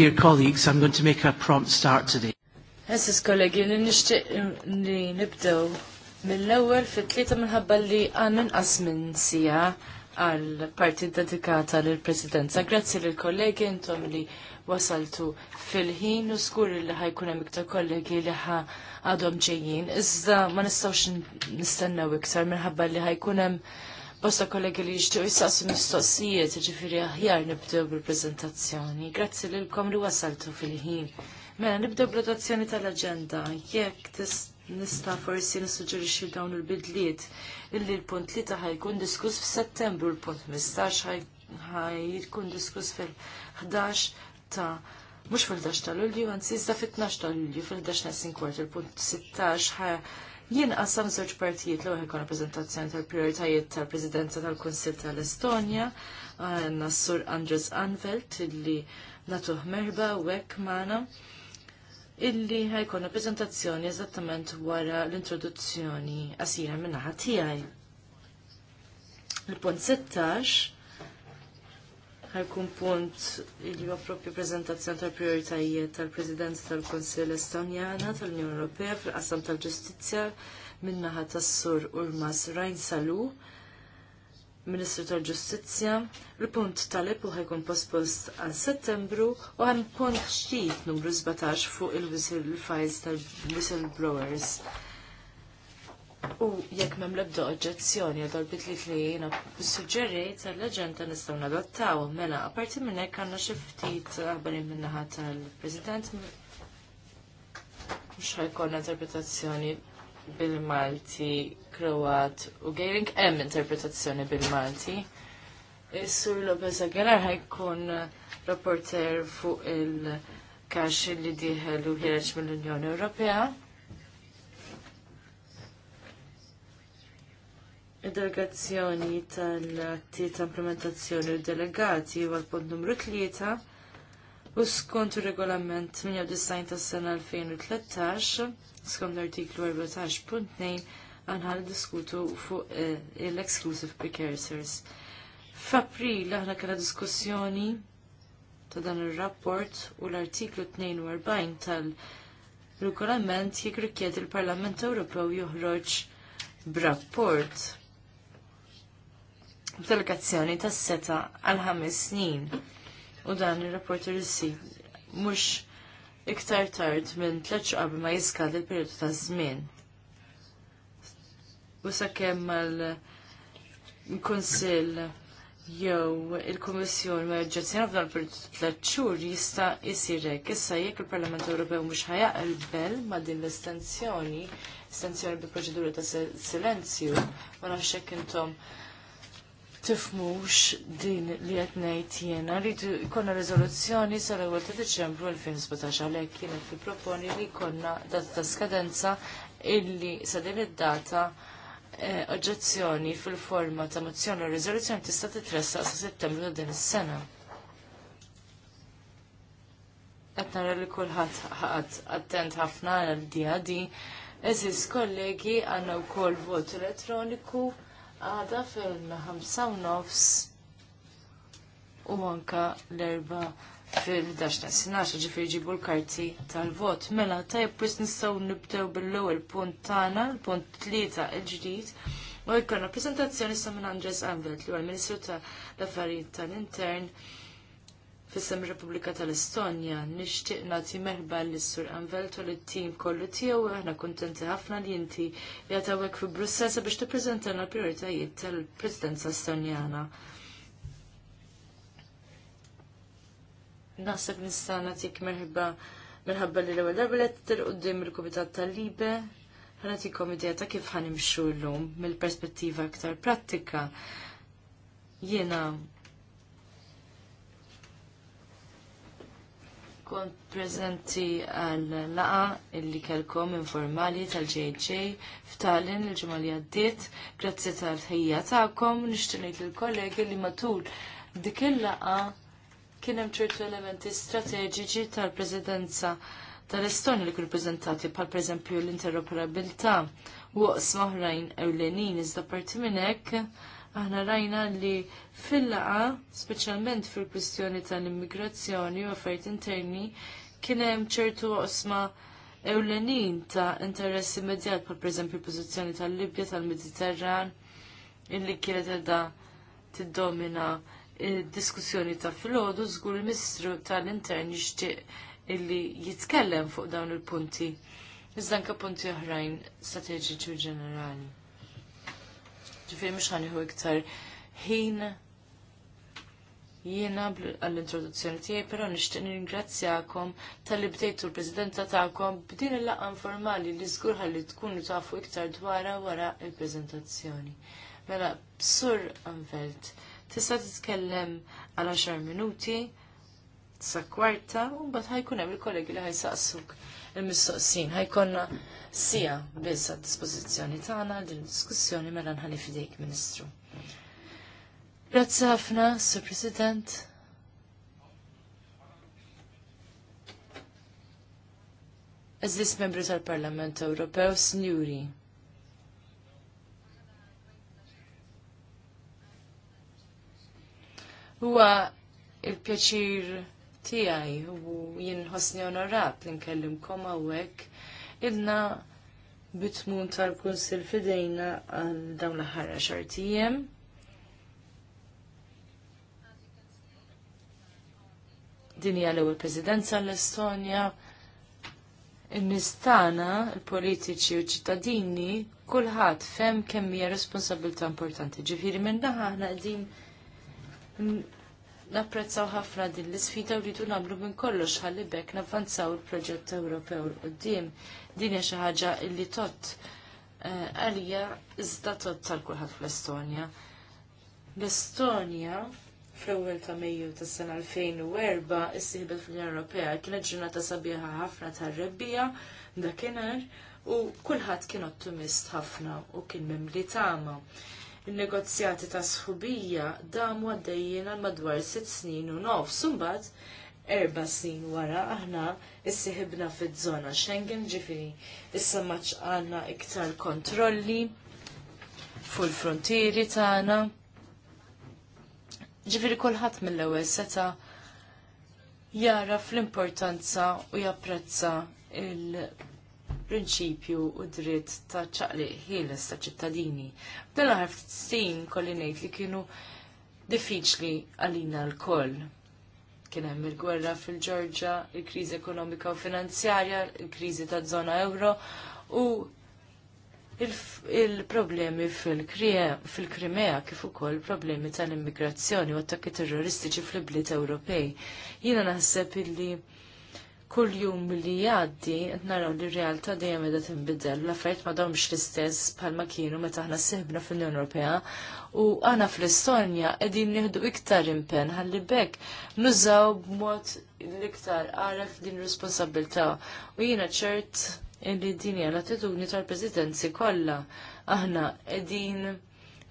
Dear colleagues, I'm going to make a prompt start today. Eżis kollegi, li nishtiq li nibdew mill-ewwel fit-tlieta minħabba li għan inqas minn sija għal parti dedikata l presidenza Grazzi l kollegi intom li wasaltu fil-ħin u skur li ħajkun hemm iktar kollegi li ħa għadhom ġejjin. Iżda ma nistgħux nistennew iktar minħabba li ħajkun hemm bosta kollegi li jixtiequ jistaqsu mistoqsijiet, ġifiri aħjar nibdew bil-preżentazzjoni. Grazzi lilkom li wasaltu fil-ħin. Mela nibdew bil adozzjoni tal-aġenda. Jekk nista' forsi xil dawn il-bidliet illi l-punt li ta' ħajkun diskuss f'Settembru l-punt 15 ħajkun diskuss fil-11 ta' Mux fil-11 tal-ulju, anzi iżda fil-12 tal-ulju, fil-11 nessin kwart, il-punt 16 Jien qassam żewġ partijiet l-ewwel ħekun rappreżentazzjoni tal prioritajiet tal-Presidenza tal-Kunsill tal-Estonja, nassur s-Sur Andres Anvelt illi natuħ merba u hekk magħna illi ħajkun rappreżentazzjoni eżattament wara l-introduzzjoni qasira minna naħa tiegħi. Il-punt 16 ħajkun punt li huwa propju preżentazzjoni tal-prioritajiet tal-President tal-Konsil Estonjana tal-Unjoni Ewropea fil-qasam tal-Ġustizzja min-naħa tas-Sur Urmas Rajn Salu, Ministru tal-Ġustizzja. Il-punt tal-epu ħajkun pospost għal Settembru u għan punt ġdid numru 17 fuq il-whistle files tal-whistleblowers. blowers U jekk m'hemm l-ebda oġġezzjoni għal bitlit li jiena suġġerejt għall-aġenda nistgħu nadottaw. Mela, apparti minn hekk għandna xi ftit min-naħa tal-President mhux ħajkollna interpretazzjoni bil-Malti, Kroat u għajrink hemm interpretazzjoni bil-Malti. Is-Sur Lopez Aguilar ħajkun rapporter fuq il-kaxin li diħel u ħireġ mill-Unjoni Ewropea. Id-delegazzjoni tal-atti ta' implementazzjoni u delegati u għal punt numru 3 u skont ir regolament 98 tas sena 2013 skont l-artiklu 14.2 għanħal diskutu fuq eh, l-exclusive precursors. F'April aħna kena diskussjoni ta' dan ir-rapport u l-artiklu 42 tal-regolament jikrikjed il-Parlament Ewropew joħroġ b'rapport delegazzjoni tas seta għal ħames snin. U dan ir-rapport irsi mhux iktar tard minn tliet qabel ma jiskad il-perjodu ta' żmien. U sakemm mal-Kunsill jew il-Kummissjoni ma jġġazzjoni f'dan il-periodu tliet xhur jista' jsir hekk. Issa jekk il-Parlament Ewropew mhux ħajaqbel ma' din l-estensjoni, estensjoni bi proċedura ta' silenzju, ma nafx hekk intom tifmux din li qed ngħid jiena konna jkollna riżoluzzjoni sal-ewwel ta' Diċembru 2017 għalhekk kienet tipproponi li jkollna data ta' skadenza illi sa din id-data eh, oġġezzjoni fil-forma ta' mozzjoni u riżoluzzjoni tista' titressaq sa' Settembru ta' din is-sena. Qed nara li kulħadd ħadd attent ħafna għal di. Eżis kollegi għandna wkoll vot elettroniku għada fil-5 nofs u manka l-erba fil-11 ta' ġifir ġibu l-karti tal-vot. Mela, tajb pwis nistaw nibdew bil-ewel punt tana, l-punt tlieta il-ġdid. U jkollna prezentazzjoni sa' minn Andres Anvelt, l-għal Ministru tal-Affarijiet tal-Intern. ta' l tal affarijiet tal intern fissem Repubblika tal-Estonja. Nixtieq nagħti merba l-Sur Anvelt u l-tim kollu tiegħu aħna kuntenti ħafna li inti qiegħed hawnhekk fi Brussels sabiex tippreżentana l-prijoritajiet tal-Presidenza Estonjana. Naħseb nista' nagħtik merba minħabba li l-ewwel darba li qudiem il-Kumitat tal-Libe ħanatikom idea ta' kif ħanimxu l-lum mill-perspettiva aktar prattika. Jiena kont prezenti għal-laqa illi kelkom informali tal-JJ f'Tallinn il-ġimgħa li għaddiet. Grazzi tal-ħejja tagħkom nixtieq il-kollegi li matul dik il-laqa kien hemm ċertu elementi strateġiċi tal-Presidenza tal-Estonja li kien preżentati bħal pereżempju l-interoperabilità u oqsma oħrajn ewlenin iżda parti minn hekk Aħna rajna li fil-laqa, speċjalment fil-kwistjoni tal-immigrazzjoni u affarijiet interni, kien hemm ċertu osma ewlenin ta' interess immedjat bħal pereżempju l-pożizzjoni tal-Libja tal-Mediterran illi kienet edha tiddomina il-diskussjoni ta' filgħodu żgur il-Ministru tal-Intern jixtieq illi jitkellem fuq dawn il-punti. Iżda anke punti oħrajn strateġiċi ġenerali ġifiri mux ħaniħu iktar ħin jiena għall-introduzzjoni tiegħi, però nixtieq ningrazzjakom tal-li bdejtu l presidenta tagħkom b'din il-laqgħa informali li żgur ħalli tkunu tafu iktar dwarha wara il-preżentazzjoni. Mela, Sur Anvelt, tista' titkellem għal 10 minuti Sakwarta kwarta u bat ħajkun hemm il-kollegi li ħajsaqsuk il-mistoqsin. Ħajkonna sija biss għad-dispożizzjoni tagħna din diskussjoni mela nħalli fidejk, Ministru. Grazzi ħafna, Sur President. Eżis membru tal-Parlament Ewropew, Snjuri. Huwa il-pjaċir tijaj u jien ħossni onorat li nkellimkom hawnhekk ilna bitmun tal-kunsil fidejna għal dawn l-ħarra xartijem. Din hija l-ewwel Presidenza l-Estonja. Nistana, l politiċi u ċittadini, kulħadd fem kemm hija responsabilità importanti. Ġifieri minn aħna qegħdin napprezzaw ħafna din l-isfida u rridu nagħmlu minn kollox ħalli bekk navvanzaw il-proġett Ewropew l qudiem Din hija xi ħaġa li tot eh, għalija iżda tot tal-kulħadd fl-Estonja. L-Estonja fl-ewwel ta' Mejju tas-sena 2004 issieħbet fl-Unjoni Ewropea kienet ġurnata sabiħa ħafna tar-rebbija dakinhar u kulħadd kien ottimist ħafna u kien mimli tama il-negozjati ta' sħubija damu għaddejjien għal madwar sitt snin u nofs, sumbat erba snin wara aħna issiħibna fid-żona Schengen ġifiri issa maċ għanna iktar kontrolli fuq il-frontieri tagħna. Ġifiri kulħadd mill-ewwel seta' jara fl-importanza u japprezza il prinċipju u dritt ta' ċaqli ħieles ta' ċittadini. Dan l ftit sin kolli ngħid li kienu diffiċli għalina l-koll. Kien hemm il-gwerra fil-Ġorġa, il-kriżi ekonomika u finanzjarja, il-kriżi ta' żona euro u il-problemi fil-Krimea kif ukoll problemi tal-immigrazzjoni u attakki terroristiċi fl-bliet Ewropej. Jiena naħseb illi kull jum li jgħaddi qed naraw li r-realtà dejjem qiegħda tinbidel. L-affarijiet ma domx l-istess bħalma kienu meta aħna sibna fl-Unjoni Ewropea u aħna fl-Estonja qegħdin nieħdu iktar impenn ħalli bekk nużaw b'mod l-iktar għaref din responsabilità. U jiena ċert li din hija l-attitudni tal-Presidenzi kollha aħna qegħdin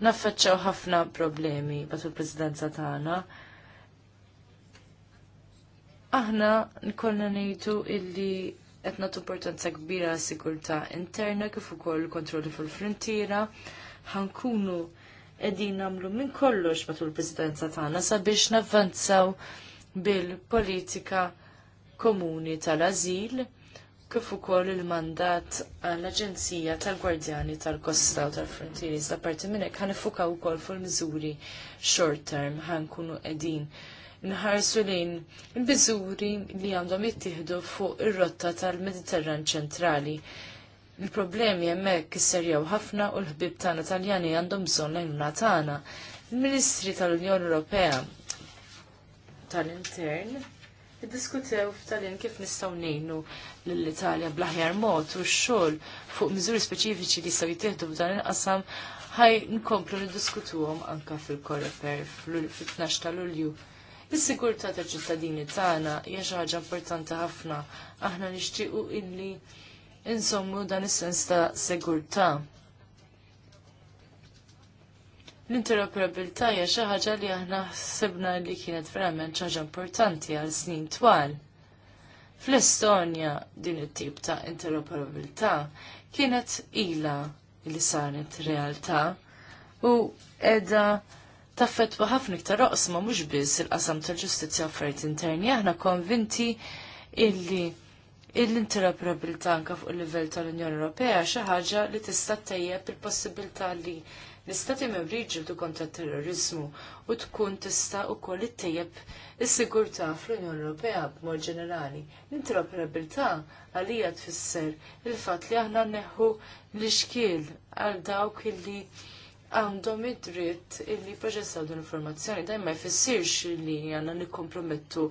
naffaċċaw ħafna problemi bat il-Presidenza tagħna. Aħna nkollna ngħidu illi qed nagħtu importanza kbira għas-sigurtà interna kif ukoll kontrolli fil-frontiera ħankunu qegħdin nagħmlu minn kollox matul il-Presidenza tagħna sabiex navvanzaw bil-politika komuni tal-azil kif ukoll il-mandat għall-Aġenzija tal-Gwardjani tal-Kosta u tal-Frontieri sa parti minn hekk ħanifukaw ukoll fuq miżuri short term ħankunu qegħdin nħarsu lejn il-biżuri li għandhom jittieħdu fuq ir-rotta tal-Mediterran ċentrali. Il-problemi hemmhekk isserjaw ħafna u l-ħbib tagħna Taljani għandhom bżonn lejn għajnuna tagħna. Il-Ministri tal-Unjoni Ewropea tal-Intern Diskutew f'talin kif nistaw nejnu l-Italja blaħjar mod u x-xogħol fuq miżuri speċifiċi li jistgħu jittieħdu f'dan il-qasam ħaj nkomplu niddiskutuhom anka fil-Koreper fl-12 ta' Lulju Is-sigurtà ta' ċittadini tagħna hija xi ħaġa importanti ħafna. Aħna nixtiequ illi insommu dan is-sens ta' sigurtà. L-interoperabilità hija xi ħaġa li aħna ħsibna li kienet verament xi ħaġa importanti għal snin twal. Fl-Estonja din it-tip ta' interoperabilità kienet ila li saret realtà u edha taffet ħafna iktar ma mhux biss il-qasam tal-ġustizzja affarijiet interni aħna konvinti illi l-interoperabilità anke fuq il-livell tal-Unjoni Ewropea xi ħaġa li tista' tejjeb il-possibilità li l-istati membri jġildu kontra terrorizmu u tkun tista' ukoll ittejjeb is-sigurtà fl-Unjoni Ewropea b'mod ġenerali. L-interoperabilità għalija tfisser il-fatt li aħna neħu l-ixkiel għal dawk illi li għandhom id-dritt illi proġessaw din informazzjoni dajn ma jfissirx li għanna nikkompromettu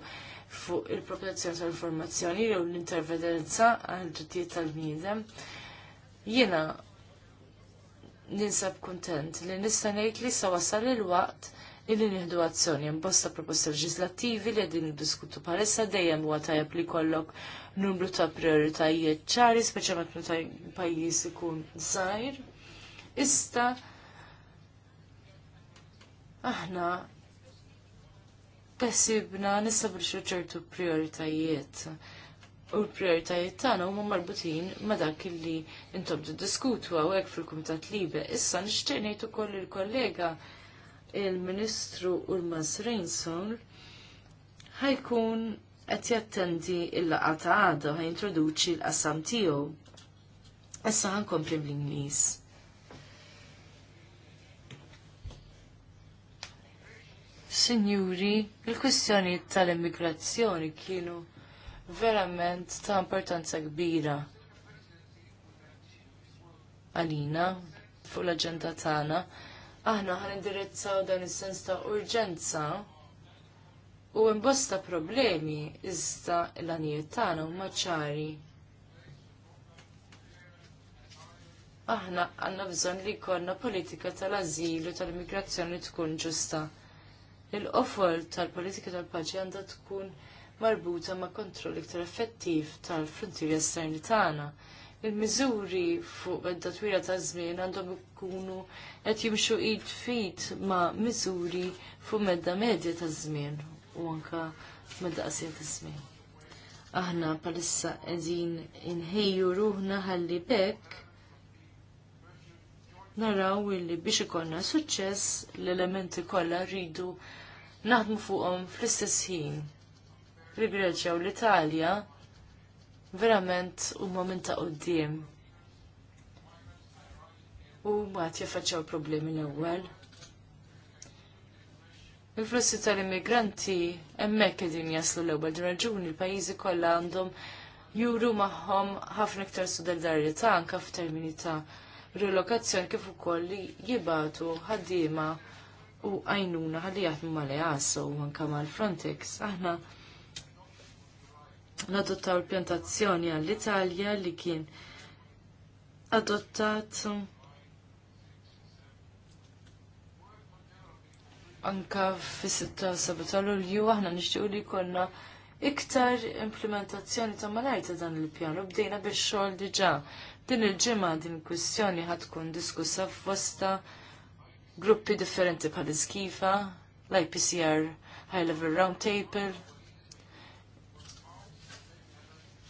fuq il-protezzjoni tal-informazzjoni jew l-intervedenza għal drittijiet tal-bniedem. Jiena ninsab kuntent li nista' ngħid li sa wasal il-waqt illi nieħdu azzjoni hemm bosta proposti leġislattivi li qegħdin niddiskutu bħalissa dejjem huwa tajjeb li jkollok numru ta' prioritajiet ċari, speċjalment meta pajjiż ikun żgħir. Ista' aħna bessibna nistabri ċertu prioritajiet. U l-prioritajiet tagħna huma marbutin ma' dak illi intom tiddiskutu hawnhekk fil-Kumitat Libe. Issa nixtieq ngħid ukoll il-kollega il-Ministru Urmas Reinson ħajkun qed jattendi l-laqgħa ta' għada ħajintroduċi l-qassam tiegħu. Issa ħankompli mill ingliż Sinjuri, il-kwistjoni tal-immigrazzjoni kienu verament ta' importanza kbira għalina fuq l-agenda tagħna. Aħna ħan indirizzaw dan is-sens ta' urġenza u imbosta problemi iżda l-għanijiet tagħna huma ċari. aħna għanna bżonn li jkollna politika tal u tal-immigrazzjoni tkun ġusta il-qofol tal-politika tal-paċi għandha tkun marbuta ma' kontroll iktar effettiv tal-frontieri esterni tagħna. Il-miżuri fuq medda twila ta' żmien għandhom ikunu qed jimxu id fit ma' miżuri fuq medda medja ta' żmien u anka medda qasija ta' żmien. Aħna palissa qegħdin inħejju ruħna ħalli bekk naraw illi biex ikonna suċċess l-elementi kollha rridu naħdmu fuqhom fl-istess ħin. il l-Italja verament huma minn ta' quddiem. U mbagħad jaffaċċaw problemi l-ewwel. Il-flussi tal-immigranti hemmhekk qegħdin jaslu l-ewwel din raġuni il pajjiżi kollha għandhom juru magħhom ħafna iktar solidarjetà anke f'termini ta' Relokazzjoni kif ukoll li jibatu ħaddiema u għajnuna ħalli jaħdmu mal-EASO u anka mal-Frontex. Aħna nadottaw l-pjantazzjoni għall-Italja li kien adottat anka fis-6 ta' Lulju aħna nixtiequ li konna iktar implementazzjoni ta' malajta dan il-pjan u bdejna bix xogħol diġà Din il-ġimgħa din kwistjoni ħad tkun diskussa f'bosta gruppi differenti bħal iskifa, l-IPCR High Level roundtable Table.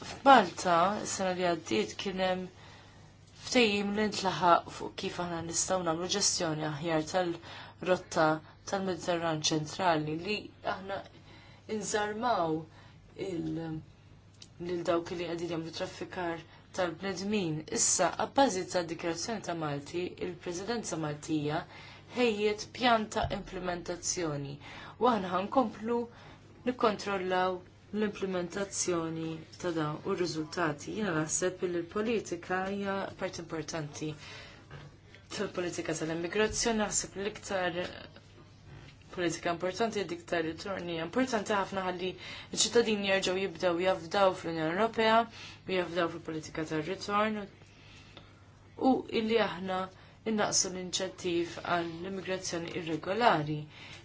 F'Malta, s-sena li għaddiet kien hemm ftejjim li ntlaħaq fuq kif aħna nistgħu nagħmlu ġestjoni aħjar tal-rotta tal-Mediterran ċentrali li aħna nżarmaw il lil dawk li qegħdin jagħmlu traffikar tal-bnedmin. Issa, għabbażi ta' dikjarazzjoni ta' Malti, il-Presidenza Maltija ħejjiet pjanta implementazzjoni. Waħna ħankomplu nikkontrollaw l-implementazzjoni ta' dawn u r-riżultati. Jina naħseb li l-politika hija part importanti fil-politika tal-immigrazzjoni naħseb l-iktar politika importanti dik tal-ritorni. Importanti ħafna ħalli il-ċittadini jerġgħu jibdew jafdaw fl-Unjoni Ewropea u jafdaw fil-politika tal-ritorn u illi aħna innaqsu l-inċettiv għall-immigrazzjoni irregolari.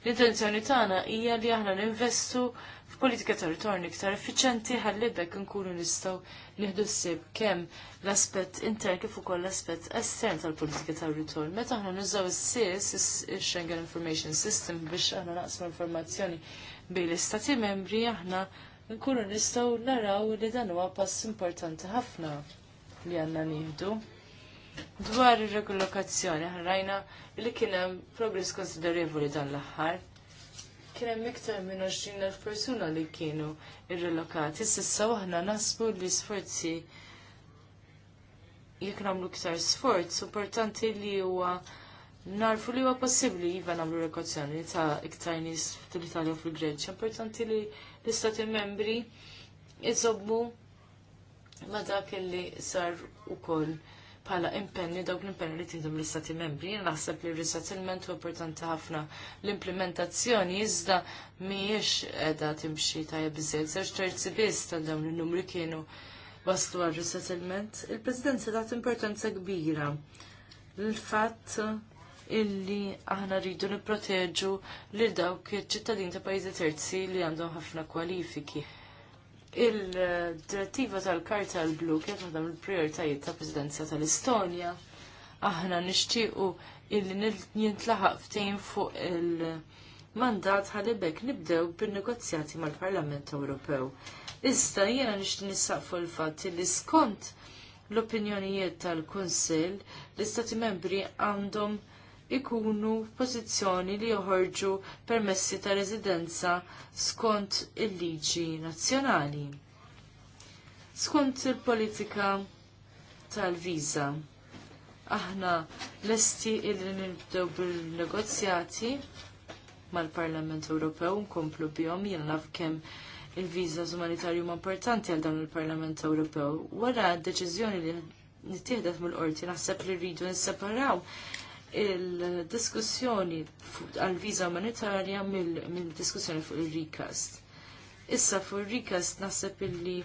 L-intenzjoni tagħna hija li aħna ninvestu f'politika ta' ritorn iktar effiċenti ħalli bekk nkunu nistgħu nieħdu ssib kemm l-aspett intern kif ukoll l-aspett estern tal-politika ta' ritorn. Meta aħna nużaw is-SIS, is-Schengen Information System biex aħna naqsmu informazzjoni bejn l-istati membri aħna nkunu nistgħu naraw li dan huwa pass importanti ħafna li għandna nieħdu. Dwar ir-regolokazzjoni ħarajna li kien hemm progress konsiderevoli dan l-aħħar kien hemm iktar minn 20,000 persuna li kienu irrelokati. Sissa waħna nasbu li sforzi jekk nagħmlu iktar sforz, importanti li huwa narfu li huwa possibbli iva nagħmlu rekozzjoni ta' iktar nies fil-Italja u fil-Greċja. Importanti li l-Istati membri iżobbu ma dak li sar ukoll Pala impenni dawk l-impenni li tindum l-istati membri. Naħseb li r resettlement u importanti ħafna l-implementazzjoni iżda miex edha timxi tajja bizzejt. Zerġ terzi biss tal-dawn il-numri kienu waslu għal resettlement. Il-Presidenza tat importanza kbira l-fatt illi aħna rridu nipproteġu lil dawk iċ-ċittadin ta' pajjiżi terzi li għandhom ħafna kwalifiki il-direttiva tal-kartel blu kienet waħda il prioritajiet ta' Presidenza tal-Estonja. Aħna nixtiequ illi jintlaħaq ftejn fuq il-mandat ħalibek nibdew bin-negozjati mal-Parlament Ewropew. Issa jiena nixtieq nissaqfu l-fatt li skont l-opinjonijiet tal-Kunsill l-Istati Membri għandhom ikunu f'pożizzjoni li joħorġu permessi ta' residenza skont il-liġi nazzjonali. Skont il-politika tal-viża. Aħna lesti illi nibdew bil-negozjati mal-Parlament Ewropew nkomplu bihom jien naf kemm il-viża umanitarju huma importanti għal dawn il-Parlament Ewropew. Wara d-deċiżjoni li nittieħdet mill-qorti naħseb li rridu nisseparaw il-diskussjoni għal-viza umanitarja mill-diskussjoni fuq il-recast. Issa fuq il-recast naħseb illi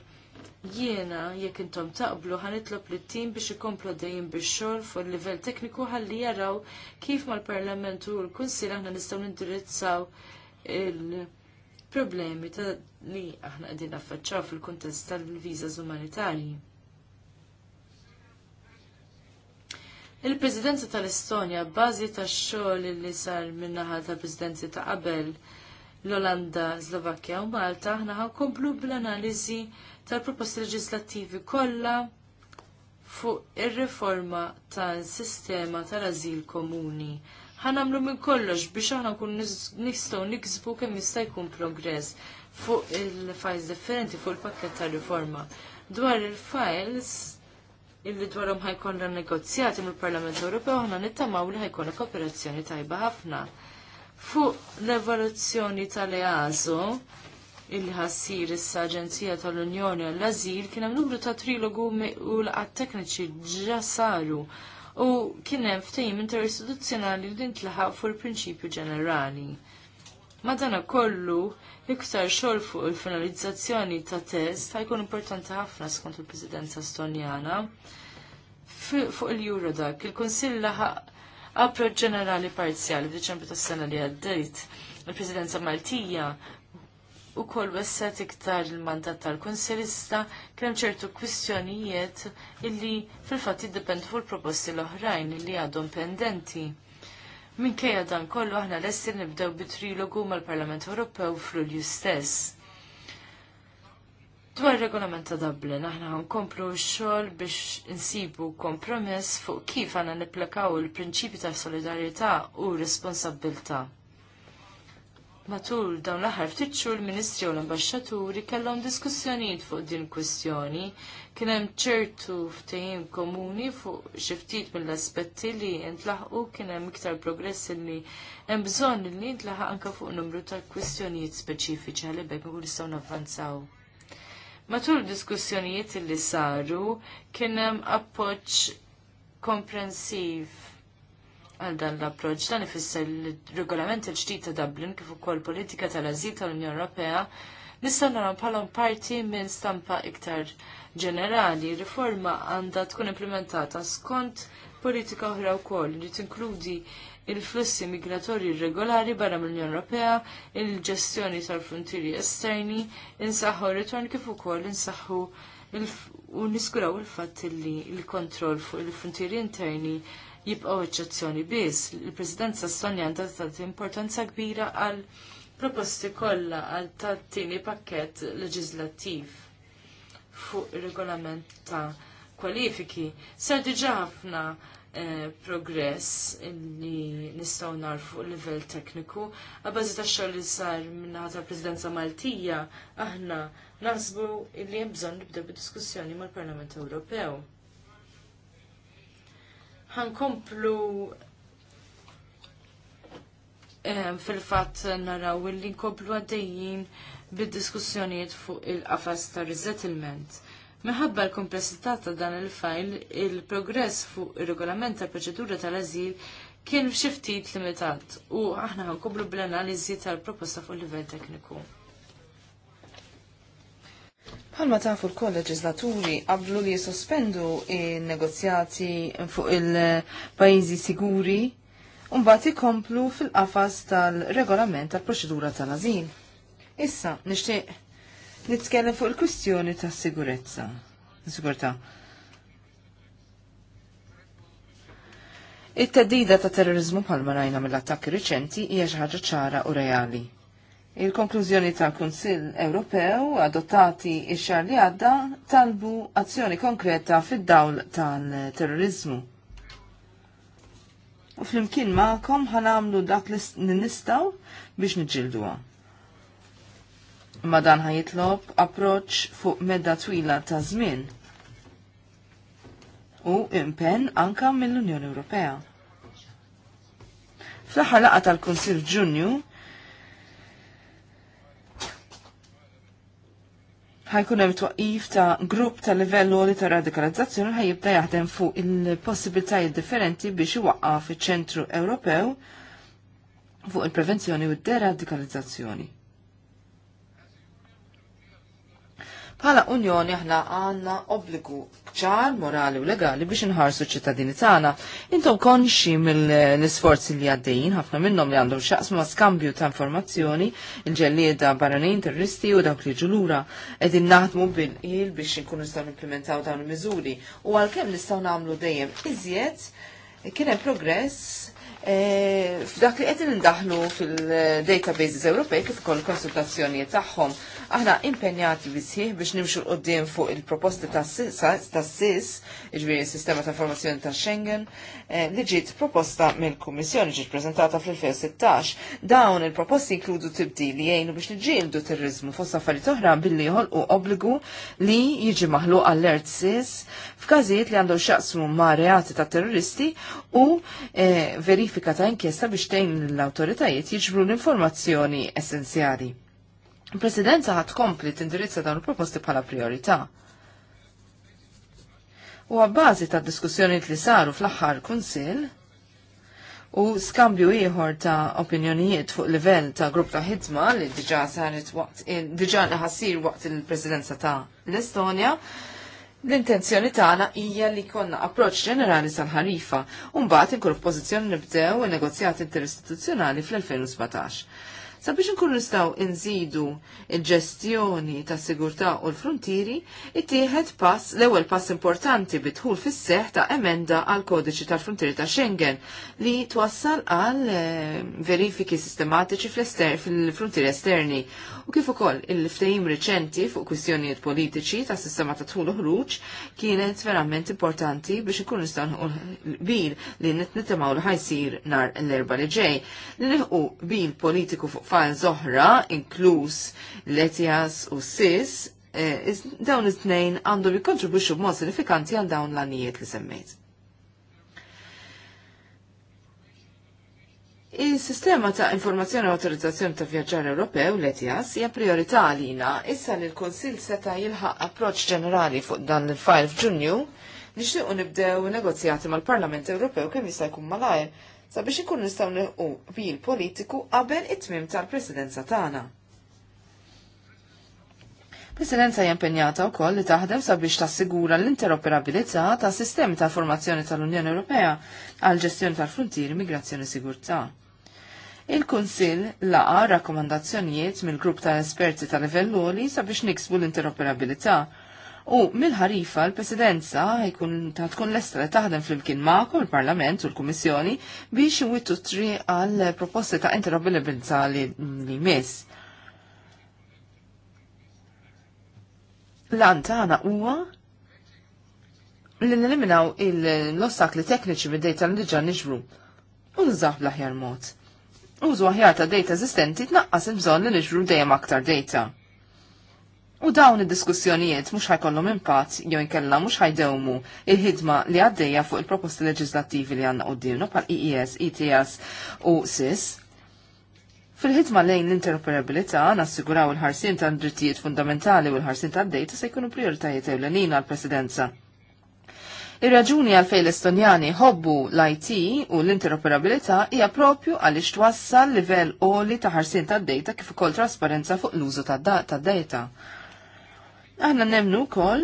jiena jekk intom taqblu ħanitlob li tim biex ikomplu dejjem bix-xogħol fuq livell tekniku ħalli jaraw kif mal-Parlament u l-Kunsil aħna nistgħu nindirizzaw il- problemi ta' li aħna qegħdin naffaċċaw fil-kuntest tal-viżas umanitarji. Il-Presidenza tal-Estonja, bazi tax-xogħol li sar min-naħa tal-Presidenzi ta' qabel l-Olanda, Slovakkja u Malta, aħna komplu bl-analiżi tal-proposti leġislattivi kollha fuq ir-riforma tal-sistema tal-azil komuni għamlu minn kollox biex aħna kun nistgħu niksbu kemm jista' jkun progress fuq il-files differenti fuq il-pakket ta' riforma. Dwar il-files illi dwarhom ħajkonna negozjati mill-Parlament Ewropew aħna nittamaw li ħajkonna kooperazzjoni tajba ħafna. Fuq l-evoluzzjoni tal-EASO, illi ħassir issa Aġenzija tal-Unjoni għall-Azil kien hemm numru ta' trilogu u l-qatt tekniċi ġa saru u kien hemm ftehim interistituzzjonali li ntlaħaq fuq il-prinċipju ġenerali. Madana kollu iktar xogħol fuq il-finalizzazzjoni ta' test jkun importanti ħafna skont il-Presidenza Estonjana. Fuq il-Eurodac, il-Kunsill laħaq approċ ġenerali parzjali f'Diċembru tas-sena li għaddejt. Il-Presidenza Maltija u kol wesset iktar il-mandat tal-konsilista kemm ċertu kwistjonijiet illi fil fatt jiddependu fuq il proposti l-oħrajn illi għadhom pendenti. Minkejja dan kollu aħna lesti nibdew bitrilogu mal-Parlament Ewropew fl-Ulju stess. Dwar regolament ta' Dublin, aħna nkomplu x-xogħol biex insibu kompromess fuq kif għandna niplakaw il prinċipi ta' solidarjetà u responsabilità. Matul dawn l-aħħar ftit xhur l-Ministri u l-Ambaxxaturi kellhom diskussjonijiet fuq din kwestjoni. Kien hemm ċertu ftehim komuni fuq xi ftit mill-aspetti li ntlaħqu kien hemm iktar progress li hemm bżonn li ntlaħaq anke fuq numru ta' kwistjonijiet speċifiċi għalli bekk nkun nistgħu navvanzaw. Matul diskussjonijiet li saru kien hemm appoġġ komprensiv għal dan l-approċ. Dan ifisser l-regolament il-ġdid ta' Dublin kif ukoll politika tal-azil tal-Unjoni Ewropea nistgħu nara bħalhom parti minn stampa iktar ġenerali. Riforma għandha tkun implementata skont politika oħra wkoll li tinkludi il-flussi migratorji regolari barra mill-Unjoni Ewropea, il-ġestjoni tal-frontieri esterni, insaħħu ritorn kif ukoll insaħħu u niskuraw il-fatt li l-kontroll fuq il-frontieri interni jibqgħu eċċezzjoni biss. Il-Presidenza Sonja għandha importanza kbira għal proposti kollha għal tat-tieni pakkett leġislattiv fuq ir-regolament ta' kwalifiki. Ser diġà ħafna eh, progress li nistaw narfu livell tekniku. Għabbażi ta' xogħol li sar minnaħat tal-Presidenza Maltija, aħna naħsbu li hemm bżonn nibdew bid-diskussjoni mal-Parlament Ewropew ħankomplu fil-fatt naraw li nkomplu għaddejjin bid-diskussjonijiet fuq il-qafas ta' resettlement. Minħabba l-komplessità ta' dan il-fajl, il-progress fuq ir-regolament tal proċedura tal-azil kien f'xi ftit limitat u aħna ħankomplu bl-analiżi tal-proposta fuq livell tekniku. Palma tafu l-kolleġizlaturi qablu li jisospendu il-negozjati fuq il-pajizi siguri bati ikomplu fil-qafas tal-regolament tal-proċedura tal-azil. Issa, nixtieq nitkellem fuq il-kwistjoni tas-sigurezza. Sigurta. it theddida ta' terrorizmu bħalma rajna mill-attakki riċenti hija xi ħaġa ċara u reali. Il-konklużjoni tal-Kunsill Ewropew adottati ix-xar li għadda talbu azzjoni konkreta fid-dawl tal-terrorizmu. U fl-imkien ma'kom ħanamlu dak li nistaw biex niġilduha. Ma dan ħajitlob approċ fuq medda twila ta' żmien u impenn anka mill-Unjoni Ewropea. Fl-aħħar laqgħa tal-Kunsill Ġunju, ħajkun hemm twaqif ta' grupp ta' livell li ta' radikalizzazzjoni ħajibda jaħdem fuq il-possibilitajiet differenti biex iwaqqaf iċ-Ċentru Ewropew fuq il-prevenzjoni u d-deradikalizzazzjoni. Bħala Unjoni aħna għandna obbligu ċar, morali u legali biex nħarsu ċittadini tagħna. Intom konxi mill-isforzi li għaddejjin, ħafna minnhom li għandhom ma' skambju ta' informazzjoni, il-ġellieda barranin terroristi u dawk li ġulura qegħdin naħdmu bil-qil biex inkunu nistgħu implementaw dawn il-miżuri. U għalkemm nistgħu nagħmlu dejjem iżjed kien hemm progress E, f'dak li qed indaħnu fil-databases Ewropej kif ukoll konsultazzjonijiet tagħhom. Aħna impenjati bisħieħ biex nimxu l-qoddim fuq il-proposti tas-SIS, ġbiri s-sistema ta' informazzjoni ta' Schengen, e, li ġiet proposta mill-Kummissjoni ġiet prezentata fl-2016. Dawn il-proposti inkludu tibdili jgħinu biex niġġieldu terrorizmu fost affarijiet oħra billi u obbligu li jiġi maħluq alert SIS f'każijiet li għandhom xaqsmu ma' reati ta' terroristi u e, veri kwalifika ta' inkjesta biex tejn l autoritajiet jiġbru l-informazzjoni essenzjali. Il-Presidenza ħat kompli tindirizza dawn il-proposti bħala priorità. U għabbażi ta' diskussjoni li saru fl-aħħar kunsil u skambju ieħor ta' opinjonijiet fuq livell ta' grupp ta' ħidma li diġa saret waqt diġa ħassir waqt il-presidenza ta' l-Estonja, L-intenzjoni tagħna hija li konna approċċ ġenerali tal-ħarifa u mbagħad inkunu f'pożizzjoni nibdew in-negozjati interistituzzjonali fl-2017. Sabiex nkun nistgħu nżidu il-ġestjoni ta' sigurtà u l-frontieri, ittieħed pass l-ewwel pass importanti bitħul fis-seħ ta' emenda għal kodiċi tal-frontieri ta' Schengen li twassal għal eh, verifiki sistematiċi fil-frontieri esterni u kif ukoll il-ftehim riċenti fuq kwistjonijiet politiċi ta' sistema ta' tħul ħruġ kienet verament importanti biex nkunu nistaw bil li nitnitemaw l-ħajsir nar l-erba li ġej li nħu bil politiku fuq tfal oħra, inkluż l-ETIAS u SIS, eh, dawn it-tnejn għandhom jikkontribwixxu b'mod sinifikanti għal dawn l-anijiet li semmejt. Il-sistema ta' informazzjoni u autorizzazzjoni ta' vjaġġar Ewropew l-ETIAS hija priorità għalina issa li l-Konsil seta' jilħaq approċċ ġenerali fuq dan il 5 f'Ġunju nixtiequ nibdew negozjati mal-Parlament Ewropew kemm jista' jkun malajr sabiex ikun nistgħu nilħu bil politiku qabel it-tmim tal-presidenza tagħna. Presidenza jempenjata u koll li taħdem sabiex tassigura l-interoperabilità ta' sistemi ta' formazzjoni tal-Unjoni Ewropea għal ġestjoni tal fruntieri migrazzjoni sigurtà. Il-Kunsil laqa rakkomandazzjonijiet mill-grupp ta' esperti tal livell sabiex niksbu l-interoperabilità U mill-ħarifa l-Presidenza jkun ta' tkun l-estra taħdem fl-imkien ma'kom il-Parlament u l-Kummissjoni biex iwittu tri għal proposti ta' interoperabilità li, li l Lan tagħna huwa li neliminaw l-ostakli tekniċi mid-dejta li diġà nġbru. u nżaħ bl-aħjar mod. Użu aħjar ta' dejta eżistenti tnaqqas il-bżonn li nġbru dejjem aktar dejta. U dawn id-diskussjonijiet mhux ħajkollhom impatt jew inkella mhux ħajdewmu il-ħidma li għaddejja fuq il-proposti leġislattivi li għandna qudiemna bħal IES, e ITS e u SIS. Fil-ħidma lejn l-interoperabilità nassiguraw il-ħarsien ta' drittijiet fundamentali u l-ħarsien ta' dejta se jkunu prioritajiet ewlenin għall presidenza Ir-raġuni għalfejn l-Estonjani ħobbu l-IT u l-interoperabilità hija propju għaliex twassal livell oli ta' ħarsien tad-dejta kif ukoll trasparenza fuq l-użu tad-dejta. Ta Aħna nemnu kol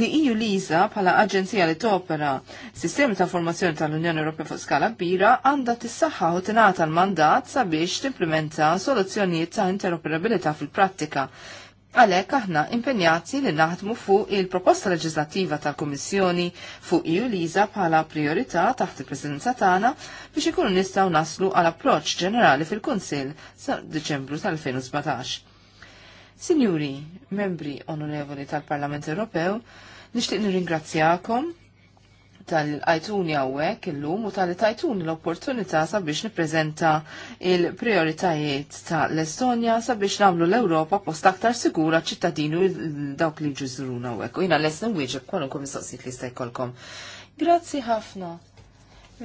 li iju e liża bħala aġenzija li topera sistemi ta' formazzjoni tal-Unjoni Ewropea fuq skala kbira għandha tissaħħa u tingħata l-mandat sabiex timplementa soluzzjonijiet ta' interoperabilità fil-prattika. Għalhekk aħna impenjati li naħdmu fuq il-proposta leġislattiva tal-Kummissjoni fuq EU liża bħala priorità taħt il-Presidenza tagħna biex ikunu nistgħu naslu għal approċċ ġenerali fil-Kunsill sa' Diċembru tal-2017. Sinjuri, membri onorevoli tal-Parlament Ewropew, nixtieq nirringrazzjakom tal-għajtuni għawek il-lum u tal-tajtuni l-opportunità sabiex niprezenta il-prioritajiet ta' l-Estonja sabiex namlu l-Europa post aktar sigura ċittadinu dawk li ġizruna għawek. U jina l-esna wieġeb kwalukom mistoqsit li stajkolkom. Grazzi ħafna.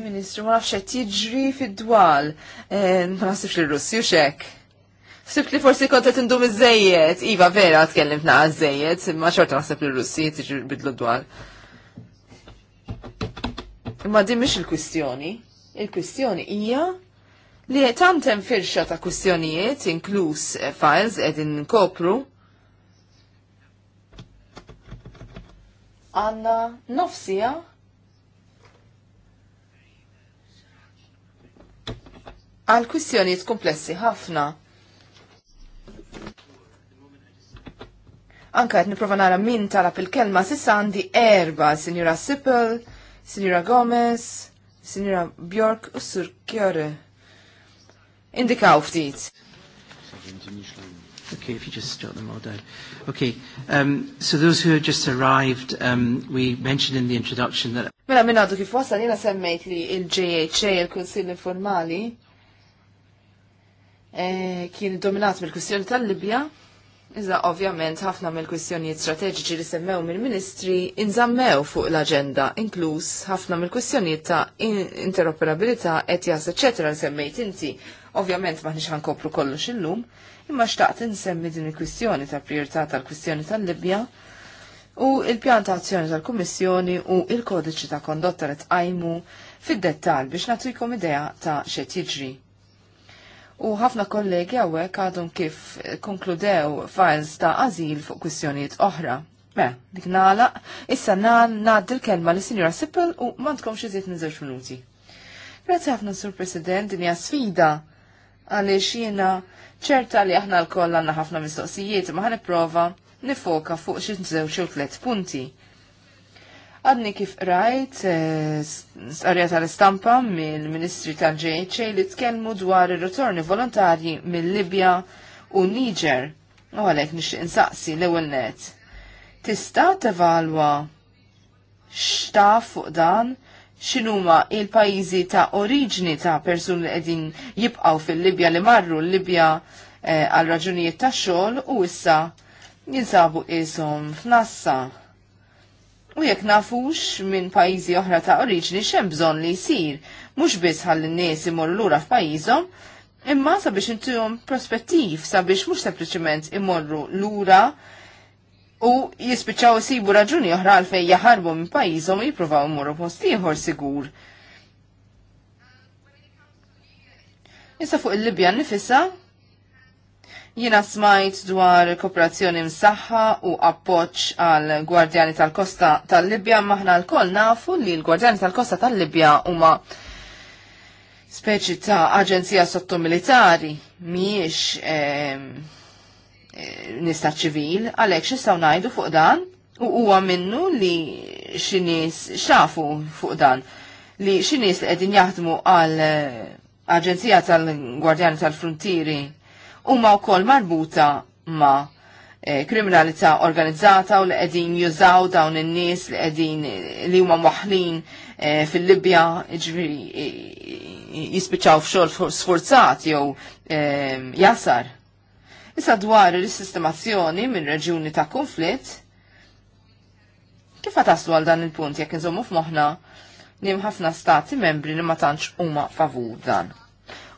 Ministru, ma nafxet jiġri fid-dwal. Eh, ma nasibx li Russi u xek. Sibt li forsi konta tindu mizzejiet. Iva vera tkellimt naqa iż imma xorta naħseb li Russi tiġi bidlu dwar. Imma din mish il-kwistjoni. Il-kwistjoni hija li tant firxa ta' kwistjonijiet inkluż eh, files qegħdin nkopru għanna nofsija għal kwistjonijiet komplessi ħafna Anka qed nipprova nara min talab il-kelma sissa għandi erba, Sinjura Sippel, Sinjura Gomez, Sinjura Bjork u Sur Kjore. Indikaw ftit. Okay, if you just jot them all down. Okay, um, so those who have just arrived, um, we mentioned in the introduction that... Mela minn għadu kif wasal jena semmejt li il-JHA, il-Konsil Informali, eh, kien dominat mill-kwistjoni tal-Libja, Iżda ovvjament ħafna mill-kwistjonijiet strateġiċi li semmew mill-Ministri inżammew fuq l-aġenda, inkluż ħafna mill-kwistjonijiet ta' interoperabilità qed jas eċetera li semmejt inti. Ovvjament maħniex ħankopru kollu illum, imma xtaqt insemmi din il-kwistjoni ta' priorità tal-kwistjoni tal-Libja u il-pjan ta' azzjoni tal-Kummissjoni u il-kodiċi ta' kondotta li tqajmu fid-dettal biex natujkom idea ta' x'e jiġri. U ħafna kollegi għawek għadhom kif konkludew files ta' azil fuq kwistjonijiet oħra. Me, dik nala, issa naddi l-kelma li Sinjora Sippel u mandkom xizit minn zewġ minuti. Grazie ħafna, Sur President, hija sfida għaliex jiena ċerta li aħna l-koll għanna ħafna mistoqsijiet ma ħaniprofa nifoka fuq xi żewġ u tliet punti. Għadni kif rajt, eh, s-arja tal-istampa mill-Ministri tal-ġeħċe li tkellmu dwar il-ritorni volontarji mill-Libja u Niger. U għalek nix insaqsi l ewwel net. Tista tevalwa xtaf fuq dan xinuma il-pajizi ta' oriġni ta' persuni li edin jibqaw fil-Libja li marru l-Libja eh, għal raġunijiet ta' xol u issa jinsabu isom f'nassa U jekk nafux minn pajjiżi oħra ta' oriġni xem bżonn li jsir, mhux biss ħalli n-nies imorru lura f'pajjiżhom, imma sabiex intihom prospettiv sabiex mhux sempliċement imorru lura u jispiċċaw isibu raġuni oħra għalfej jaħarbu minn pajjiżhom u jippruvaw imorru postiħor ieħor sigur. Issa fuq il-Libja nifissa, Jina smajt dwar kooperazzjoni msaħħa u appoċ għal Gwardjani tal-Kosta tal-Libja maħna l-koll nafu li l-Gwardjani tal-Kosta tal-Libja huma speċi ta' aġenzija sottomilitari miex nista ċivil, għalek xistaw najdu fuq dan, u huwa minnu li xinis xafu fuq dan, li xinis li għedin jaħdmu għal eh, Aġenzija tal-Gwardjani tal fruntieri huma wkoll marbuta ma' eh, kriminalità organizzata u li qegħdin jużaw dawn in-nies li qegħdin li huma moħħlin eh, fil-Libja ġifieri jispiċċaw f'xogħol sforzat jew ehm, jasar. Issa dwar ir-sistemazzjoni minn reġjuni ta' konflitt, kif taslu għal dan il-punt jekk inżommu f'moħħna li ħafna stati membri li ma tantx huma favur dan.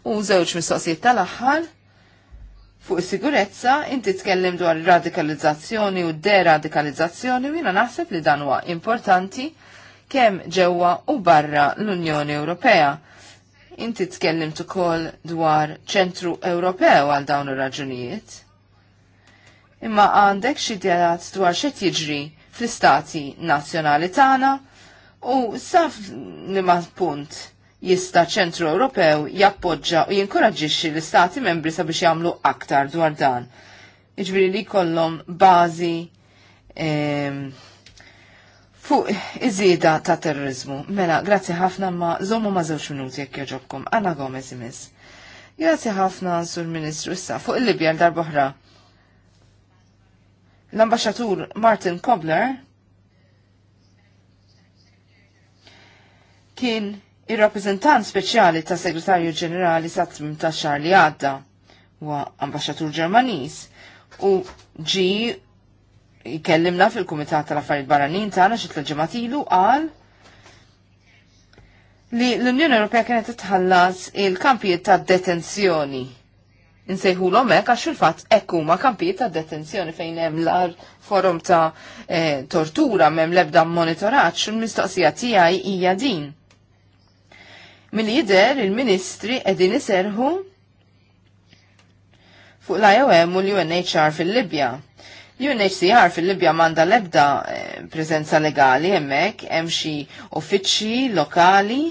U żewġ mistoqsijiet tal-aħħar fuq sigurezza, inti tkellem dwar radikalizzazzjoni u deradikalizzazzjoni u jina naħseb li dan huwa importanti kemm ġewwa u barra l-Unjoni Ewropea. Inti tkellem ukoll dwar ċentru Ewropew għal dawn ir-raġunijiet. Imma għandek xi ideat dwar xed jiġri fl-istati nazzjonali tagħna u saf li ma punt jista ċentru Ewropew jappoġġa u jinkoraġġixxi l-istati membri sabiex jagħmlu aktar dwar dan. jiġri li jkollhom bażi ehm, fuq iż ta' terrorizmu. Mela, grazzi ħafna ma żommu ma żewġ minuti jekk joġobkom. Anna Gomez imis. Grazzi ħafna sur Ministru issa fuq il-Libja l oħra. L-ambasċatur Martin Kobler kien Ir-rappreżentant speċjali ta' Segretarju Ġenerali sa' tmim ta' xar li għadda huwa Ambaxxatur Ġermaniż u ġi jkellimna fil-Kumitat tal-Affarijiet Barranin tagħna xi tliġimat ilu qal li l-Unjoni Ewropea kienet titħallas il-kampijiet ta' detenzjoni. Insejħulhom hekk għax fil-fatt hekk huma kampijiet ta' detenzjoni fejn hemm l-ar forum ta' eh, tortura m'hemm l-ebda monitoraġġ u l-mistoqsija tiegħi hija din Mill-jider il-ministri edin iserħu fuq l-IOM u l-UNHR fil-Libja. L-UNHCR fil-Libja manda lebda eh, prezenza legali hemmhekk hemm xi uffiċċji lokali,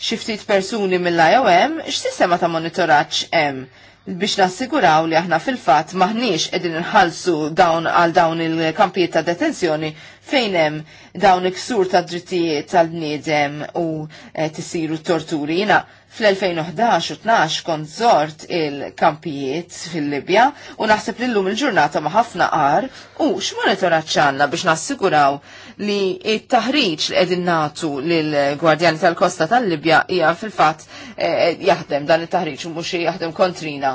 xi ftit persuni mill-IOM, x'sistema ta' monitoraġġ hemm biex nassiguraw li aħna fil-fat maħniex edin nħalsu dawn għal dawn il-kampijiet ta' detenzjoni fejn hemm dawn iksur ta' drittijiet tal-bniedem u e, tisiru torturi. fl-2011 u 12 kont zort il-kampijiet fil-Libja u naħseb li l-lum il-ġurnata ma' ħafna qar u x'monitoraċċ għandna biex nassiguraw li it-taħriġ li qegħdin nagħtu lill-Gwardjani tal-Kosta tal-Libja hija fil-fatt eh, eh, jaħdem dan it-taħriġ mhux jaħdem kontrina.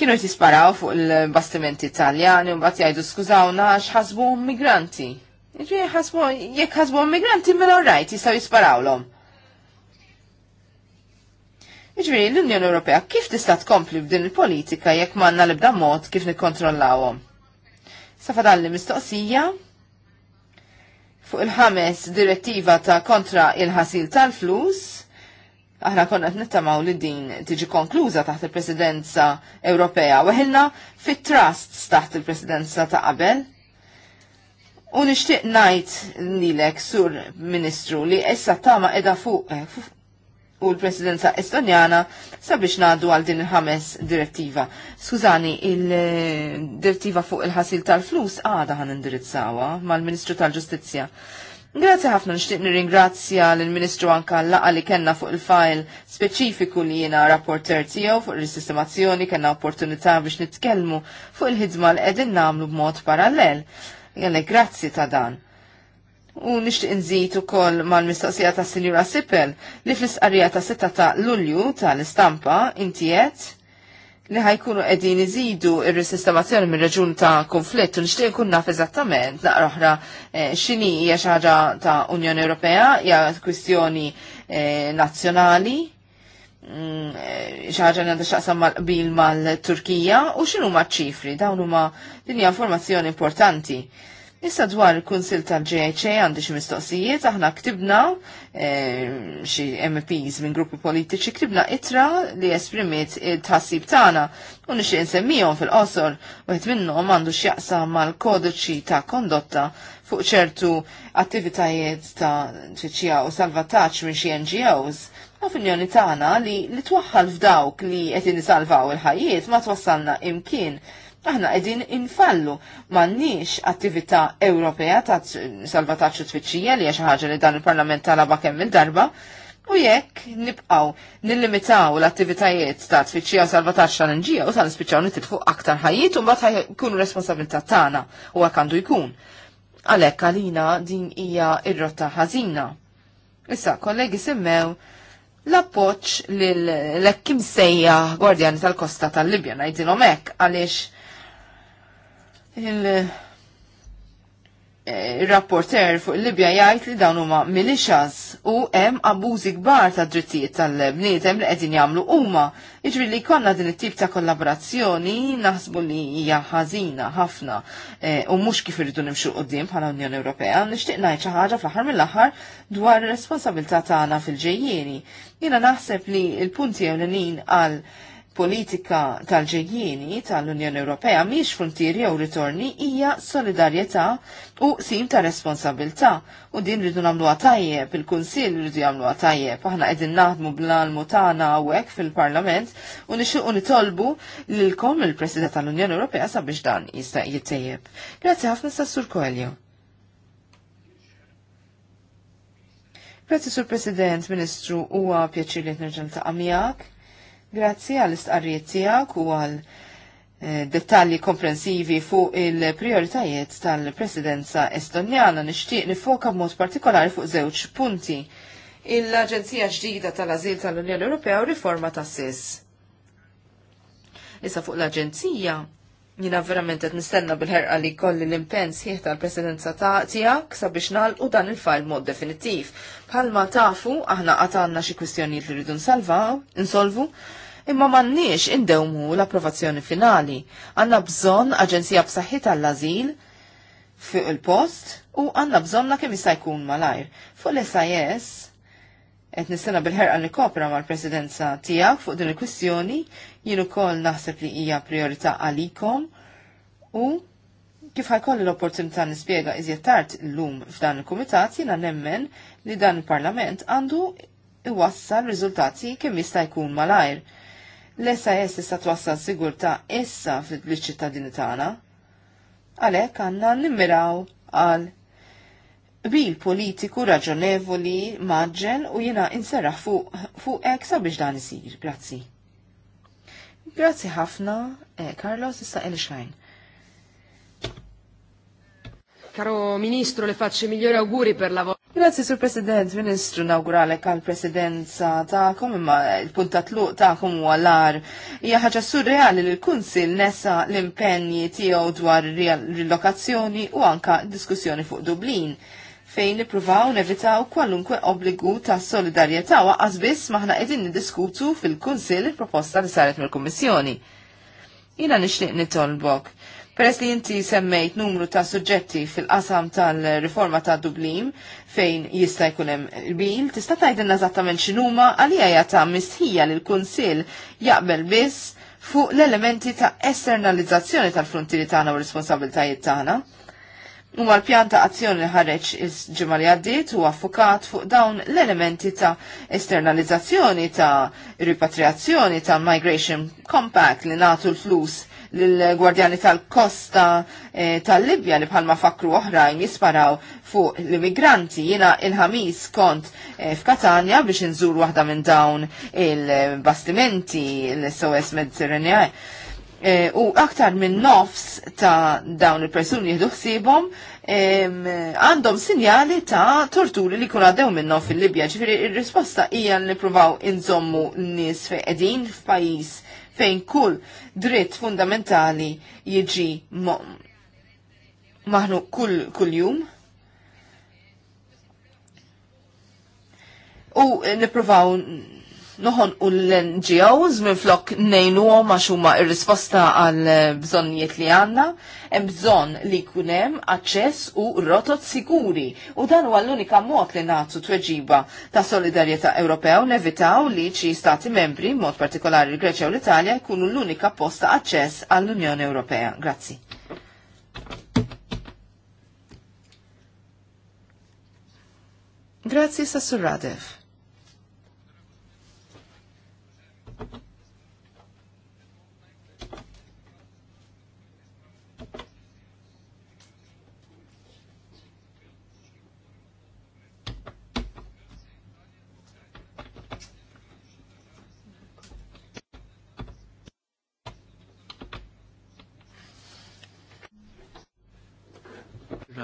Kienu qed fuq il-bastimenti Taljani u mbagħad jgħidu skużawna għax ħasbuhom migranti. Iġri ħasbu jekk ħasbuhom migranti mela rajt jistgħu l-om. l-Unjoni Ewropea kif tista' tkompli b'din il-politika jekk manna l-ibda mod kif nikkontrollawhom? Safadalli mistoqsija fuq il-ħames direttiva ta' kontra il-ħasil tal-flus. Aħna konna t-nittamaw li din tiġi konkluża taħt il-presidenza Ewropea u ħilna fit trusts taħt il-presidenza ta' qabel. U nishtiq najt nilek sur ministru li issa tama edha fuq eh, u l-presidenza estonjana sabiex ngħaddu għal din il-ħames direttiva. Skużani, il-direttiva fuq il-ħasil tal-flus għada ħan indirizzawa mal-Ministru tal-Ġustizzja. Grazie ħafna nixtieq nirringrazzja lill-Ministru anka laqa li kellna fuq il-file speċifiku li jiena rapporter tiegħu fuq ir-sistemazzjoni kellna opportunità biex nitkellmu fuq il-ħidma li qegħdin nagħmlu b'mod parallel. Jelle grazzi ta' dan. U nixtieq inżid ukoll mal-mistoqsija ta' Sinjura Sipel li fl isqarrija ta' 6 ta' Lulju tal-istampa inti qed li ħajkunu qegħdin iżidu ir resistamazzjoni mir reġun ta' konflitt u nixtieq nkun naf eżattament naqra oħra eh, x'inhi hija xi ħaġa ta' Unjoni Ewropea hija kwistjoni eh, nazzjonali mm, eh, xi ħaġa għandha xaqsam mal-qbil mal-Turkija u x'inhuma ċ ċifri, dawn huma din hija informazzjoni importanti. Issa dwar il-Kunsil tal-GHA għandi xi mistoqsijiet, aħna ktibna eh, xi MPs minn gruppi politiċi ktibna itra li esprimiet il-tħassib tagħna u nixtieq insemmihom fil-qosor wieħed minnhom għandu x'jaqsam mal-kodiċi ta' kondotta fuq ċertu attivitajiet ta' tfittxija u salvataġġ minn xi NGOs. Opinjoni tagħna li li twaħħal f'dawk li qed insalvaw il-ħajjiet ma twassalna imkien aħna qegħdin infallu m'għandniex attività Ewropea ta' salvataġġ u tfittxija li hija xi ħaġa li dan il-Parlament talaba kemm il-darba. U jekk nibqaw nillimitaw l-attivitajiet ta' tfittxija u salvataġġ tal-inġija u tal-nispiċċaw nittifu aktar ħajit u mbagħad jkunu responsabilità tagħna u hekk għandu jkun. Għalhekk għalina din hija ir-rotta ħażina. Issa, kollegi semmew l-appoċ l-ekkim sejja Gwardjani tal-Kosta tal-Libja, najdilom ek, għalix Eh, il-rapporter fuq il-Libja jgħid li dawn huma militias u hemm abbużi kbar ta' drittijiet tal-bniedem li qegħdin jagħmlu huma. Jiġri li konna din it-tip ta' kollaborazzjoni naħsbu li hija ħażina ħafna eh, u mhux kif irridu nimxu qudiem bħala Unjoni Ewropea. Nixtieq ngħid xi ħaġa fl-aħħar mill-aħħar dwar ir-responsabilità tagħna fil-ġejjieni. Jiena naħseb li l-punti ewlenin għal politika tal-ġejjini tal-Unjoni Ewropea miex frontieri jew ritorni hija solidarjetà u sim ta' responsabilità u din rridu nagħmluha tajjeb, il-Kunsill rridu jagħmluha tajjeb. Aħna qegħdin naħdmu bl-almu tagħna hawnhekk fil-Parlament u nixtiequ nitolbu lilkom il-President tal-Unjoni Ewropea sabiex dan jista' jittejjeb. Grazzi ħafna sa' Sur Koelju. Grazzi Sur President, Ministru, huwa pjaċir li nerġa' ta' miegħek Grazzi għal istqarriet tiegħek u għal eh, dettalji komprensivi fuq il-prioritajiet tal-presidenza estonjana nixtieq nifoka b'mod partikolari fuq żewġ punti. Il-Aġenzija ġdida tal-Azil tal-Unjoni Ewropea u riforma ta' SIS. Issa fuq l-Aġenzija, jina verament qed nistenna bil-ħerqa li kolli l-impens sħiħ tal-presidenza tiegħek sabiex nagħlqu dan il-fajl mod definittiv. Bħalma tafu aħna qatanna xi kwistjonijiet li rridu nsalvaw, insolvu, imma m'għandniex indewmu l-approvazzjoni finali. Għandna bżonn aġenzija b'saħħit għall-ażil fuq il-post u għandna bżonna kemm jista' jkun malajr. Fuq l-SIS qed nistenna bil-ħerqa nikopra mal-presidenza tiegħek fuq din il-kwistjoni, jien ukoll naħseb li hija priorità għalikom u kif ħajkolli l-opportunità nispjega iżjed tard illum f'dan il-kumitat jiena nemmen li dan il-Parlament għandu iwassal riżultati kemm jista' jkun malajr. L-SAS issa twassal sigurta issa fil-ċittadini tagħna. Għalhekk għandna nimmiraw għal bil politiku raġonevoli maġġen u jina inserraħ fuq fu eksa biex dan isir. Grazzi. Grazzi ħafna, eh, Carlos, issa Elixajn. Caro Ministro, le faccio i migliori auguri per la vostra. Grazie, Sur President, Ministru, nawguralek għal presidenza ta'kom, imma il-punta tluq kum u għallar. Hija ħaġa surreali li l-Kunsil nessa l-impenji tiegħu dwar rilokazzjoni u anka diskussjoni fuq Dublin fejn nippruvaw nevitaw kwalunkwe obbligu ta' solidarjetà waqqas biss maħna qegħdin niddiskutu fil-Kunsil il-proposta li saret mill-Kummissjoni. Jina nixtieq nitolbok Peress li inti semmejt numru ta' suġġetti fil-qasam tal-riforma ta' Dublin fejn jista' jkun hemm il-bil, tista' tgħidilna eżattament x'inhuma għalija hija ta' mistħija li l-Kunsill jaqbel biss fuq l-elementi ta' esternalizzazzjoni tal-frontieri tagħna u responsabiltajiet tagħna. Huma l-pjan ta' azzjoni ħareġ il-ġimgħa li għaddiet u affukat fuq dawn l-elementi ta' esternalizzazzjoni ta' ripatriazzjoni ta' migration compact li nagħtu l-flus l-Gwardjani tal-Kosta eh, tal-Libja li bħalma fakru oħrajn jisparaw fuq l-immigranti. Jina il-ħamis kont eh, f'Katania biex nżur waħda minn dawn il-bastimenti l-SOS Mediterranean. Eh, u aktar minn nofs ta' dawn il-persuni jihdu xsibom għandhom sinjali ta' torturi li kun għaddew nof fil-Libja. Ġifiri, il-risposta hija li provaw inżommu nis fe' edin f'pajis fejn kull dritt fundamentali jiġi maħnu kull, kull jum. U niprofaw noħon u l-NGOs minn flok nejnu għom għax huma ir-risposta għal eh, bżonnijiet li għanna, hemm bżonn li kunem aċċess u rotot siguri. U dan huwa l-unika mod li nagħtu tweġiba ta' solidarjetà Ewropea u nevitaw li xi stati membri, mod partikolari l-Greċja u l-Italja, jkunu l-unika post ta' aċċess għall-Unjoni Ewropea. Grazzi. Grazzi Radev.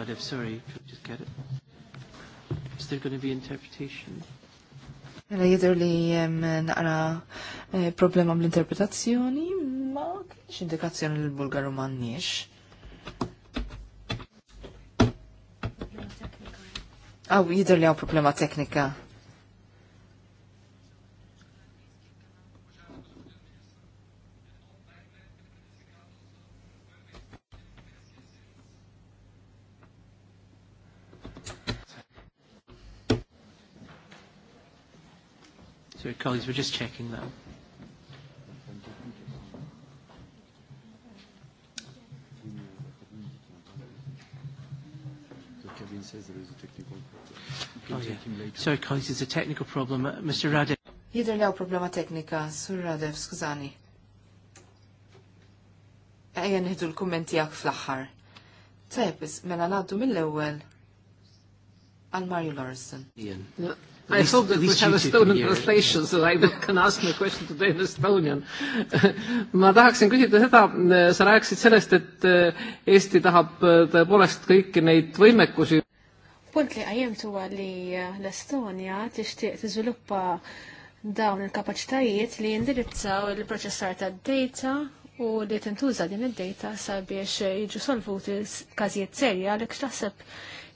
Radev, sorry, could just get it. Is there going to be interpretation? Mela jidher li jem eh, naqra eh, problema bl-interpretazzjoni, ma kienx indikazzjoni li l-Bulgaru m'għandniex. Aw, jidher li hawn problema teknika. So, colleagues, we're just checking that. Kevin says there is a technical problem. Sorry, colleagues, it's a technical problem. Mr. Radev. Jidr lew problema teknika, Sur Radev, skużani. Ejja nħidu l-kummenti jak fl-axħar. Tajbis, mela naddu mill-ewel għal Mario Lorison. I least, hope that we have Estonian translation, so I can ask my question today in Estonian. ma tahaksin küsida seda, äh, sa rääkisid sellest, et äh, Eesti tahab äh, tõepoolest kõiki neid võimekusi. Punt li tuua tuwa li l-Estonia tixtieq tiżviluppa dawn il kapacitajiet li jindirizzaw il-proċessar ta' data u li tintuża din id-data sabiex jiġu solvuti każijiet serja għalhekk x'taħseb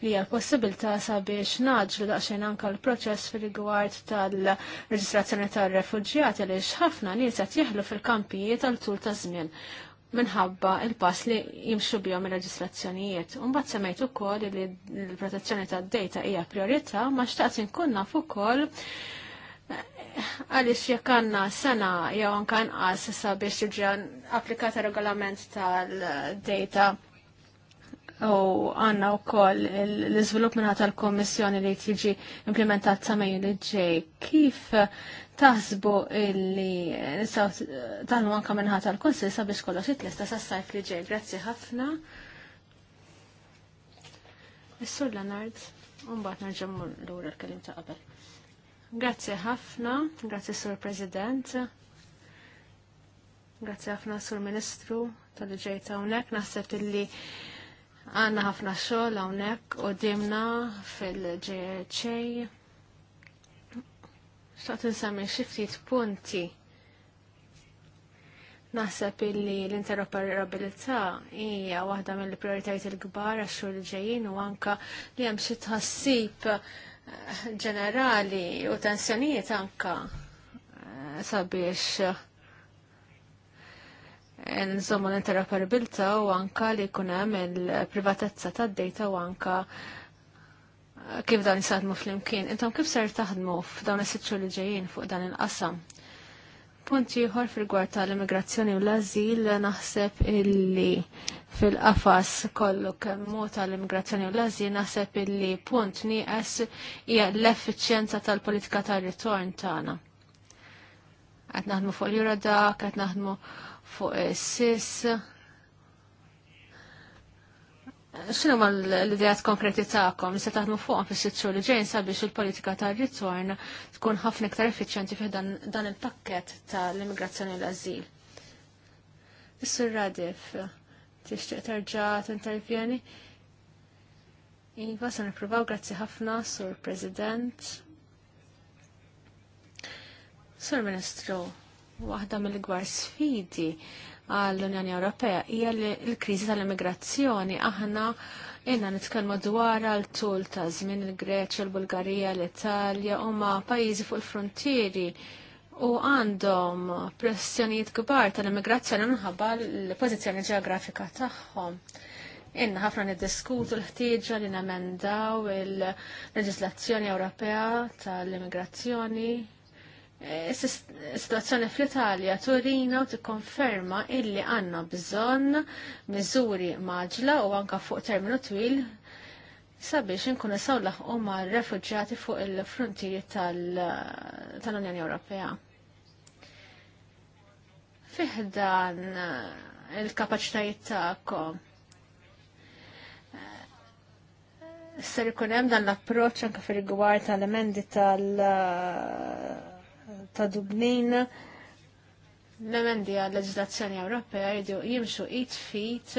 li hija possibilità sabiex naġlu daqsxejn anke l-proċess fir rigward tal-reġistrazzjoni tar-refuġjati għaliex ħafna nies qed jeħlu fil-kampijiet għal tul ta' żmien minħabba il-pass li jimxu bihom il-reġistrazzjonijiet. Umbat semmejt ukoll li l-protezzjoni tad-data hija priorità ma xtaqt inkun naf ukoll għalix jekk għanna sena jew anke anqas issa biex jiġi applikata regolament tal-data u għanna wkoll l-iżvilupp minna tal-Kommissjoni li tiġi implementat sa li ġej. Kif taħsbu li tal tagħmlu anke minna tal-Kunsill sabiex kollox jitlista sa sajf li ġej. Grazzi ħafna. Is-sur Leonard, u mbagħad l lura l-kelim ta' qabel. Grazzi ħafna, grazie Sur President, grazie ħafna Sur Ministru tal-ġejt hawnhekk, naħseb illi għandna ħafna xogħol hawnhekk qudiemna fil-GHA. Xtaqt insemmi xi ftit punti. Naħseb illi l-interoperabilità hija waħda mill-prijoritajiet il-kbar għax-xhur ġejjin u anke li hemm xi tħassib ġenerali u tensjonijiet anka eh, sabiex eh, nżommu l-interoperabilta u anka li kunem il-privatezza ta' data u anka eh, kif dan jisadmu fl-imkien. Intom kif ser taħdmu f'dawn is-sitxu li ġejjin fuq dan il-qasam? Punti ieħor fil-gwar tal-immigrazzjoni u l-azil naħseb illi fil-qafas kollu kemmu tal-immigrazzjoni u l-azil naħseb illi punt nieqes hija l-effiċjenza tal-politika tar-ritorn tagħna. Qed naħdmu fuq l-Eurodac, qed naħdmu fuq is-SIS, xinu ma l-idejat konkreti ta'kom li se taħdmu fuqom fis sitxu li ġejn sabiex il-politika ta' ritorn tkun ħafna iktar effiċjenti fi dan il-pakket ta' l-immigrazzjoni l azil Is-sur Radif, tixtieq terġa' tintervjeni? Iva, se nippruvaw grazzi ħafna, sur President. Sur Ministru, waħda mill-gwar sfidi għall-Unjoni Ewropea hija l-kriżi tal-immigrazzjoni aħna inna nitkellmu dwar għal tul ta' żmien il-Greċja, l-Bulgarija, l-Italja huma pajjiżi fuq il-frontieri u għandhom pressjonijiet kbar tal-immigrazzjoni minħabba l-pożizzjoni ġeografika tagħhom. Inna ħafna niddiskutu l-ħtieġa li namendaw il-leġislazzjoni Ewropea tal-immigrazzjoni Eh, situazzjoni fl-Italja turina u tikkonferma illi għanna bżonn miżuri maġla u anka fuq terminu twil sabiex nkunu sawlaħ u ma' refugjati fuq il-frontieri tal-Unjoni Ewropea. Fiħdan eh, il-kapacitajiet ta'kom. Eh, ser ikun hemm dan l-approċċ anke fir-rigward tal-emendi tal- ta' Dublin l-emendi għal leġislazzjoni Ewropea jridu jimxu it fit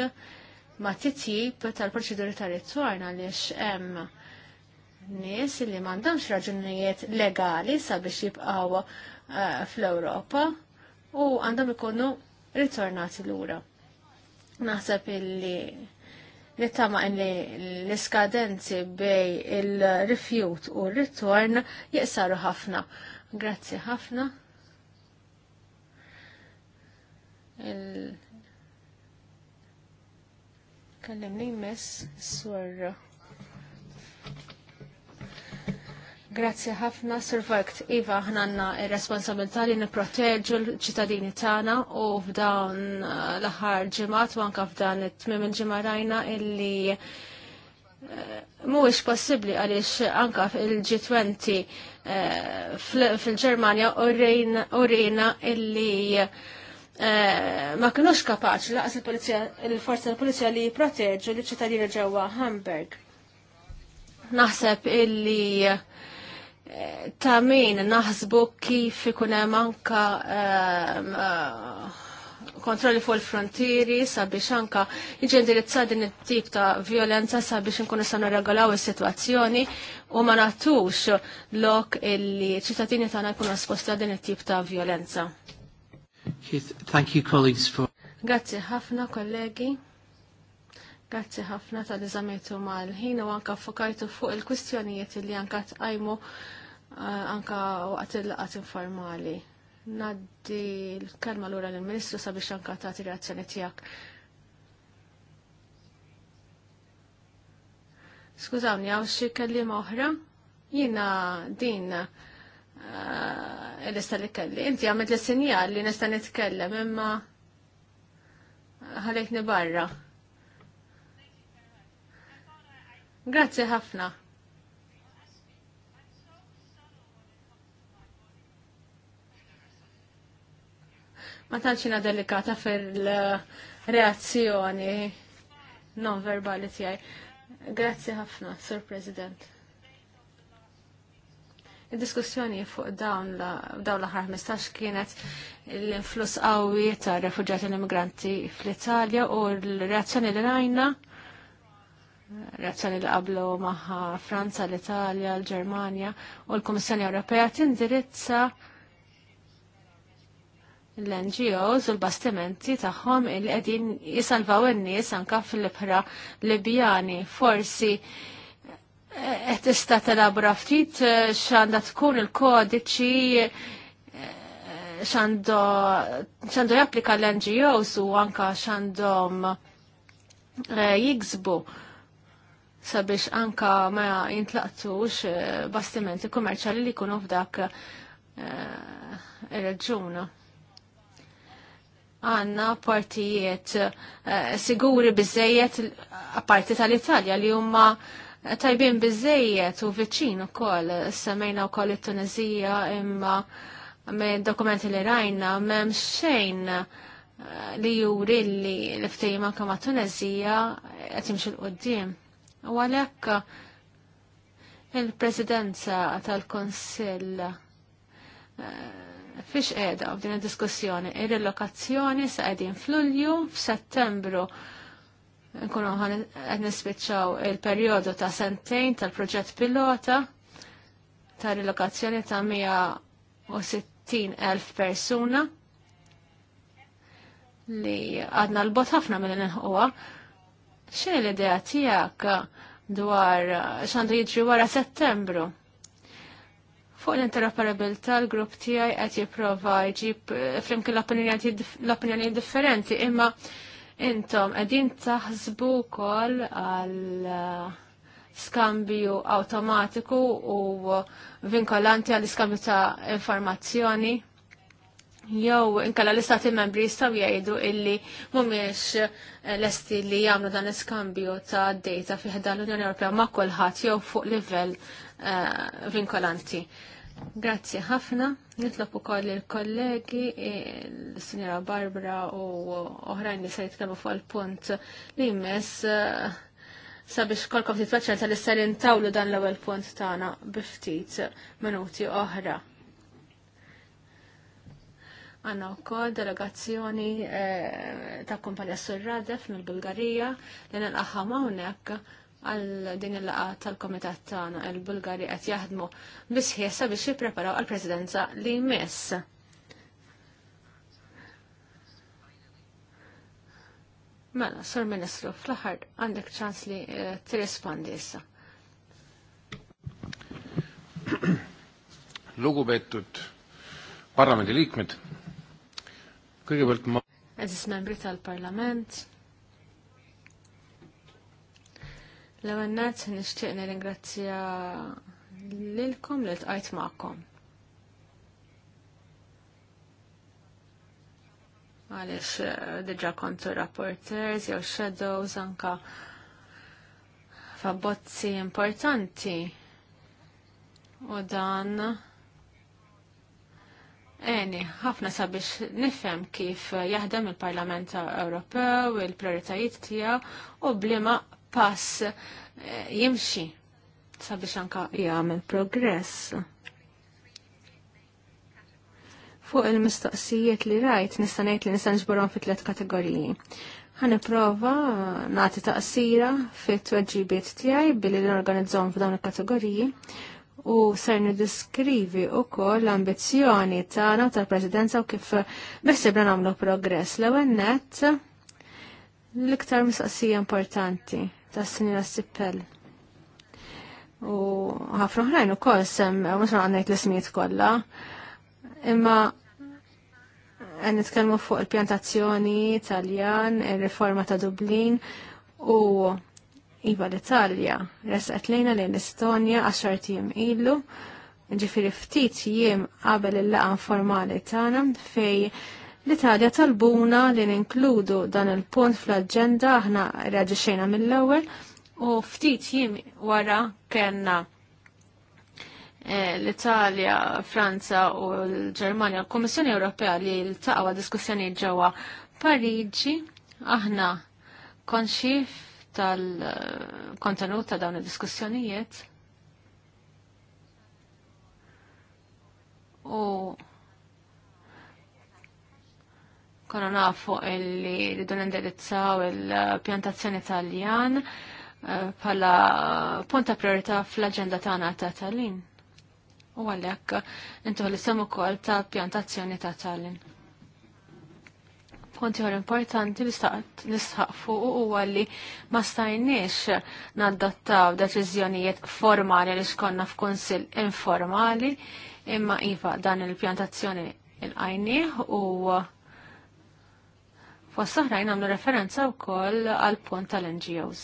ma' titjib tal-proċeduri ta' ritorn għaliex hemm nies li m'għandhomx raġunijiet legali sabiex jibqgħu eh, fl-Ewropa u għandhom ikunu ritornati lura. Naħseb illi nittama illi l-iskadenzi bej il-rifjut u r-ritorn jaqsaru ħafna Grazzi ħafna. Il... Kallem li mess sur. Grazzi ħafna, Sir Vogt. Iva, ħnanna il-responsabilità li niproteġu l-ċittadini tagħna u f'dawn uh, l-aħħar ġimgħat u anke f'dan it-tmiem il-ġimgħa rajna illi mhuwiex possibbli għaliex anka fil-G20 eh, fil-Ġermanja urina illi eh, ma kinux kapaċi laqas il-forza tal-pulizija li jipproteġu l-ċittadini ġewwa Hamburg. Naħseb illi eh, ta' min naħsbu kif ikun hemm anka kontrolli fuq il-frontieri sabiex anka jiġi indirizzat din it-tip ta' violenza sabiex nkunu sa nirregolaw is-sitwazzjoni u ma nagħtux lok illi ċittadini tagħna jkunu esposti għal din it-tip ta' violenza. Thank you colleagues for Grazzi ħafna kollegi. Grazie ħafna tal-eżamejtu mal-ħin u anka fokajtu fuq il-kwistjonijiet li anka tqajmu eh, anka waqt il-laqat informali. Naddi l-kalma l-ura l-Ministru sabiex anka ta' reazzjoni tijak. Skużawni, għaw xie kellima oħra? Jina din eh, l-ista li kelli. Inti għamet l-sinjal li nista nitkellem, imma ħalejtni barra. Grazie ħafna. ma tantxina delikata fil-reazzjoni non-verbali tiegħi. Grazzi ħafna, Sur President. Il-diskussjoni fuq dawn l-aħħar 15 kienet l-influss qawwi ta' refuġjati l-immigranti fl-Italja u l-reazzjoni li rajna reazzjoni li qablu maħħa Franza, l-Italja, l-Ġermanja u l-Kummissjoni Ewropea tindirizza l-NGOs u l-bastimenti tagħhom il qegħdin jisalvaw in-nies anke fil-ibħra Libjani. Forsi eh, qed tista' telabra ftit eh, x'għandha tkun il-kodiċi eh, x'għandu japplika l-NGOs u anke x'għandhom jiksbu sabiex anka ma jintlaqtux bastimenti kummerċali li jkunu f'dak ir-reġuna għanna partijiet eh, siguri bizzejiet apparti tal-Italja li huma tajbin bizzejiet u viċin u semmejna u kol it-Tunizija imma me dokumenti li rajna mem xejn eh, li juri li l-ftejma kama Tunizija għatimx il-qoddim. U għalek il-presidenza tal konsil eh, fiex qiegħda f'din id-diskussjoni. Ir-relokazzjoni se qegħdin f'Lulju, f'Settembru nkunu qed nispiċċaw il-perjodu ta' sentejn tal-proġett pilota ta' rilokazzjoni ta' 160,000 persuna li għadna l-bot ħafna minn nħuwa. ċe l-idea tijak dwar xandu jidri wara settembru? Fuq l-interoperabilità l-grupp tiegħi qed jipprova jġib eh, flimkien l-opinjoni differenti, imma intom qegħdin taħsbu wkoll għal eh, skambju awtomatiku u vinkolanti għal iskambju ta' informazzjoni jew inkella l-istati membri jistgħu jgħidu illi mhumiex eh, lesti li jagħmlu dan l-iskambju ta' data fi ħdan l-Unjoni Ewropea ma' kulħadd jew fuq livell Eh, vinkolanti. Grazzi ħafna. Nitlob ukoll il-kollegi, l-Sinjora Barbara u oħrajn li se jitkellmu fuq il-punt li jmess eh, sabiex kolkom titfaċċa tal-isser intawlu dan l-ewwel punt tagħna biftit minuti oħra. Għanna u delegazzjoni eh, ta' kumpanija Surradef mill-Bulgarija li nil hawnhekk għal din il-laqa tal-komitat tagħna il-Bulgari għat jahdmu bisħiesa biex jippreparaw għal-prezidenza li mess. Mela, Sur Ministru, fl ħar għandek ċans li eh, t-rispondi Lugu bettut parlamenti parlamendi Kħi kõigepealt ma Eżis membri tal-parlament, L-għannat nishtiq nir-ingrazzja lilkom li tqajt maqkom. Għalix eh, diġa kontu rapporters, jew shadows, anka fabbozzi importanti. U dan Eni, ħafna sabiex nifhem kif jaħdem il-Parlament Ewropew, il-prioritajiet tiegħu u blima pass eh, jimxi sabiex anka jagħmel progress. Fuq il-mistoqsijiet li rajt nista' ngħid li nista' nġborhom fi tliet kategoriji. Ħa nipprova eh, nagħti taqsira fit-tweġibiet tiegħi billi norganizzahom f'dawn il-kategoriji u ser nidiskrivi u l-ambizjoni tagħna tal-Presidenza u kif beħsibna nagħmlu progress l nett l-iktar mistoqsija importanti ta' Sinjora Sippel. U għafru ħrajn u kol sem, mux għannajt l-ismijiet kolla, imma għan nitkellmu fuq il-pjantazzjoni Italjan, il-riforma ta' Dublin u Iva l-Italja, resqet lejna lejn l-Estonja għaxar tim ilu, ġifiri ftit jiem qabel il laqan formali tagħna fej L-Italja talbuna li ninkludu dan il-punt fl-agenda aħna reaġixxejna mill-ewwel u ftit jim wara kellna eh, l-Italja, Franza u l-Ġermanja, l-Kommissjoni Ewropea li l-taqwa diskussjoni ġewwa Pariġi, aħna konxif tal-kontenut ta' dawn id-diskussjonijiet. U konna nafu illi li dun indirizzaw il-pjantazzjoni taljan eh, bħala punta priorità fl-agenda tagħna ta' Tallinn. U għalhekk intu li semu ukoll ta' pjantazzjoni ta' Tallinn. Punti għor importanti li nistaq fuq huwa li ma stajniex naddattaw deċiżjonijiet formali li xkonna f'kunsill informali imma iva dan il-pjantazzjoni il-qajnieh u Fost oħrajn għamlu referenza wkoll għal punt tal-NGOs.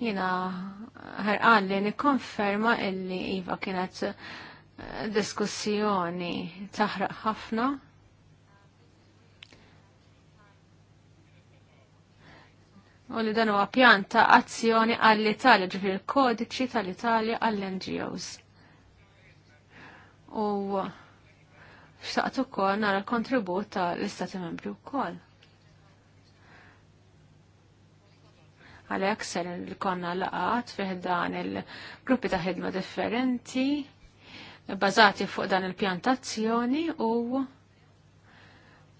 Jina ħarqan li nikkonferma illi Iva kienet eh, diskussjoni taħraq ħafna. U li dan huwa pjan ta' azzjoni għall-Italja, ġifir kodiċi tal-Italja għall-NGOs. U xtaqtu ukoll nara kontribut ta' l-Istati Membri wkoll. Għalhekk ser konna laqat fih dan il-gruppi ta' ħidma differenti bażati fuq dan il-pjantazzjoni u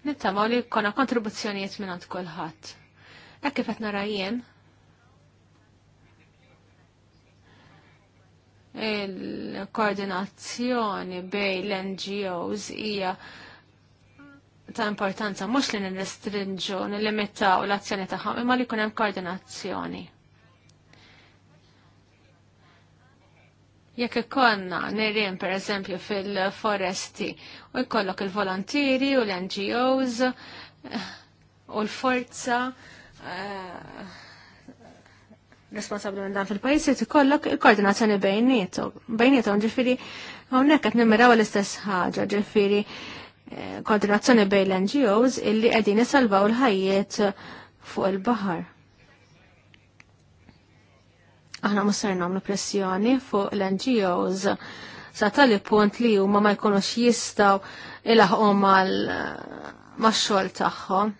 nittamaw li konna kontribuzzjonijiet minn għand kulħadd. Hekk kif qed nara jien il-koordinazzjoni bej l-NGOs hija ta' importanza mhux li nirrestrinġu nillimitaw l-azzjoni tagħhom imma li jkun hemm koordinazzjoni. Jekk ikonna per pereżempju fil-foresti u jkollok il-volontieri u l-NGOs eh, u l-forza uh, responsabli minn dan fil-pajis jt kollok il-koordinazzjoni bejnietom. Bejnietom ġifiri hawnhekk qed nimmiraw l-istess ħaġa, ġifiri eh, koordinazzjoni bejn l-NGOs illi qegħdin jisalvaw l-ħajjiet fuq il-baħar. Aħna musser nagħmlu pressjoni fuq l-NGOs sa tali punt li huma ma jkunux jistgħu ilaħqu mal eh, max-xogħol tagħhom.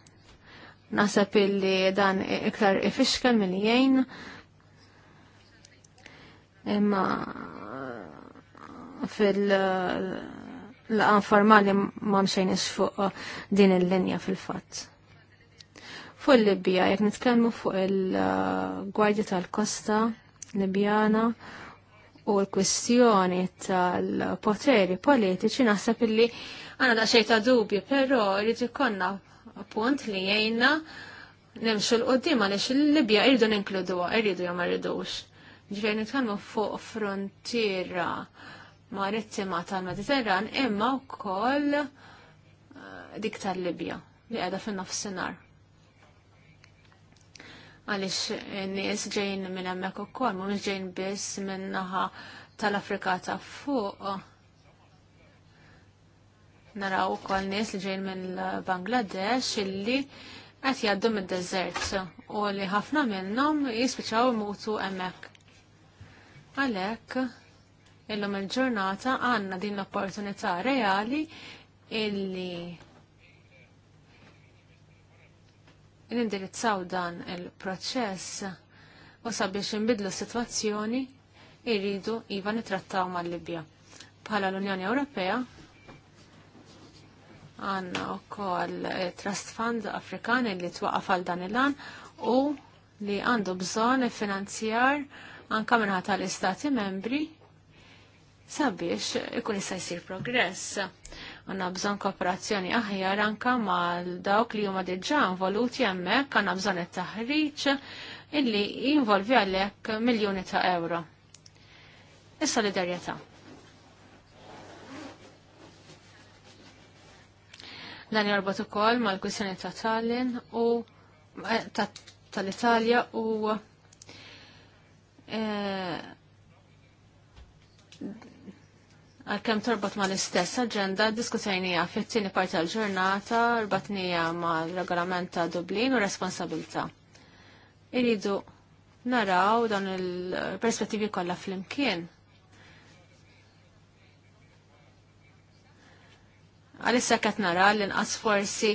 Naseb illi dan iktar ifixkel minn jgħin imma fil-laqan formali ma mxejniex fuq din il-linja fil-fatt. Fuq il-Libja, jek nitkellmu fuq il-Gwardja tal-Kosta Libjana u l-kwestjoni tal-poteri politiċi naħseb illi għana da xejta dubju, pero jrid konna punt li jgħinna nimxu l-qoddima li xil-Libja irridu ninkluduwa, irridu jom irridux ġveni nitkellmu fuq frontiera marittima tal-Mediterran imma wkoll eh, dik tal-Libja li qiegħda fin-nofsinhar għalix n-nies ġejn minn hemmhekk ukoll, mhumiex ġejn biss minn naħa tal-Afrika ta' fuq. Naraw ukoll nies li ġejn minn Bangladesh illi qed jgħaddu mid-deżert u li ħafna minnhom jispiċċaw mutu hemmhekk. Għalek, illum il-ġurnata għanna din l-opportunità reali illi nindirizzaw dan il-proċess u sabiex nbidlu situazzjoni irridu iva nitrattaw mal-Libja. Bħala l-Unjoni Ewropea għanna u koll eh, Trust Fund Afrikan li twaqqaf għal dan il lan u li għandu bżon finanzjar finanzjar anka minħata tal-Istati membri sabiex ikun jista' jsir progress. Għanna bżon kooperazzjoni aħjar anka mal dawk li huma diġà involuti hemmhekk għandna bżonn it-taħriġ illi jinvolvi għalhekk miljuni ta' euro. Is-solidarjetà. Dan jorbot ukoll mal-kwissjoni ta' Tallinn u eh, tal-Italja u Eh, għal-kem torbot ma l-istess agenda, diskutajnija fit-tini parti tal-ġurnata, rbatnija ma l-regolament ta' Dublin u responsabilta. Iridu naraw dan il-perspettivi kollha fl-imkien. Għalissa qed nara li nqas forsi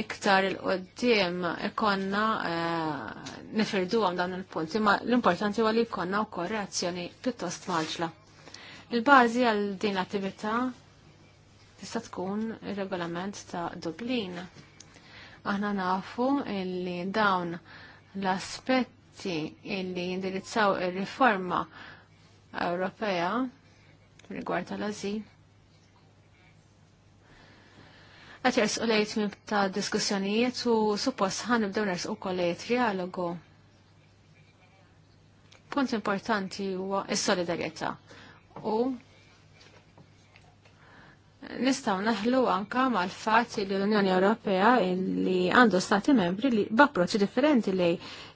iktar il-qoddim ikonna eh, nifirdu għam dawn il-punti, ma l-importanti għalli ikonna u korreazzjoni pjuttost maġla. Il-bazi għal din l-attività tista' tkun ir-regolament ta' Dublin. Aħna nafu li dawn l-aspetti illi jindirizzaw ir-riforma Ewropea rigward l azil Għat u lejt minn ta' diskussjonijiet u suppost ħan nibdew nersu u kollejt rialogu. Punt importanti huwa s solidarjetà u nistaw naħlu anka mal-fatt li l-Unjoni Ewropea li għandu stati membri li b'approċċi differenti li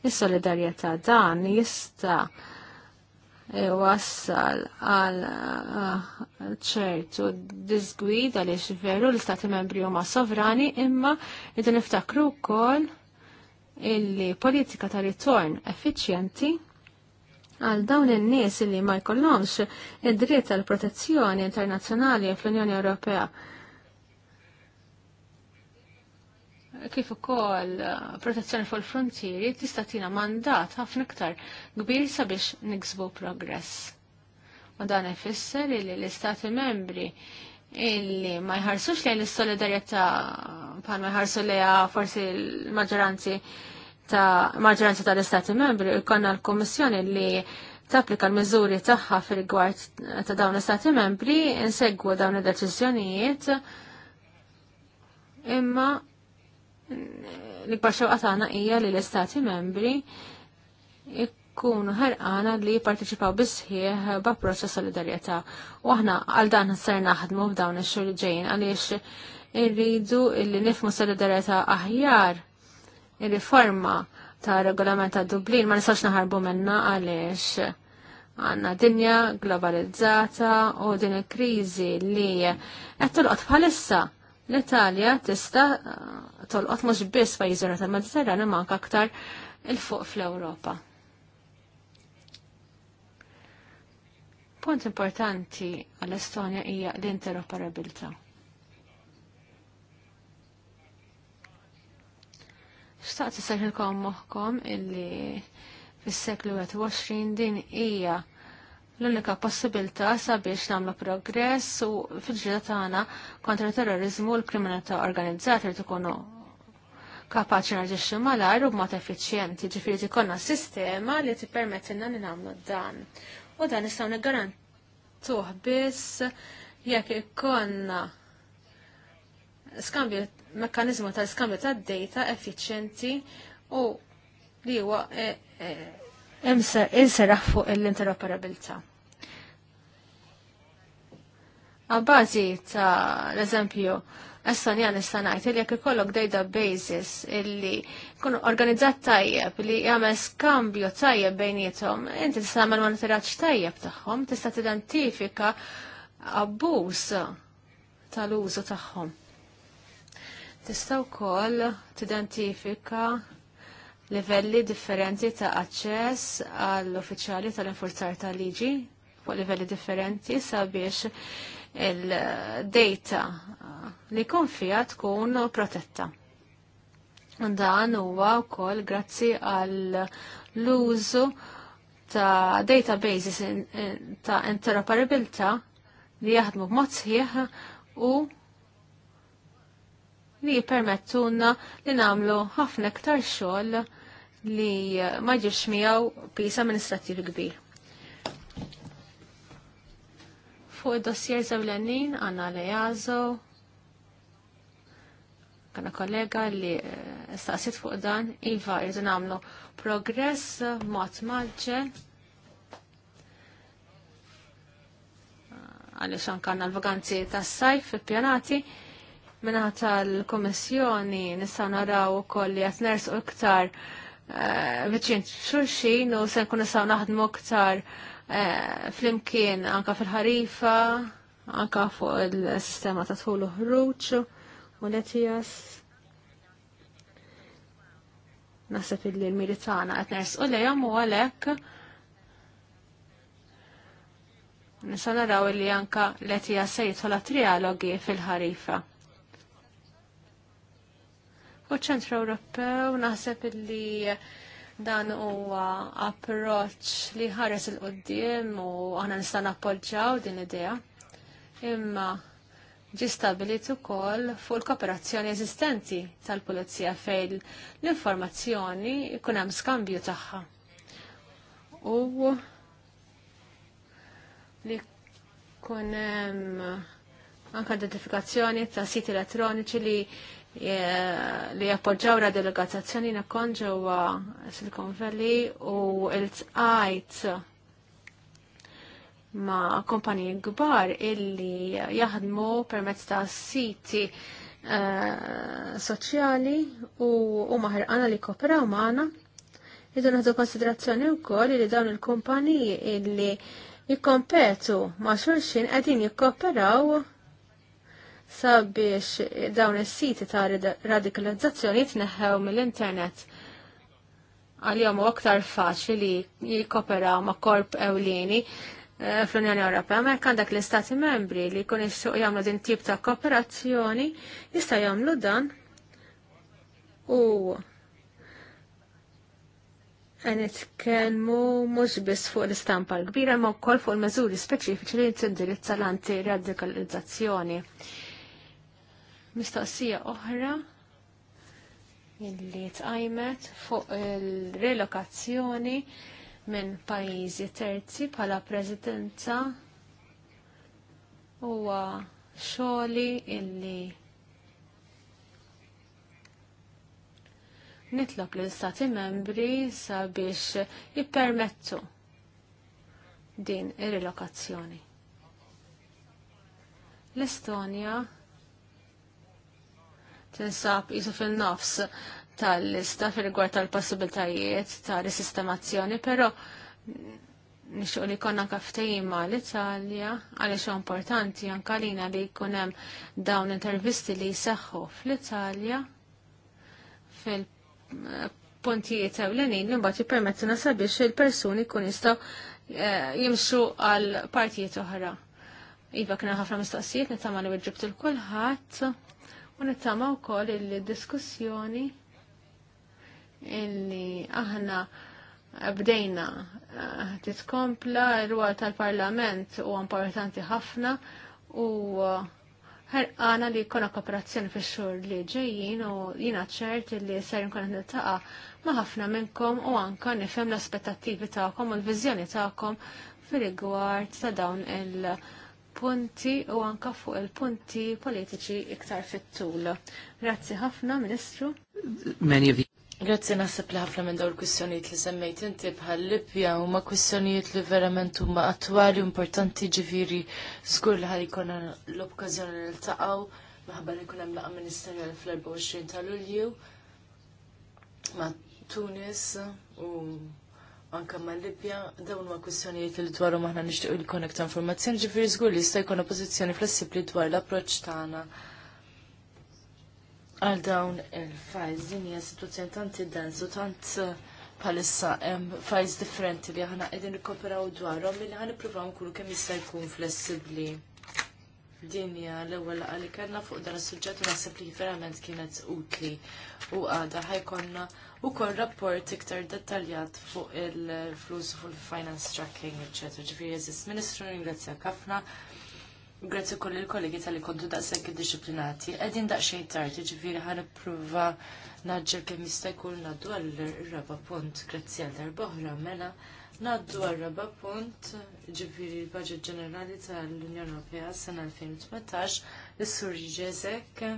is-solidarjetà dan jista' E, wassal għal eh, ċertu disgwid għaliex veru l-istati membri huma sovrani imma id niftakru wkoll illi politika ta' ritorn effiċjenti għal dawn in-nies illi ma jkollhomx id-dritt għal protezzjoni internazzjonali fl-Unjoni Ewropea kif ukoll eh, protezzjoni fuq il-frontieri tista' tina mandat ħafna iktar kbir sabiex niksbu progress. U dan ifisser li l-Istati membri illi ma jħarsux lejn is-solidarjetà bħal ma jħarsu lejha forsi l-maġġoranzi ta' maġġoranza tal-Istati membri jkollna l-Kummissjoni li tapplika l-miżuri tagħha fil rigward ta' dawn l-Istati membri insegwu dawn id-deċiżjonijiet imma l-ikbar xewqa tagħna hija li l-Istati membri ikkunu ħerqana li jipparteċipaw bisħieħ b'approċċ proċess solidarjetà. U aħna għal dan ser naħdmu f'dawn ix-xhur ġejjin għaliex irridu li nifmu solidarjetà aħjar ir-riforma ta' regolament ta' Dublin ma nistax naħarbu minna għaliex għanna dinja globalizzata u din il kriżi li qed tolqot bħalissa l-Italja tista tolqot mhux biss pajjiżura ta' mediterran imma aktar il fuq fl-Ewropa. Punt importanti għall-Estonja hija l-interoperabilità. Xtaqt tisajħilkom moħħkom illi fis-seklu 20 din hija l-unika possibilità sabiex nagħmlu progress u fil-ġida tagħna kontra terrorizmu u l-kriminalità organizzata li tkunu kapaċi narġixxu malajr u b'mod effiċjenti, ġifieri ikollna sistema li tippermettilna li nagħmlu dan. U dan nistgħu niggarantuh biss jekk ikonna skambju ta' tal-skambju tad-data effiċjenti u li huwa eh, eh, inseraħ fuq l-interoperabilità. Għabbażi ta' l-eżempju, Estonjan nista' ngħid li jekk ikollok databases illi kun organizzat tajjeb li jagħmel skambju tajjeb bejniethom, inti tista' tagħmel monitoraġġ tajjeb tagħhom, tista' tidentifika abbuż tal-użu tagħhom. Tista' wkoll tidentifika livelli differenti ta' aċċess għall uffiċjali tal-infurzar tal-liġi fuq livelli differenti sabiex il-data li kun fija tkun protetta. Dan huwa wkoll grazzi għall l-użu ta' databases ta' interoperabilta li jaħdmu b'mod sħiħ u li jipermettuna li namlu ħafna iktar xogħol li ma ġirx miegħu pisa amministrattiv kbir. Fuq id-dossier żewlenin għandna Lejażo easo kollega li eh, staqsit fuq dan, Iva, irridu nagħmlu progress mod maġġel. Ah, Għalix għankanna l-vaganzi tas sajf pjanati minna tal-komissjoni nistgħu naraw ukoll li qed nersqu iktar Eh, viċin xurxin u se nkunu saw naħdmu ktar eh, flimkien anka fil-ħarifa, anka fuq il-sistema ta' tħulu ħruċ u letijas. Nasib li l-militana qed nersqu lejhom u għalhekk nisa naraw li anka letija se jitħola trialogi fil-ħarifa. U ċentru Ewropew naħseb li dan huwa approċċ li ħares il-qoddim u aħna nista' nappoġġjaw din idea. Imma ġi stabilit ukoll fuq il-kooperazzjoni eżistenti tal-Pulizija fejn l-informazzjoni jkun hemm skambju tagħha. U li kun hemm anke identifikazzjoni ta' siti elettroniċi li li appoġġaw ra delegazzazzjoni nakon ġewwa Silicon Valley u l-tqajt ma' kompaniji kbar illi jaħdmu permezz ta' siti eh, soċjali u huma ħerqana li kooperaw magħna. Idu naħdu konsiderazzjoni wkoll li dawn il-kumpaniji illi jikkompetu ma' xulxin qegħdin jikkooperaw sabiex dawn is-siti ta' radikalizzazzjoni jitneħħew mill-internet għal-jom u aktar faċli li jikoperaw ma' korp ewlieni eh, fl-Unjoni Ewropea, ma għandak l-Istati membri li jkun jissu jagħmlu din tip ta' kooperazzjoni jista' jagħmlu dan u nitkellmu mhux biss fuq l-istampa l-kbira ma kol fuq il-meżuri speċifiċi li tindirizza l-anti radikalizzazzjoni. Mistoqsija oħra illi tqajmet fuq il-relokazzjoni minn pajjiżi terzi bħala prezidenza huwa xogħli illi nitlob l istati membri sabiex jippermettu din ir-relokazzjoni. L-Estonja tinsab jisu fil-nofs tal-lista fil-rigward tal-possibiltajiet ta' is-sistemazzjoni, pero nixuq li konna kaftajin ma l-Italja, għalix importanti jankalina li kunem dawn intervisti li seħħu fl-Italja fil-puntijiet ewlenin li mbagħad jippermettuna sabiex il-persuni kun jistgħu eh, jimxu għal partijiet oħra. Iva kena ħafna mistoqsijiet, nittamani li weġibt il-kulħadd u nittama wkoll il-diskussjoni illi aħna bdejna eh, titkompla r-rwol tal-Parlament u importanti ħafna u eh, ħerqana li kona kooperazzjoni fix xhur li ġejjin u jina ċert li ser nkun qed niltaqa' ma' ħafna minnkom u anke nifhem l-aspettattivi tagħkom u l-viżjoni tagħkom fil rigward ta' dawn il- punti u anka fuq il-punti politiċi iktar fit-tul. Grazzi ħafna, Ministru. Many of Grazzi naħseb li ħafna minn dawn il-kwistjonijiet li semmejt inti bħal Libja huma kwistjonijiet li verament huma attwali u importanti ġifieri żgur li ħajkun l-okkażjoni li ltaqgħu maħabba li jkun hemm laqgħa ministerjal fl-24 ta' Lulju ma' Tunis u anka ma' Libja, dawn ma' kwistjonijiet li dwaru maħna nixtieq li konnekta informazzjoni, ġifieri żgur li jista' jkun pożizzjoni flessibbli dwar l-approċċ tagħna għal dawn il-fajz din hija sitwazzjoni tant id u tant eh, bħalissa hemm fajz differenti li aħna qegħdin nikkoperaw dwarhom li ħan nippruvaw nkunu kemm jista' jkun flessibbli. Din hija l-ewwel laqgħa kellna fuq dan is-suġġett u naħseb li verament kienet utli u għada ħajkonna u kol rapport iktar dettaljat fuq il-flus fuq il-finance tracking, etc. Ġifiri jeżis ministru, ringrazzja kafna. Grazzi kolli il kollegi tal-li kontu daqsek disciplinati. Edin daqxej tarti, ġifiri ħan prova naġġel kem jistajkul naddu għal-raba punt. Grazzi għal boħra mela. Naddu għal-raba punt, ġifiri l-Budget Ġenerali tal-Unjoni Ewropea sena 2018, l-Sur Ġezek.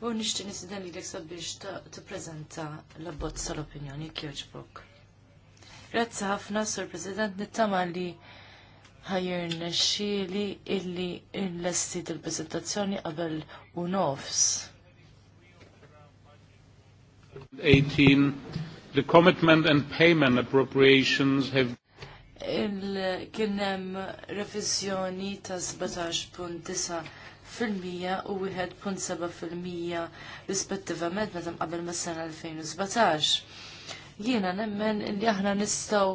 U nishti nisidan li l-eksa biex t-prezenta l-abbozz tal-opinjoni kjoġbok. Grazzi ħafna, Sir President, nittama li ħajir nexxieli illi l-estit il-prezentazzjoni qabel u nofs. 18, the commitment and payment appropriations have il kinnem revizjoni ta' 17.9 fil-mija u 1.7 fil-mija rispettivament meta qabel mas-sena 2017. Jiena nemmen li aħna nistgħu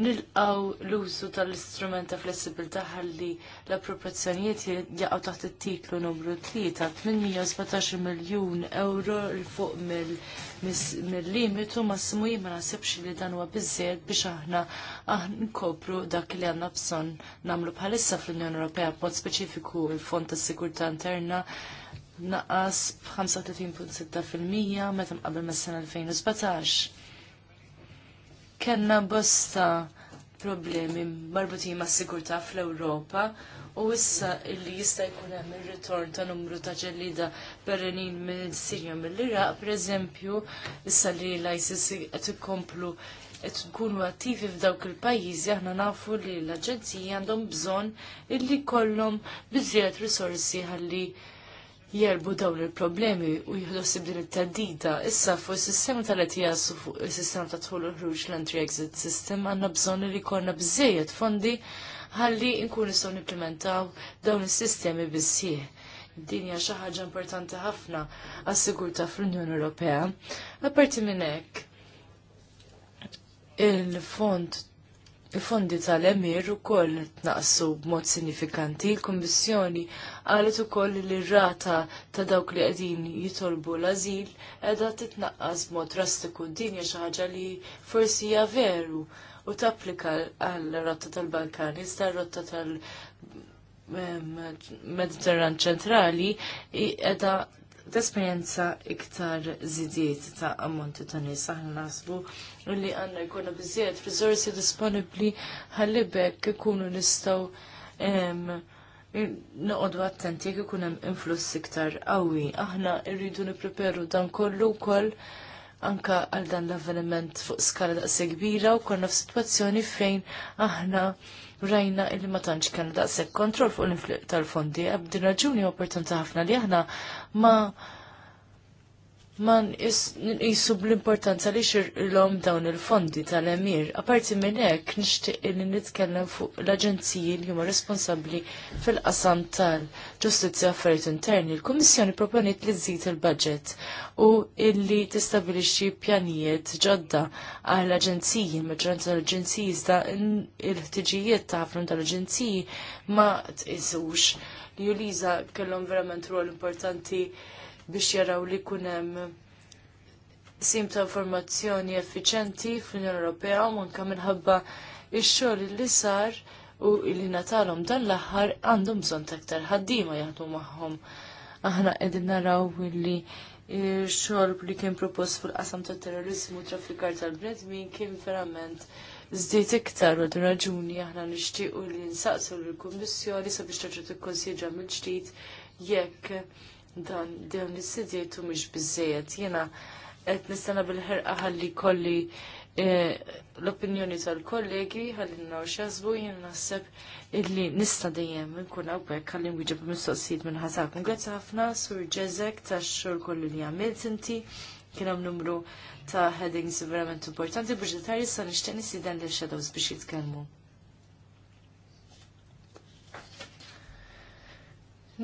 nilqaw l-użu tal istrumenta ta' taħalli ħalli l-appropriazzjonijiet jaqgħu taħt it-titlu numru 3 ta' 817 miljun euro l fuq mill-limitu massimu jien ma nasibx li dan huwa biżżejjed biex aħna nkopru dak li għandna bżonn nagħmlu bħalissa fl-Unjoni Ewropea b'mod speċifiku il-Fond tas-Sigurtà Interna naqas b'35.6% meta mqabel mas-sena 2017 kellna bosta problemi marbuti ma' sigurtà fl-Ewropa u issa illi jista' jkun hemm ir-ritorn ta' numru ta' ġellida barranin minn Sirja mill-Iraq, pereżempju, issa li l-ISIS qed ikomplu qed nkunu attivi f'dawk il-pajjiżi aħna nafu li l-aġenziji għandhom bżonn illi kollhom biżjed risorsi ħalli jerbu dawn il-problemi u jħlossi din it-tadida. Issa fuq is-sistema tal-ETIAS u fuq is-sistema ta' tħul ħruġ l-entry exit system għandna bżonn li jkollna bżejjed fondi ħalli nkun nistgħu nimplementaw dawn is-sistemi bissieħ dinja xi ħaġa importanti ħafna għas-sigurtà fl-Unjoni Ewropea. Apparti minn hekk, il-Fond il-fondi tal-emir u koll tnaqsu b'mod sinifikanti. Il-Kommissjoni għalet u koll li rata ta' dawk li għedin jitolbu l-azil edha titnaqqas b'mod drastiku dinja xaħġa li forsi hija veru u tapplika għal-rotta tal-Balkan, iżda rotta tal-Mediterran ċentrali edha t-esperienza iktar zidiet ta' ammonti ta' nies aħna nasbu li għandna jkollna biżjed riżorsi disponibbli ħallibek ikunu nistgħu Noqodu attenti jekk ikun hemm influss iktar qawwi. Aħna rridu nippreperu dan kollu wkoll anka għal dan l-avveniment fuq skala daqsi kbira u konna f'sitwazzjoni fejn aħna rajna il ma tantx kellna daqshekk kontroll fuq l-infliq tal-fondi. Għabdin raġuni opportunità ħafna li aħna ma man jisu bl-importanza li l-om dawn il-fondi tal-emir. Aparti minn hekk nixtieq li nitkellem fuq l-aġenziji li huma responsabbli fil-qasam tal-ġustizzja affarijiet interni. Il-Kummissjoni proponiet li żid il-budget u illi tistabilixxi pjanijiet ġodda għal aġenziji, maġġoranza tal-aġenziji iżda il-ħtiġijiet ta' ħafna tal-aġenziji ma tqisux. Juliza kellhom verament rol importanti biex jaraw li kunem sim ta' informazzjoni effiċenti fl-Unjoni Ewropea u manka minħabba ix-xogħol li sar u li natalhom dan l-aħħar għandhom bżonn ta' aktar ħaddiema jaħdmu magħhom. Aħna qegħdin naraw li xogħol li kien propost fil-qasam ta' terrorizmu u traffikar tal-bnedmin kien verament Zdit iktar u raġuni aħna nixtiequ li nsaqsu l-Kummissjoni sabiex terġa' tikkonsidra mill-ġdid jekk dan dawn is-sidjajtu mish bizzejet Jiena qed nistana bil-ħerqa ħalli kolli eh, l-opinjoni tal-kollegi ħalli naw xazbu jien naħseb illi nista dejjem nkun hawnhekk ħalli nwieġeb mistoqsijiet minn ħatakom. Grazzi ħafna sur ġezek tax-xogħol kolli li għamilt inti kien hemm numru ta' headings verament importanti biex detali sa nixtieq nisiden lil shadows biex jitkellmu.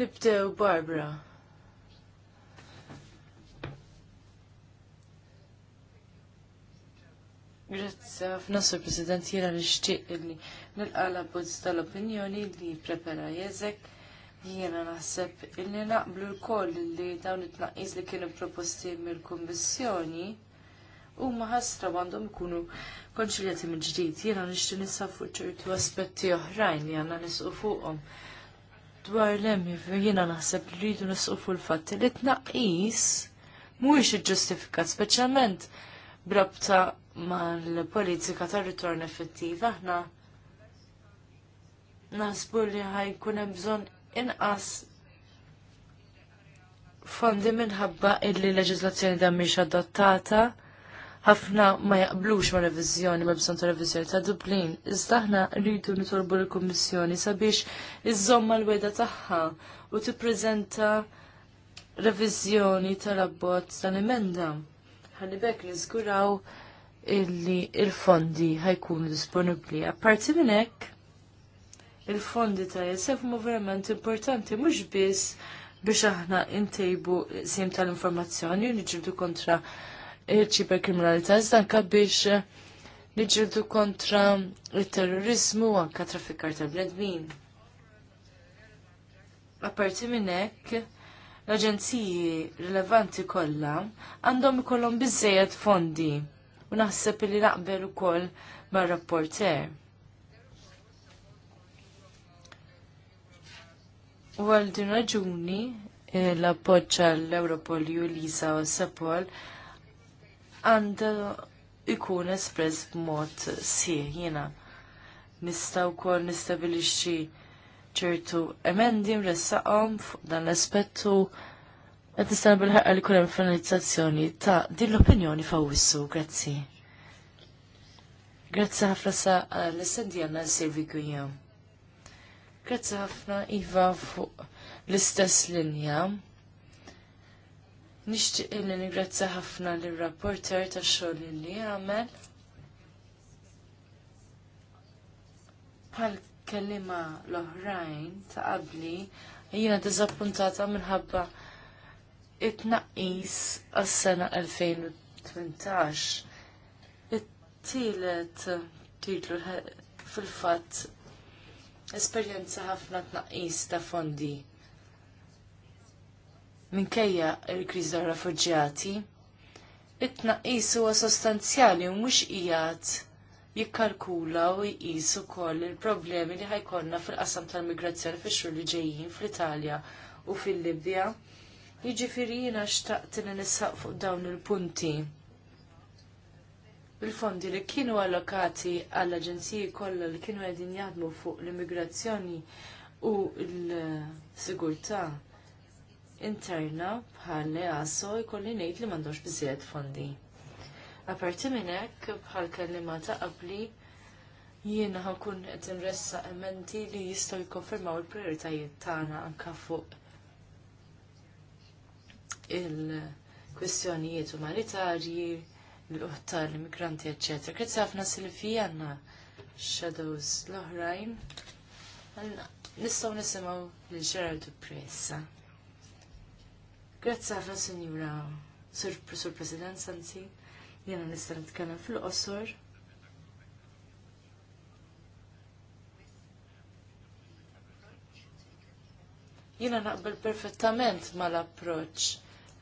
Nibdew Barbara. Grazzi, ħafna sur President, jena nixtieq li nilqala bozz tal-opinjoni li prepara jeżek. Jiena naħseb illi naqblu l-koll li dawn it-tnaqqis li kienu proposti mill-Kummissjoni huma ħasra għandhom ikunu konċiljati minn ġdid. Jiena nixti nisab fuq ċertu aspetti oħrajn li għandna nisqu fuqhom. Dwar lemmi jiena naħseb li rridu nisqu fuq fatti fatt li t-tnaqqis mhuwiex iġġustifikat speċjalment brabta mal-politika ta' ritorn effettiv. Aħna naħsbu li ħajkun hemm bżonn inqas fondi minħabba illi leġislazzjoni da mhix adottata ħafna ma jaqblux ma' revizjoni, ma' bżon ta' revizjoni ta' Dublin. Iżda ħna rridu nitolbu l kummissjoni sabiex iżomma l-weda tagħha u tippreżenta revizjoni tal-abbozz tal-emenda. Ħalli bekk niżguraw illi il-fondi ħajkunu disponibli. Apparti minn hekk, il-fondi ta' jesef mu verament importanti, mhux biss biex aħna intejbu sim tal-informazzjoni u niġibdu kontra il-ċiberkriminalità, iżda anka biex niġibdu kontra il-terrorizmu u anka traffikar ta' bnedmin. Apparti minn hekk, l-aġenziji rilevanti kollha għandhom ikollhom biżejjed fondi u naħseb li naqbel ukoll mar-rapporter. U għal din raġuni eh, l-appoġġa l-Europol ju Lisa u Sepol għandu ikun espress b'mod sieħ jiena. Nista' wkoll nistabilixxi ċertu emendi mressaqhom fuq dan l-aspettu Għed nistan bil-ħarqa li kunem finalizzazzjoni ta' din l-opinjoni wissu, grazzi. Grazzi ħafna sa' l-essendi għanna s-servi Gujam. Grazzi ħafna Iva fuq l-istess linja. Nishtiq li ningrazza ħafna l-rapporter ta' xogħol li għamel. Bħal kelliema l-oħrajn ta' qabli jiena diżappuntata minħabba it-naqis għas-sena 2018. It-tielet titlu fil-fatt esperjenza ħafna tnaqqis ta' fondi. Minkejja il-kriż ta' refuġjati, it tnaqqis huwa sostanzjali u mhux qiegħed jikkalkula u jqis ukoll il-problemi li ħajkollna fil-qasam tal-migrazzjoni fix-xhur li ġejjin fl-Italja u fil-Libja. fil qasam tal migrazzjoni fix fil qasam tal migrazzjoni fix xhur li ġejjin fl italja u fil libja Jiġifieri jiena xtaqt li nissaq fuq dawn il-punti. Il-fondi li kienu allokati għall-aġenziji kollha li kienu qegħdin jaħdmu fuq l-immigrazzjoni u l-sigurtà interna bħal għasso jkolli ngħid li m'għandux biżjed fondi. Aparti minn hekk bħal kellima ta' qabli jiena ħankun qed inressa emmenti li jistgħu jikkonfermaw il-prijoritajiet tagħna anke fuq il kwestjonijiet umanitarji, l-uħta l-immigranti, ecc. Grazzi ħafna Silvi għanna shadows l-oħrajn. Nistaw nisimaw l u Pressa. Grazzi ħafna Sinjura Sur President Sanzi, jena nistaw nitkellem fil-qosor. Jiena naqbel perfettament mal-approċ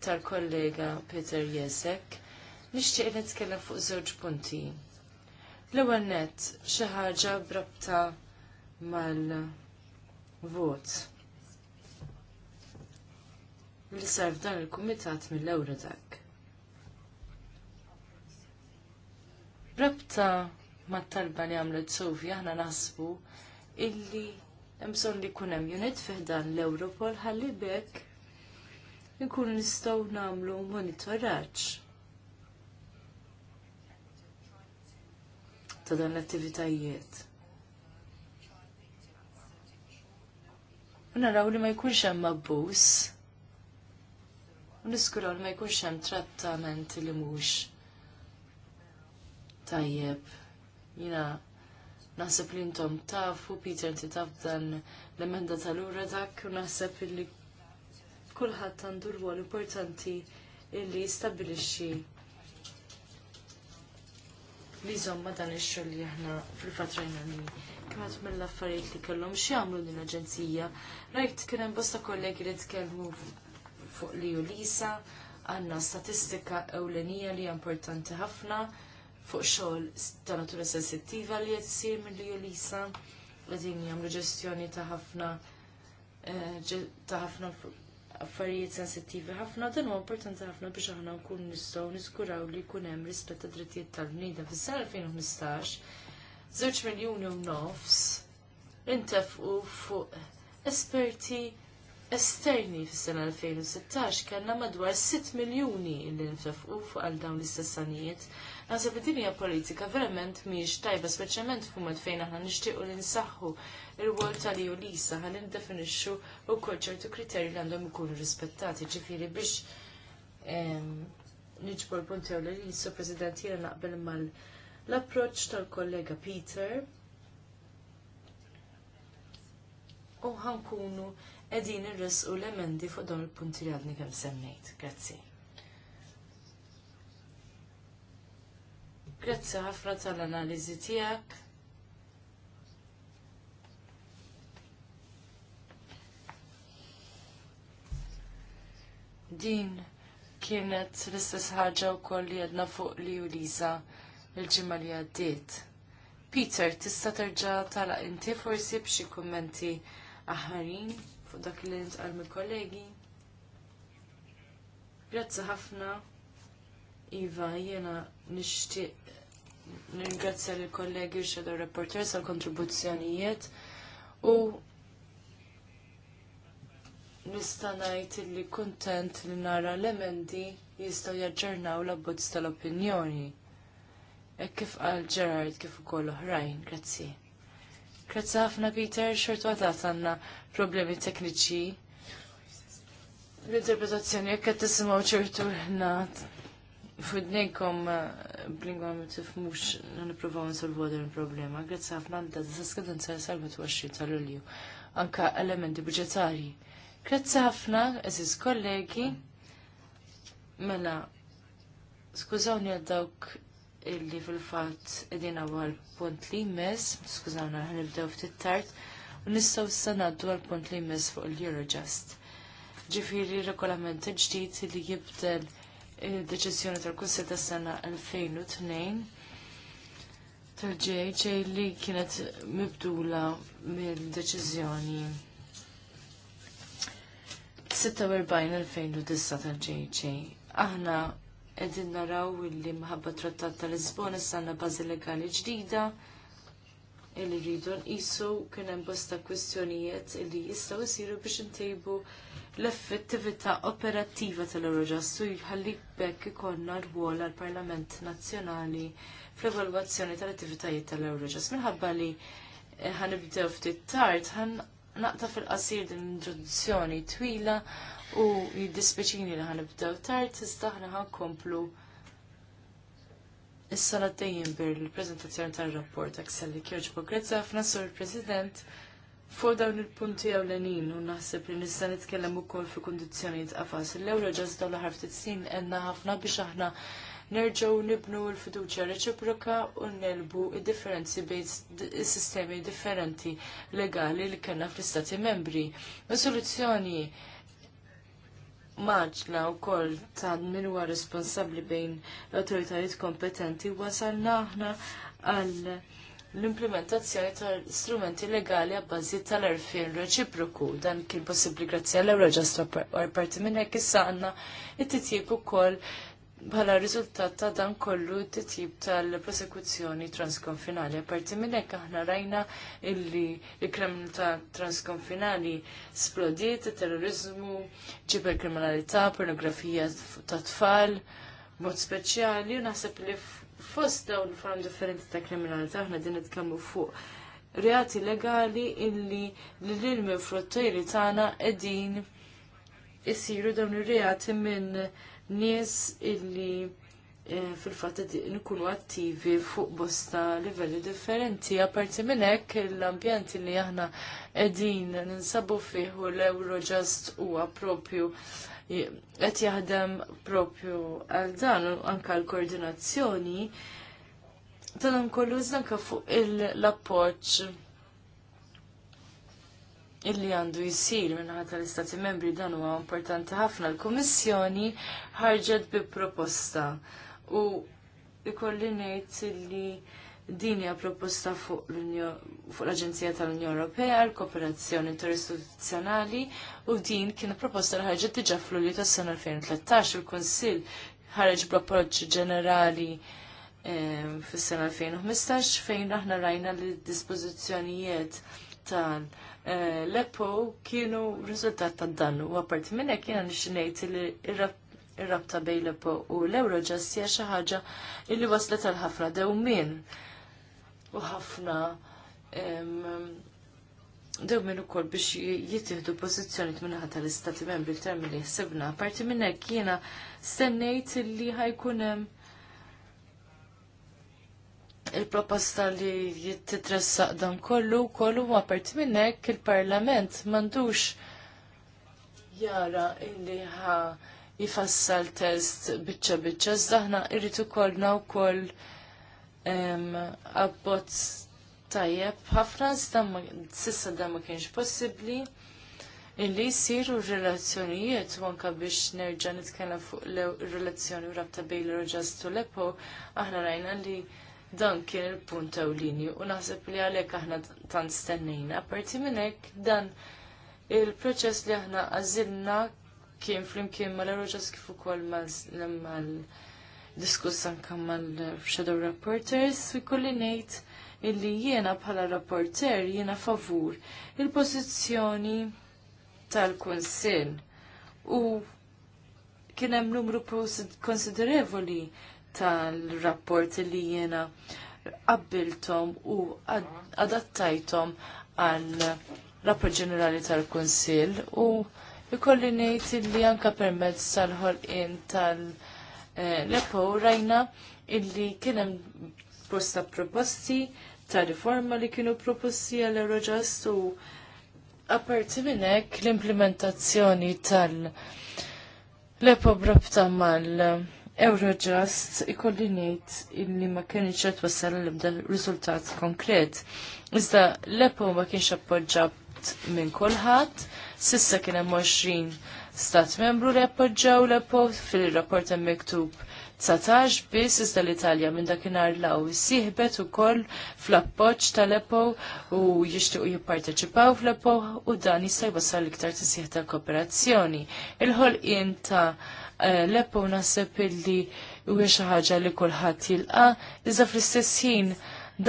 tal-kollega Peter Jesek. Nixtieq nitkellem fuq żewġ punti. L-ewwel nett xi ħaġa brabta mal-vot. Li sar f'dan il-kumitat mill-ewra dak. Rabta ma' talba li għamlet Sofja aħna naħsbu illi imson li kunem unit fiħdan l-Europol ħalli bekk nkun nistaw namlu monitoraċ ta' dan l-attivitajiet. U naraw li ma jkunx hemm abbuż. U niskuraw li ma jkunx hemm trattament li mhux tajjeb. Jina Naħseb li intom tafu, Peter inti taf dan l-emenda tal-ura dak u naħseb li kullħat għandu rwol importanti illi jistabilixxi li zomma dan ix-xogħol li aħna fil-fatrajna li kienet mill-affarijiet li kellhom għamlu din l-aġenzija. Rajt kien hemm bosta kollegi li tkellmu fuq li u lisa, għandna statistika ewlenija li importanti ħafna fuq xogħol ta' natura sensittiva li qed isir milli Julisa qegħdin jagħmlu ġestjoni ta' ħafna eh, ta' ħafna affarijiet sensittivi ħafna dan huwa importanti ħafna biex aħna nkun nistgħu niskuraw li jkun hemm rispett tad drittijiet tal bnida fis-sena 2015 żewġ miljuni u nofs intefqu fuq esperti esterni fis-sena 2016 kellna madwar 6 miljuni li ntefqu fuq għal dawn l-istessanijiet Nasib din hija politika verament mhijiex tajba speċjalment f'mod fejn aħna nixtiequ li nsaħħu il-wol tal-ju lisa ħalli ndefinixxu wkoll ċertu kriterji li għandhom ikunu rispettati ġifieri biex ehm, niġbor puntew li lisa President jiena naqbel mal l-approċċ tal-kollega Peter u ħankunu edin irresqu l-emendi fuq dawn il-punti li għadni kemm semmejt. Grazzi. Grazzi ħafna tal-analiżi tiegħek. Din kienet l-istess ħaġa wkoll li għedna fuq li u Lisa il-ġimgħa li għaddiet. Peter, tista' terġa' tagħlaq inti forsi b'xi kummenti aħħarin fuq dak li nitqal mill-kollegi. Grazzi ħafna. Iva, jena nixtieq nirringrazzja lill kollegi Shadow Reporters għal kontribuzzjonijiet u nista' ngħid li kuntent li nara l-emendi jistgħu jaġġornaw l-abbozz tal-opinjoni. Hekk kif qal Gerard kif ukoll oħrajn, grazzi. Grazzi ħafna Peter, xort għadat għandna problemi tekniċi. L-interpretazzjoni jekk qed tisimgħu ċertu ħnat Fudnejkom eh, blingom tifmux niprofaw nsolvu għadar il-problema. Grazzi ħafna għadda t-saskadan salvat 27 tal-ulju. Anka elementi budgetari. Grazzi ħafna, eżiz kollegi. Mela, skużawni għaddawk illi fil-fat edina għal punt li jmiss, skużawna għan nibdew ftit tard, u nistaw s-sanaddu għal punt li jmiss fuq l-Eurojust. Ġifiri regolament ġdijt li jibdel il-deċizjoni tal-Kunsil tas-sena 2002 tal-ġej li kienet mibdula mill-deċizjoni 46-2009 tal-ġej Aħna edin naraw li mħabba trattat tal lisbon s-sanna bazi legali ġdida illi rridu nqisu kien hemm bosta kwistjonijiet illi jistgħu jsiru biex intejbu l-effettività operattiva tal-Eurojust su jħalli bekk ikonna rwol għall parlament Nazzjonali fl-evalwazzjoni tal-attivitajiet tal-Eurojust. Minħabba li eh, ħanibdew ftit tard, ħan naqta fil-qasir din introduzzjoni twila u jiddispeċini li ħanibdew tard, iżda aħna ħankomplu Issa dejjem bir l-prezentazzjoni tal-rapport Axel li kjoġbo Grezza sur President fuq dawn il-punti ewlenin u naħseb li nista' nitkellem ukoll fi kundizzjonijiet qafas. L-ewro ġaz dawn l ftit snin għandna ħafna biex aħna nerġgħu nibnu l-fiduċja reċiproka u nelbu id-differenzi bejn is-sistemi differenti legali li kellna fl-Istati membri. Is-soluzzjoni maġna u koll ta' min huwa responsabbli bejn l-autoritajiet kompetenti wasalna aħna għal l-implementazzjoni tal-strumenti legali għabbażi tal-erfin reċiproku dan kien possibli grazzi għall għal parti minn hekk issa għandna it-titjib ukoll bħala riżultat ta' dan kollu t-tip tal-prosekuzzjoni transkonfinali. Parti minn hekk aħna rajna illi l-kriminalità transkonfinali splodiet, terrorizmu, ċiberkriminalità, pornografija ta' tfal, mod speċjali, u naħseb li fost dawn forum differenti ta' kriminalità aħna din nitkellmu fuq reati legali illi l-ilmi fruttejri tagħna qegħdin isiru dawn ir-reati minn nies illi Eh, fil-fatt nkunu attivi fuq bosta livelli differenti. Apparti minn hekk l-ambjent li aħna qegħdin ninsabu fih u l-Eurojust huwa għapropju qed jaħdem propju għal dan anke l-koordinazzjoni Tanan kollu zanka fuq l appoċ illi għandu jisir minnaħat tal-Istati membri dan huwa importanti ħafna l-Kummissjoni ħarġet bi proposta u ikolli ngħid li din hija proposta fuq l-Aġenzija tal-Unjoni Ewropea l kooperazzjoni interistituzzjonali u din kien proposta li ħarġet diġà fl ulju tas-sena 2013 il-Kunsill ħareġ b'approċċ ġenerali ehm, fis-sena 2015 fejn aħna rajna li d-dispożizzjonijiet tal eh, l-EPO kienu riżultat tad dannu. U għapart minna kiena nixinejt li ir-rabta bejn l-Epo u l euro hija xi ħaġa li waslet għal ħafna dewmien u ħafna dewmien ukoll biex jittieħdu pożizzjonijiet minn ħadd tal-Istati Membri termin li ħsibna. Parti minn hekk jiena stennejt li ħajkun hemm il-proposta li jittitressaq dan kollu kollu ma parti minn hekk il-Parlament m'għandux jara illi ħa jifassal test biċċa biċċa, zdaħna irritu kol naw kol abbozz tajjeb. ħafna sissa da ma kienx possibli illi jisiru relazzjonijiet u anka biex nerġa' nitkellem fuq relazzjoni u rabta bej l u Lepo, aħna rajna li dan kien il-punt ewlieni u naħseb li għalhekk aħna tant stennejna. Parti minn hekk dan il-proċess li aħna għażilna kien flimkien mal-Eurojust kif ukoll mal diskuss anke mal-Shadow Reporters ikolli ngħid illi jiena bħala rapporter jiena favur il-pożizzjoni tal-Kunsill u kien hemm numru konsiderevoli tal-rapport li jiena qabbiltom u adattajtom għal rapport ġenerali tal-Kunsill u Ikolli ngħid li anke permezz tal-ħolqien tal-repo rajna illi kien hemm bosta proposti ta' riforma li kienu proposti għal Eurojust u apparti minn hekk l-implementazzjoni tal-lepo brabta mal- Eurojust ikolli ngħid illi ma kienx qed wassal l-ebda riżultat konkret. Iżda l-EPO ma kienx appoġġat minn kulħadd, Sissa kien hemm 20 stat membru li appoġġaw l fil-rapport hemm miktub 19 biss iżda l-Italja minn dakinhar law sieħbet ukoll fl-appoġġ tal-EPO u jixtiequ jipparteċipaw fl-EPO u dan jista' jwassal iktar tisieħ ta' kooperazzjoni. Il-ħolqien ta' eh, l-EPO naħseb illi huwa xi ħaġa li kulħadd jilqa' iżda fl-istess ħin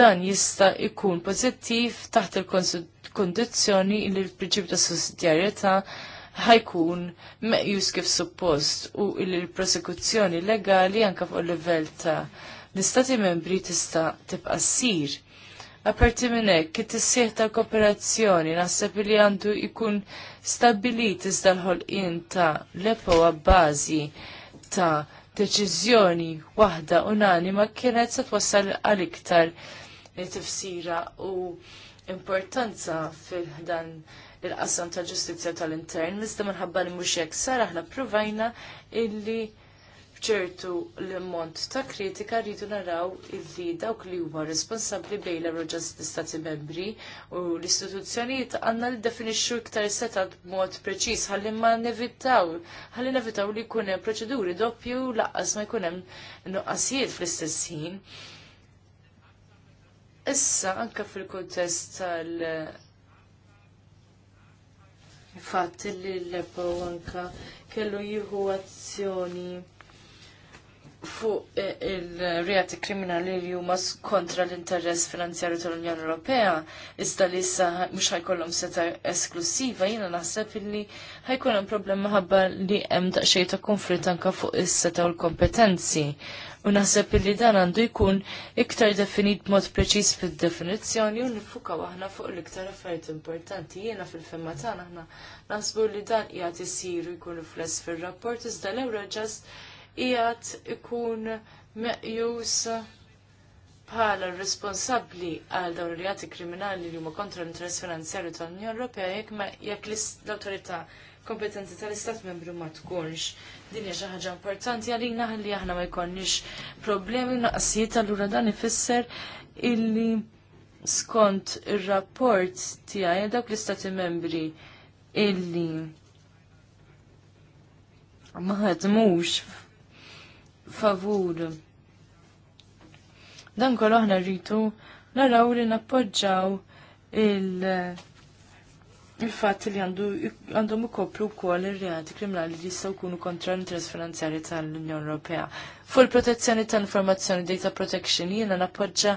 dan jista' ikun pożittiv taħt il konsult kondizzjoni li l-prinċipju ta' sussidjarjetà ħajkun meqjus kif suppost u li l-prosekuzzjoni legali anke fuq livell ta' l-istati membri tista' tibqa' ssir. Aparti minn hekk, kif tissieħ ta' kooperazzjoni naħseb li għandu jkun stabbilit iżda l-ħolqien ta' lepo bażi ta' deċiżjoni waħda unanima kienet se twassal għal iktar tifsira u importanza fil-dan il-qasam tal-ġustizja tal-intern, mizda minħabba li mhux hekk sar aħna provajna illi bċertu l-mont ta' kritika rridu naraw illi dawk li huma responsabbli bejn l-arroġas l-istati membri u l-istituzzjonijiet għandna li definixxu iktar setat b'mod preċiż ħalli ma nevitaw ħalli nevitaw li jkun hemm proċeduri doppju laqqas ma jkun hemm nuqqasijiet fl-istess ħin. Issa, anka fil-kontest tal- fatt li l lepo anka kellu jieħu azzjoni fuq eh, il-reati kriminali li huma kontra l-interess finanzjarju tal-Unjoni Ewropea, iżda li issa mhux ħajkollhom seta esklusiva, jiena naħseb illi ħajkun hemm problema ħabba li hemm daqsxejn ta' konflitt anke fuq is-seta u l-kompetenzi. U naħseb illi dan għandu jkun iktar definit b'mod preċiż fid-definizzjoni u nifukaw aħna fuq l-iktar affarijiet importanti. Jiena fil-femma tagħna aħna naħsbu li dan qiegħed isiru jkun rifless fir-rapport iżda l-Eurojust ijat ikun meqjus bħala responsabbli għal dawn ir rijati kriminali li huma kontra l-interess finanzjarju tal-Unjoni Ewropea jekk ma jekk l-awtorità kompetenti tal-Istat membru ma tkunx. Din hija xi ħaġa importanti għalina li aħna ma jkollniex problemi naqsijiet allura dan ifisser illi skont ir-rapport tiegħi dawk l-istati membri illi ma ħadmux favur. Dan kol aħna rritu naraw li nappoġġaw il- il-fatt li għandhom ikoplu wkoll il reati kriminali li jistgħu jkunu kontra l-interess finanzjarji tal-Unjoni Ewropea. Fuq l protezzjoni ta' informazzjoni data protection jiena nappoġġa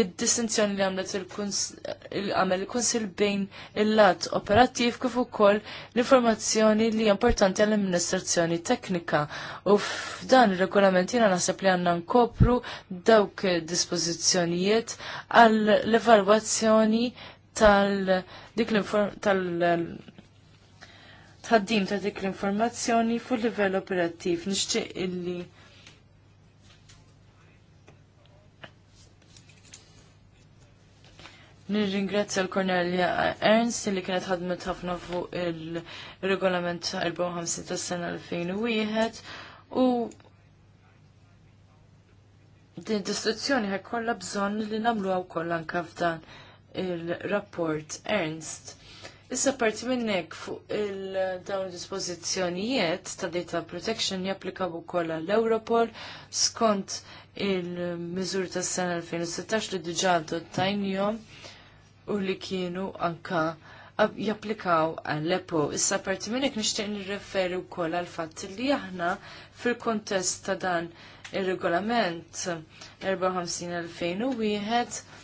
id-distinzjoni li għamlet il-għamel il-Kunsil bejn il-lat operattiv kif ukoll l-informazzjoni li importanti għall-amministrazzjoni teknika. U f'dan ir-regolament jiena naħseb li għandna nkopru dawk dispożizzjonijiet għall-evalwazzjoni tal-dik tal- tħaddim ta' dik l-informazzjoni fuq livell operattiv. Nixtieq illi Nirringrazzja l kornelia Ernst li kienet ħadmet ħafna fuq il-regolament 54 tas sena 2001 u din distruzzjoni ħek kollha bżonn li nagħmluha wkoll anke f'dan il-rapport Ernst. Issa parti minnek fuq il-dawn dispozizjonijiet ta' data protection japplikaw ukoll għall europol skont il-miżur tas sena 2016 li diġà tajnijom u li kienu anka japplikaw għall-EPO. Issa parti minnek nixtieq nirreferi wkoll l-fat li aħna fil-kontest ta' dan ir regolament 54 2001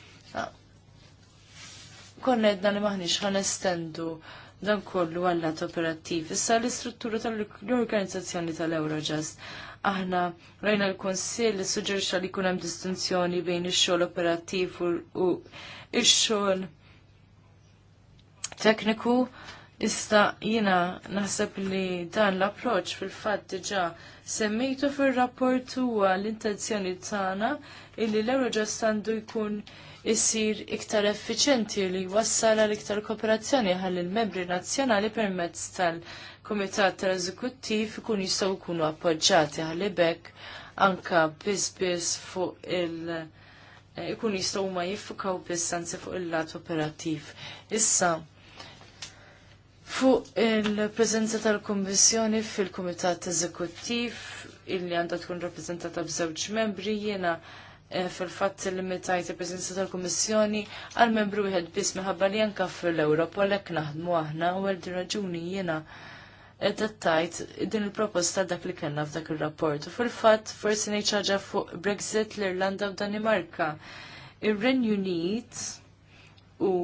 konna edna li maħniex ħan estendu dan kollu għallat operattiv. Issa l-istruttura tal-organizzazzjoni tal-Eurojust. Aħna rajna l-Konsil suġġerxa li kunem distinzjoni bejn ix-xogħol operattiv u ix-xogħol tekniku. Issa jina naħseb li dan l-approċ fil-fatt diġa semmejtu fil-rapport huwa l-intenzjoni tagħna illi l-Eurojust għandu jkun jissir iktar effiċenti li jwassal għal iktar kooperazzjoni għal il membri nazzjonali permezz tal-Kumitat tal-Eżekuttiv ikun jistgħu jkunu appoġġjati għal ibek anka biss biss fuq il- eh, ikun jistgħu ma jiffukaw biss sanzi fuq il-lat operattiv. Issa, Fuq il-prezenza tal-Kommissjoni fil-Kumitat Eżekuttiv illi għandha tkun rappreżentata b'żewġ membri jiena Eh, fil-fatt limitajt il-presenza tal-Kummissjoni għal membru wieħed biss minħabba li anka fil-Ewropa lek naħdmu aħna u għal din raġuni jiena dettajt din il-proposta dak li kellna f'dak ir-rapport. U fil-fatt forsi ngħid ħaġa fuq Brexit l-Irlanda u Danimarka. Ir-Renju Unit u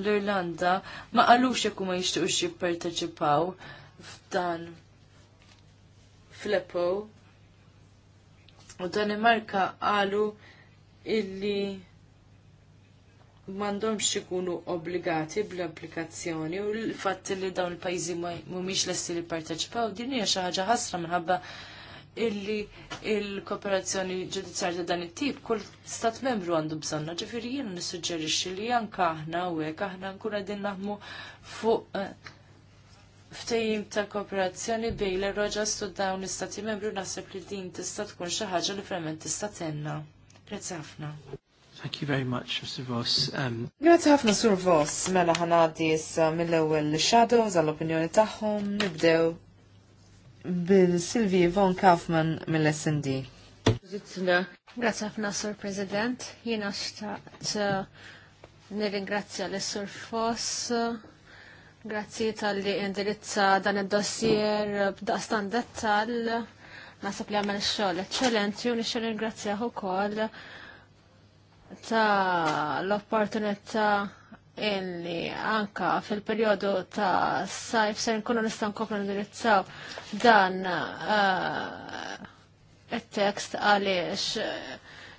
l-Irlanda ma qalux jekk ma jixtiequx jipparteċipaw f'dan fl-EPO U Danimarka qalu illi mandomx ikunu obbligati bl-applikazzjoni u l-fatt li dawn il-pajzi mumiex l-essi li parteċipaw din hija xi ħaġa ħasra minħabba illi il-kooperazzjoni ġudizzjarja ta' dan it-tip kull stat membru għandu bżonna. Ġifieri jiena nissuġġerixxi li anke aħna u hekk aħna nkun qegħdin naħmu fuq eh, ftejim ta' kooperazzjoni bej l-roġa dawn l-istati membri naħseb li din tista' tkun xi ħaġa li verament tista' tenna. Grazzi ħafna. Thank you very much, Mr. Voss. Um... Grazie ħafna, Sur Voss. Mela ħanaddi issa mill-ewel shadows għall-opinjoni tagħhom. Nibdew bil-Silvi Von Kaufman mill-SND. Grazie ħafna, Sur President. Jiena xtaqt uh, nirringrazzja l-Sur Voss Grazzi tal-li indirizza dan id-dossier b'daqstan dettal nasab li għamel xogħol eċċellenti u nixxel ringrazzjah ukoll ta' l-opportunità illi anka fil-perjodu ta' sajf se nkunu nistan kopru indirizzaw dan uh, it-tekst għaliex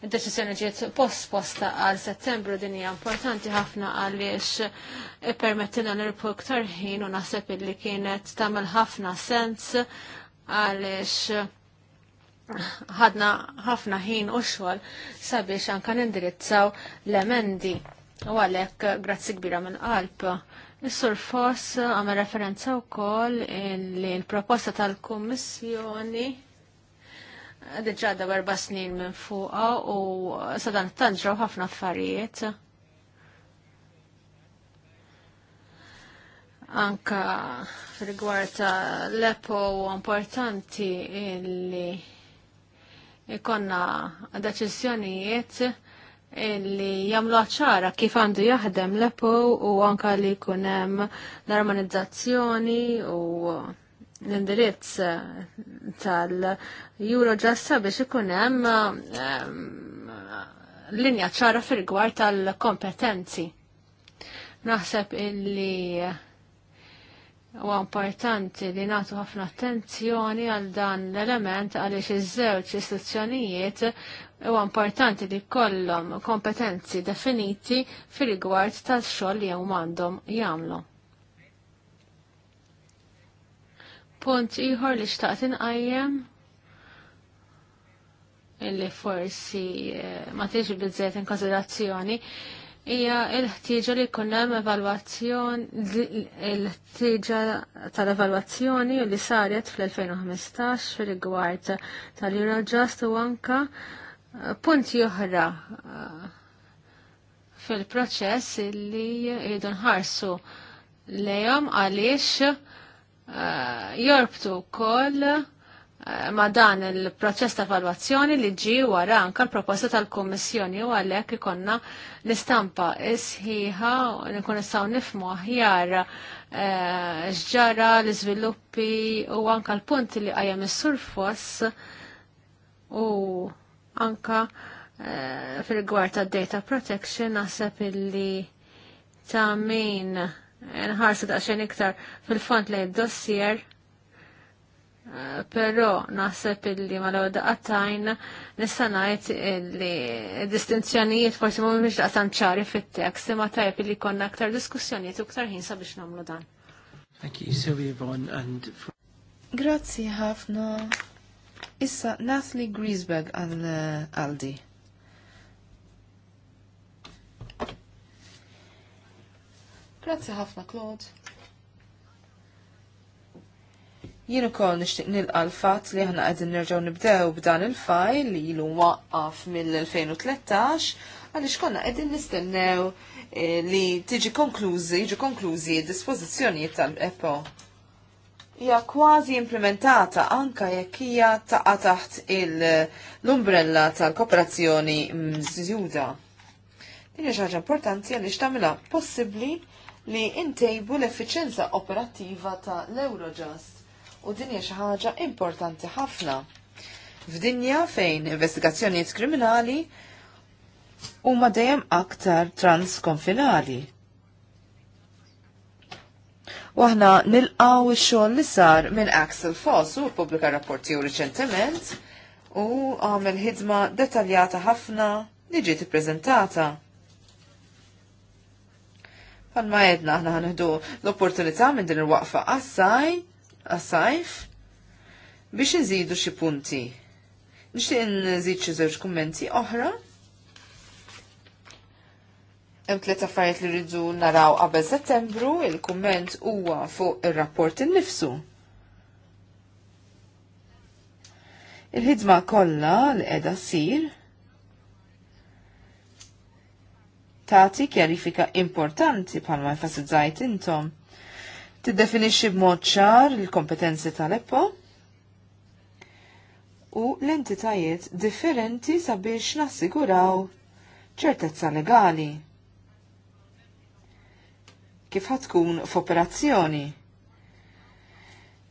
id-deċiżjoni ġiet post-posta għal settembru din hija importanti ħafna għaliex permettina nirpu iktar ħin u naħseb li kienet tagħmel ħafna sens għaliex ħadna ħafna ħin u xogħol sabiex anka nindirizzaw l-emendi. U għalhekk grazzi kbira minn qalb. Is-Sur Foss għamel referenza wkoll li l-proposta tal-Kummissjoni diġà da erba' snin minn fuqa u sadan tanġraw ħafna affarijiet anka rigwarta l-EPO importanti illi ikonna deċizjonijiet illi jamlu ċara kif għandu jaħdem l-EPO u anka li kunem l-armonizzazzjoni u l-indirizz tal eurojassa biex ikun hemm ehm, linja ċara fil-gwar tal-kompetenzi. Naħseb illi Huwa importanti li nagħtu ħafna attenzjoni għal dan l-element għaliex iż-żewġ istituzzjonijiet huwa importanti li kollhom kompetenzi definiti fil-rigward tax-xogħol li hemm għandhom jagħmlu. Punt ieħor li xtaqt inqajjem illi forsi eh, ma tiġi bizzet in konsiderazzjoni hija l-ħtieġa li jkun hemm evalwazzjoni il ħtieġa tal-evalwazzjoni li saret fl-2015 fil rigward tal-Eurojust u anka eh, punti oħra eh, fil-proċess li jidun nħarsu lejhom għaliex eh, jorbtu wkoll Eh, ma' dan il-proċess ta' valwazzjoni li ġi wara anka l-proposta tal-Kummissjoni u għalhekk ikonna l-istampa sħiħa u nkun nistgħu nifmu aħjar eh, x'ġara l-iżviluppi u anka l-punti li qajjem is-sur foss u anka eh, fil-gwar ta' data protection naħseb illi ta' min nħarsu daqsxejn iktar fil-font lejn dossier Però naħseb illi ma l-għoda għattajn nistanajt illi distinzjonijiet forsi mu mħiġ daqsan ċari fit-tekst imma tajb illi konna aktar diskussjonijiet u ktar ħin sabiex namlu dan. Thank you, so and... Grazzi ħafna. Issa Natalie Griesberg għal eh, Aldi. Grazzi ħafna, Claude. Jien ukoll nixtieq nilqa l fat li aħna qegħdin nerġgħu nibdew b'dan il-fajl li jilu waqqaf mill-2013 għaliex konna qegħdin nistennew eh, li tiġi konklużi, jiġu konklużi d-dispożizzjonijiet tal-EPO. Hija kważi implementata anka jekk hija taqa' taħt l-umbrella tal-kooperazzjoni mżjuda. Din hija ħaġa importanti għaliex tagħmilha possibbli li intejbu l-effiċenza operattiva ta' l-Eurojust u din hija xi ħaġa importanti ħafna. F'dinja fejn investigazzjonijiet kriminali huma dejjem aktar transkonfinali. U aħna nilqaw ix-xogħol li sar minn Axel Foss u pubblika rapport u riċentement u għamel ħidma dettaljata ħafna li ġiet ippreżentata. Pan ma jedna ħna ħanħdu l-opportunità minn din il-waqfa qassaj għas-sajf biex nżidu xi punti. Nixtieq nżid xi żewġ kummenti oħra. Hemm tliet affarijiet li rridu naraw qabel Settembru, il-kumment huwa fuq ir-rapport innifsu. Il-ħidma kollha li qiegħda ssir tagħti kjarifika importanti bħalma enfasizzajt intom tiddefinixxi b'mod ċar il-kompetenzi tal-EPPO u l-entitajiet differenti sabiex nassiguraw ċertezza legali. Kif ħatkun f'operazzjoni?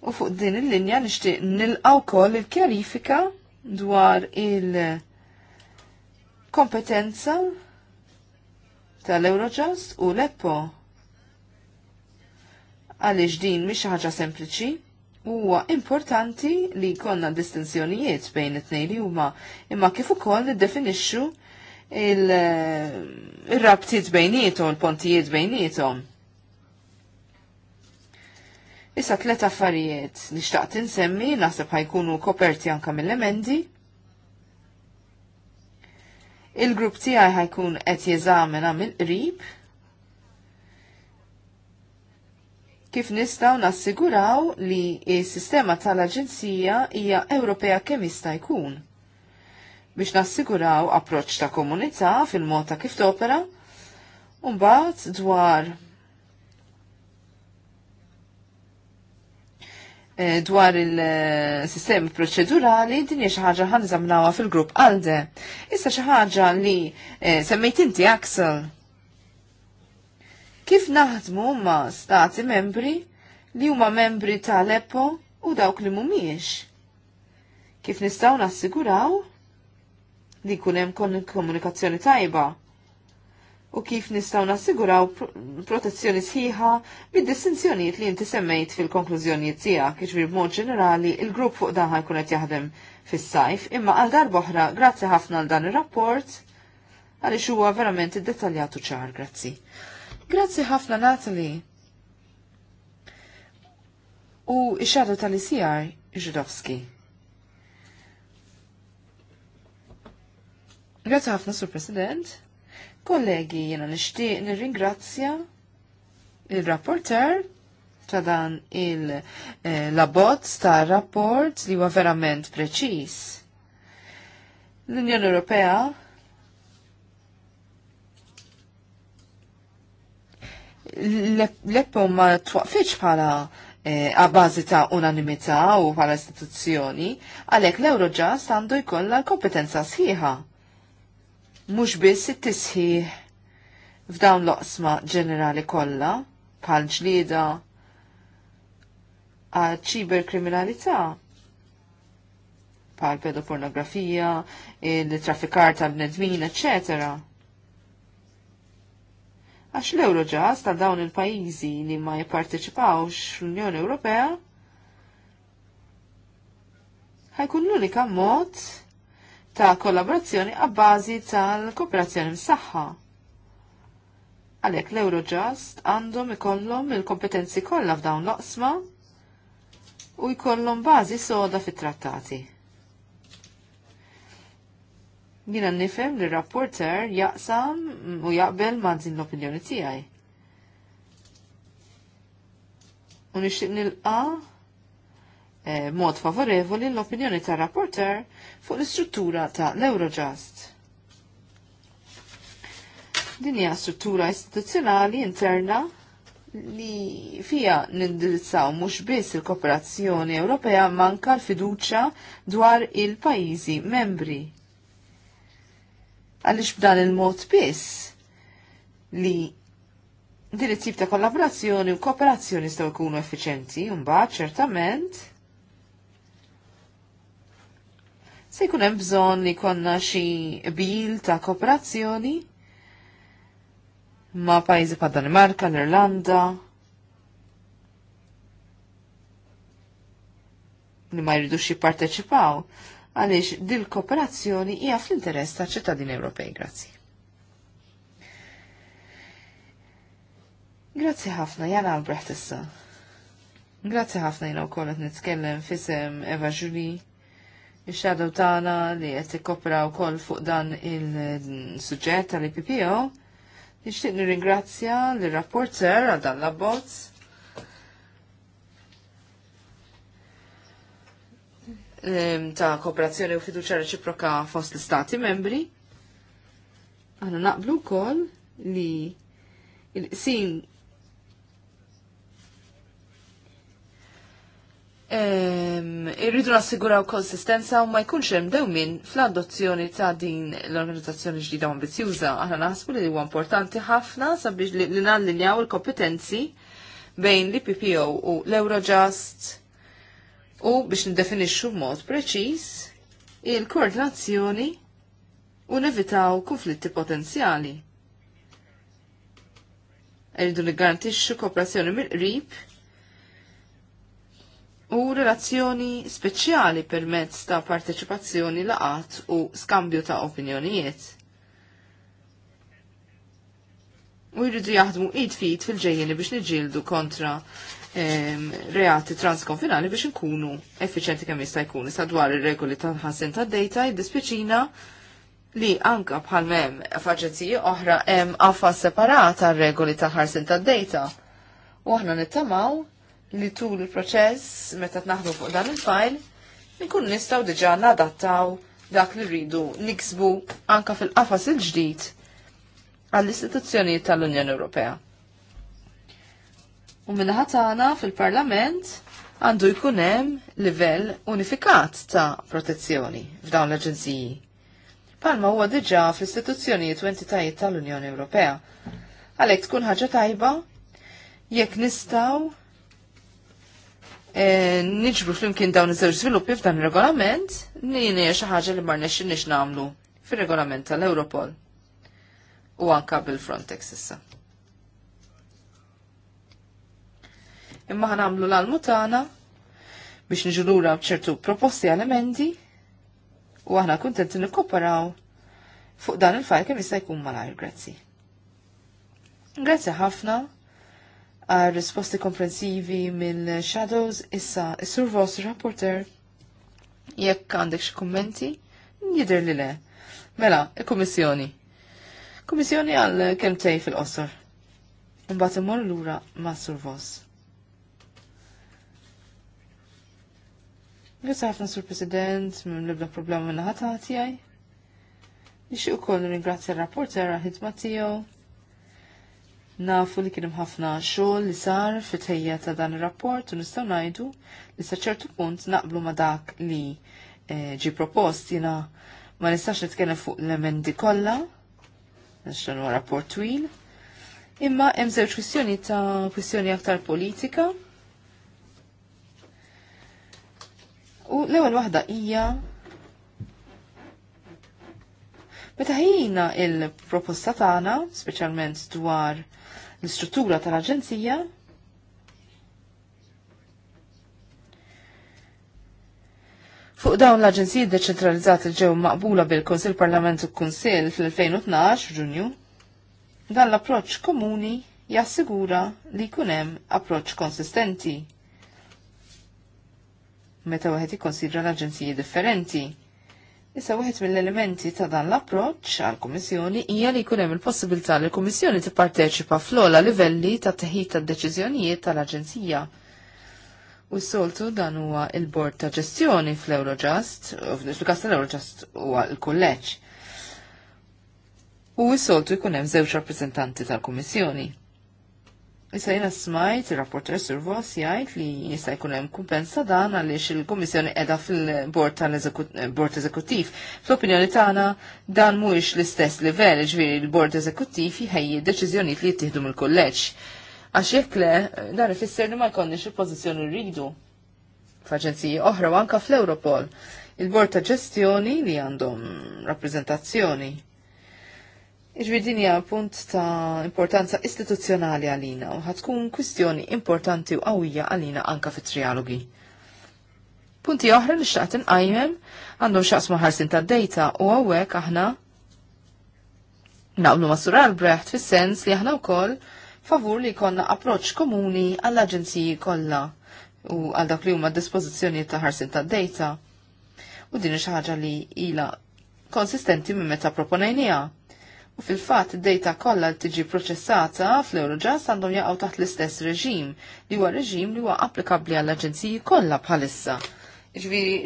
U fuq din il-linja nixtieq nilqaw wkoll il-kjarifika dwar il-kompetenza tal-Eurojust u l-EPPO għaliex din mhix ħaġa sempliċi. Huwa importanti li jkollna distinzjonijiet bejn it-tnejn li huma imma kif ukoll niddefinixxu il-rabtiet eh, bejnietom, il-pontijiet bejnietom. Issa tlet affarijiet nixtaqt insemmi naħseb ħajkunu koperti anka mill-emendi. Il-grupp tiegħi ħajkun qed jeżamena mill-qrib kif nistaw nassiguraw li s-sistema tal-Aġenzija hija Ewropea kemm jista' jkun. Biex nassiguraw approċċ ta' komunità fil-mod ta' kif topera, mbagħad dwar eh, dwar il-sistemi proċedurali din hija xi ħaġa ħanżamnawha fil-grupp Alde. Issa xi ħaġa li eh, semmejt inti Axel Kif naħdmu ma' stati membri li huma membri tal-EPO u dawk li mumiex? Kif nistaw nassiguraw li kunem komunikazzjoni tajba? u kif nistaw nassiguraw protezzjoni sħiħa bid distinzjonijiet li inti semmejt fil-konklużjonijiet tiegħek bir b'mod ġenerali il-grupp fuq dan ħajkun qed jaħdem fis-sajf, imma għal darb'oħra grazzi ħafna għal dan ir-rapport għaliex huwa verament id-detaljatu ċar, grazzi. Grazzi ħafna Natalie. U ix-xadu tal-ICR Żidowski. Grazzi ħafna Sur President. Kollegi, jena nixtieq nirringrazzja il-rapporter ta' dan il-labot eh, ta' rapport li huwa verament preċis. L-Unjoni Ewropea l-Eppo e ma twaqfiċ bħala għabazi eh, ta' unanimità u bħala istituzzjoni, għalek l-Eurojust għandu jkollha kompetenza sħiħa. Mhux biss it-tisħiħ f'dawn l-oqsma ġenerali kollha pal ġlieda għal kriminalità bħal pedopornografija, il-traffikar tal-bnedmin, eccetera Għax l-Euroġas ta' dawn il-pajizi li ma jipparteċipawx l unjoni Ewropea ħajkun l-unika mod ta' kollaborazzjoni għabbażi tal-kooperazzjoni msaħħa. Għalek l-Eurojust għandhom ikollhom il-kompetenzi kollha f'dawn l-oqsma u jkollhom bażi soda fit-trattati. Jina nifem li rapporter jaqsam u jaqbel ma' din l-opinjoni tiegħi. U nixtieq nilqa' eh, mod favorevoli l-opinjoni ta' rapporter fuq l-istruttura ta' l-Eurojust. Din hija struttura istituzzjonali interna li fija nindirizzaw mhux biss il-Kooperazzjoni Ewropea manka l-fiduċja dwar il-pajjiżi membri Għaliex b'dan il-mod biss li din it-tip ta' kollaborazzjoni u kooperazzjoni staw jkunu effiċenti, mbagħad ċertament se jkun hemm bżonn li konna xi bil ta' kooperazzjoni ma' pajjiżi pa' Danimarka, l-Irlanda, li ma jridux jipparteċipaw għaliex dil kooperazzjoni hija fl-interess ta' ċittadini Ewropej. Grazzi. Grazzi ħafna, jana għalbreħt issa. Grazzi ħafna jina u kollet nitkellem fisem Eva Juli, il-xadow tana li għet kopra u koll fuq dan il-sujġet tal-IPPO. Nixtieq nirringrazzja l-rapporter għal dan l-abbozz ta' kooperazzjoni u fiduċa reċiproka fost l-Stati membri. Għana naqblu kol li il-qsim irridu nassiguraw konsistenza u ma jkunx hemm dewmin fl-adozzjoni ta' din l-organizzazzjoni ġdida ambizjuża. Aħna naħsbu li huwa importanti ħafna sabiex li nallinjaw il-kompetenzi bejn l-IPPO u l-Eurojust u biex nidefinixxu b'mod preċiż il-koordinazzjoni u nevitaw konflitti potenzjali. Irridu li garantixxu kooperazzjoni mill-qrib u relazzjoni speċjali permezz ta' parteċipazzjoni laqat u skambju ta' opinjonijiet. U jridu jaħdmu id fit fil-ġejjeni biex niġildu kontra reati transkonfinali biex nkunu effiċenti kemm jista' jkun. sa dwar ir-regoli tal-ħasin tad-data jiddispiċina li anka bħal mem faġezziji oħra hemm qafa separata regoli ta' ħarsin tad-data. U aħna nittamaw li tul il-proċess meta tnaħdu fuq dan il-fajl nkun nistgħu diġà nadattaw dak li rridu niksbu anka fil-qafas il-ġdid għall-istituzzjonijiet tal-Unjoni Ewropea. U minnaħatana fil-parlament għandu jkunem livell unifikat ta' protezzjoni f'dawn l-aġenziji. Palma huwa diġa fl-istituzzjonijiet u entitajiet tal-Unjoni Ewropea. Għalek tkun ħaġa tajba jekk nistaw e, eh, niġbru flimkien dawn iż-żewġ żviluppi f'dan ir-regolament nini xi ħaġa li ma nix nagħmlu fir-regolament tal-Europol u anka bil-Frontex issa. imma ħanamlu l-almutana biex nġulura bċertu proposti għal-emendi u aħna kontenti nikkoparaw fuq dan il-fajl kemm jista' jkun malajr, grazzi. Grazzi ħafna għal risposti komprensivi mill-Shadows issa s sur Voss rapporter jekk għandek xi kummenti jidher li le. Mela, il-Kummissjoni. Kummissjoni għal kemm tej fil-qosor. Imbagħad imorru lura ma' Sur Voss. Grazie ħafna sur President, minn libda problema minna ħata għaj. Nixi u koll ringrazzja il-rapporter għahidma tijaw. Nafu li kienem ħafna xogħol li sar fit ta' dan ir-rapport u nistgħu ngħidu li sa ċertu punt naqblu ma' dak li eh, ġi propost jina ma nistax nitkellem fuq l-emendi kollha, għax rapport twil. Imma hemm żewġ kwistjoni ta' kwistjoni aktar politika U l-ewwel waħda hija Meta ħina il-proposta tagħna, speċjalment dwar l-istruttura tal-Aġenzija, Fuq dawn l-Aġenziji deċentralizzati ġew maqbula bil-Konsil Parlament u Kunsil fl-2012 Ġunju, dan l-approċċ komuni jassigura li jkun hemm approċċ konsistenti meta wieħed ikkonsidra l-aġenziji differenti. Issa wieħed mill-elementi ta' dan l-approċċ għall-Kummissjoni hija li jkun hemm il-possibilità li l-Kummissjoni tipparteċipa fl ogħla livelli ta' teħid tad-deċiżjonijiet tal-Aġenzija. U s-soltu dan huwa il-Bord ta' Ġestjoni fl-Eurojust, fil-każ tal-Eurojust huwa l-kulleġġ. U s-soltu jkun hemm żewġ rappreżentanti tal-Kummissjoni. Issa jena smajt, il-rapporter Survos jgħid li jista' jkun hemm kumpensa dan għaliex il-Kummissjoni qiegħda fil-Bord tal-Bord Eżekuttiv. Fl-opinjoni tagħna dan mhuwiex l-istess livell, ġifieri l-Bord Eżekuttiv jħejji deċiżjonijiet li jittieħdu mill-kulleġġ. Għax jekk le, dan ifisser li ma jkollniex il-pożizzjoni rridu f'aġenziji oħra u anke fl-Europol. Il-Bord ta' Ġestjoni li għandhom rappreżentazzjoni Iġvidinja punt ta' importanza istituzzjonali għalina u ħatkun kwistjoni importanti u qawwija għalina anka fit trialogi Punti oħra li xtaqt inqajmem għandhom xaqs ħarsin ta' dejta u għawek aħna naqblu ma' Sur Albrecht fis-sens li aħna wkoll favur li konna approċ komuni għall-aġenziji kollha u għal dak li huma dispożizzjonijiet ta' ħarsin ta' dejta U din xi ħaġa li ila konsistenti minn meta proponejnija U fil-fatt id-data kollha li tiġi proċessata fl-Eurojust għandhom jaqgħu taħt l-istess reġim li huwa reġim li huwa applikabbli għall-aġenziji kollha bħalissa. Ġviri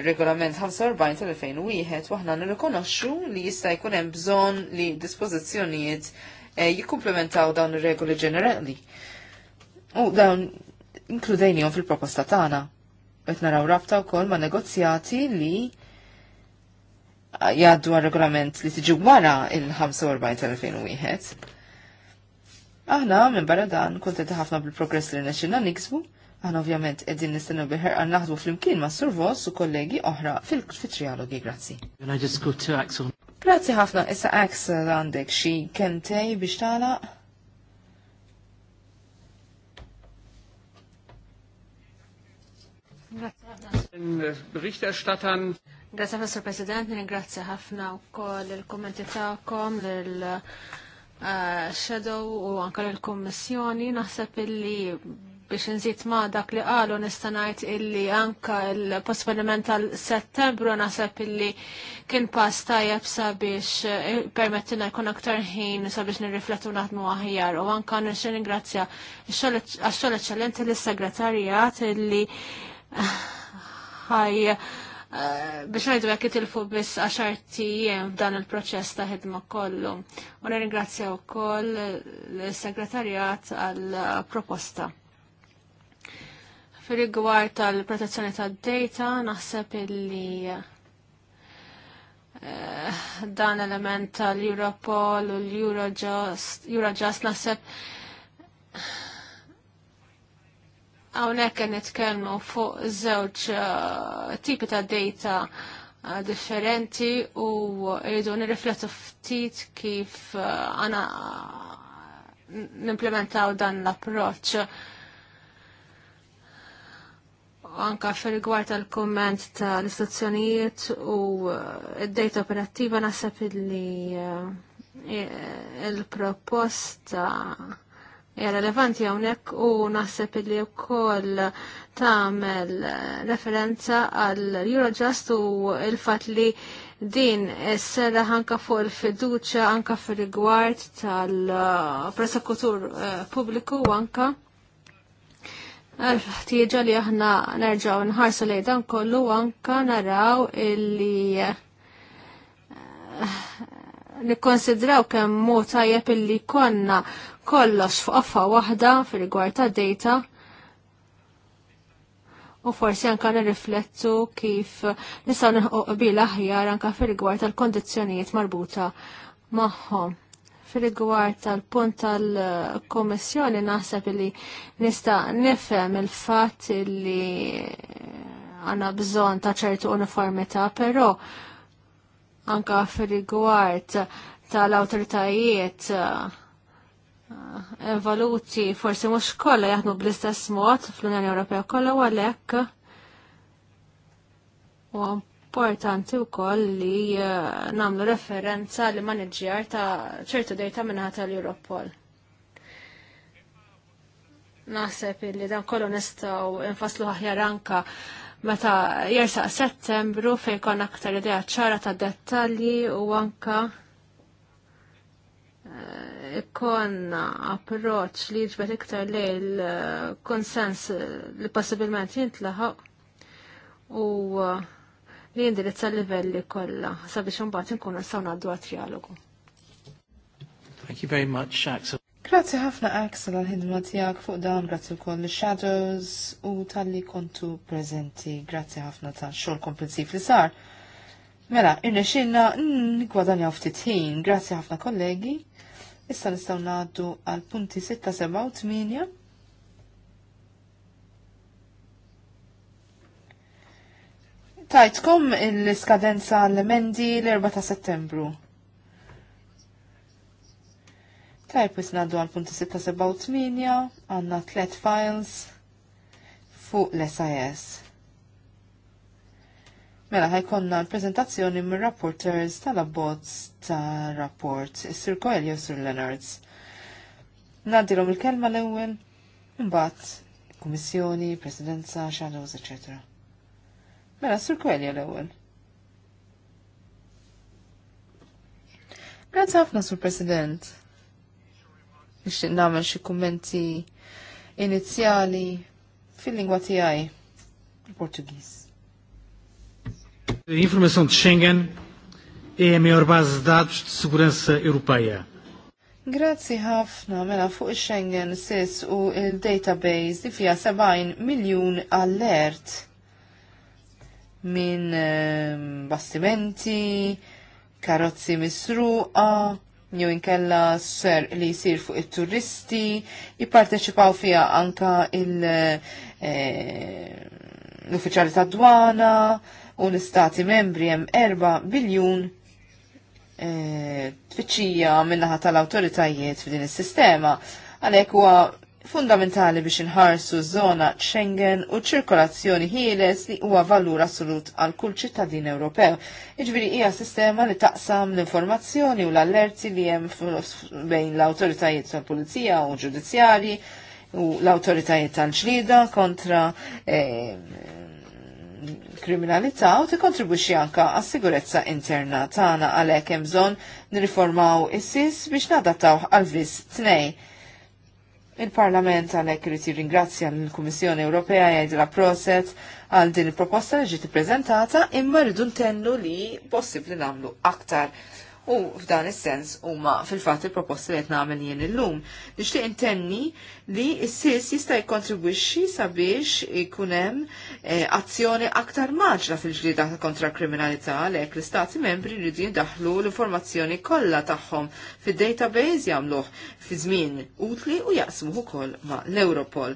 il-regolament 45 tal-2001 waħna nirrikonoxxu li jista' jkun hemm bżonn li dispożizzjonijiet eh, jikkumplementaw dawn ir-regoli ġenerali. U dawn inkludejniehom fil-proposta tagħna. Qed naraw rabta wkoll ma' negozjati li jaddu għal regolament li tiġi wara il-45 tal-2001. Aħna minn barra dan kontenti ħafna bil-progress li nexxilna niksbu, aħna ovvjament qegħdin nistennu biħer għal fl flimkien ma' survos u kollegi oħra fil-trialogi, grazzi. Grazzi ħafna, issa Axel għandek xi kentej biex tagħlaq. Berichterstattern. Grazie ħafna, President, ringrazzja ħafna wkoll il-kummenti tagħkom l eh, Shadow u anke l-Kummissjoni. Naħseb illi biex nżid ma dak li qalu nista' ngħid illi anke l-posponiment tal-Settembru naħseb illi kien pass tajjeb sabiex eh, permettina jkun aktar ħin sabiex nirriflettu naħdmu aħjar u anke nixxi ringrazzja għax-xogħol eċċellenti lis segretarjat illi eh, ħaj Eh, biex najdu jekk itilfu biss għaxartijiem f'dan il-proċess ta' ħidma kollu. U nirringrazzja wkoll l-segretarjat għal proposta. Fir-rigward tal-protezzjoni tad-data naħseb illi eh, dan element tal-Europol u l-Eurojust naħseb Hawnhekk qed nitkellmu fuq żewġ eh, tipi ta' data eh, differenti u rridu nirriflettu ftit kif eh, għana nimplementaw dan l-approċċ anka fil rigward tal-komment tal-istazzjonijiet u id-data operattiva nasab li il-proposta relevanti hawnhekk u naħseb li wkoll tagħmel referenza għal Eurojust u l-fatt li din s sera anka fuq il-fiduċa anka fir-rigward tal-prosekutur eh, pubbliku u anka Tieġa li aħna nerġaw nħarsu li dan kollu anka naraw illi eh, nikkonsidraw kemm mu tajjeb illi konna kollox fuq affa waħda fir rigward ta' data u forsi anka nirriflettu kif nistgħu nħoq bil aħjar anka fir rigward tal-kondizzjonijiet marbuta magħhom. Fir rigward tal-punt tal-Kommissjoni naħseb li nista' nifhem il-fatt li għandna bżonn ta' ċertu uniformità, però anka fir rigward tal-awtoritajiet Ah, valuti forsi mhux kollha jaħdmu bl-istess mod fl-Unjoni Ewropea kollha u għalhekk u importanti wkoll li eh, nagħmlu referenza li maniġġjar ta' ċertu dejta minnaħa tal-Europol. Naħseb li dan kollu nistgħu infaslu aħjar anka meta jersaq settembru fejn konna aktar idea ċara ta' dettalji u anka ikonna approċ li jġbet iktar li l-konsens li possibilment jintlaħo u li jindirizza livelli kolla sabiex mbagħad nkunu nistgħu ngħaddu għat-trialogu. Thank you very much, Axel. Grazzi ħafna Axel għal ħidma tiegħek fuq dawn, grazzi wkoll ix-shadows u tal-li kontu preżenti. Grazzi ħafna ta' xogħol komprensiv li sar. Mela, irnexilna n ftit ħin, grazzi ħafna kollegi. Issa nistgħu ngħaddu għal punti 6, 7 8. Tajtkom il-skadenza l-emendi l-4 ta' settembru. Tajb pwis ngħaddu għal punti 6, 7 8 għandna tliet files fuq l-SIS. Mela ħajkonna l-prezentazzjoni mir rapporters tal-abbozz ta' rapport, Sir Coelho Sir Leonards. Nadilhom il-kelma l-ewwel, imbagħad kummissjoni, presidenza, shadows, etc. Mela Sir Coelho l-ewwel. Grazzi ħafna Sur President. Nixtieq nagħmel xi kummenti inizjali fil-lingwa tiegħi, il-Portugiż. Informação de Schengen e a maior base de dados de europeia. Grazzi ħafna mela fuq Schengen SIS u il-database li fija 70 miljun allert minn ehm, bastimenti, karozzi misruqa, jew inkella ser li jisir fuq it-turisti, jipparteċipaw fija anka il- eh, l-uffiċjali tad dwana, u l-istati membri hemm 4 biljun eh, tfittxija minnaħa tal-autoritajiet f'din is-sistema, għalhekk huwa fundamentali biex inħarsu żona Schengen u ċirkolazzjoni ħieles li huwa valur assolut għal kull ċittadin Ewropew. Iġbiri hija sistema li taqsam l-informazzjoni u l-allerti li hemm bejn l-awtoritajiet tal-Pulizija u ġudizzjarji u l-awtoritajiet tal-ġlida kontra eh, kriminalità u tikkontribwixxi anke għas-sigurezza interna tagħna għalhekk hemm bżonn nirriformaw is-sis biex nadattaw għal vis tnej. Il-Parlament għalhekk irid jirringrazzja lill-Kummissjoni Ewropea jgħidilha proset għal din il-proposta li ġiet ippreżentata imma rridu ntennu li possibbli nagħmlu aktar U f'dan is-sens huma fil-fatt il-proposti li qed nagħmel jien illum. Nixtieq intenni li s-sis jista' jikkontribwixxi sabiex ikun hemm eh, azzjoni aktar maġla fil-ġlieda kontra kriminalità għalhekk l-istati membri jridu jindaħlu l-informazzjoni kollha tagħhom fid-database jagħmluh fi żmien utli u jaqsmuh ukoll ma' l-Europol.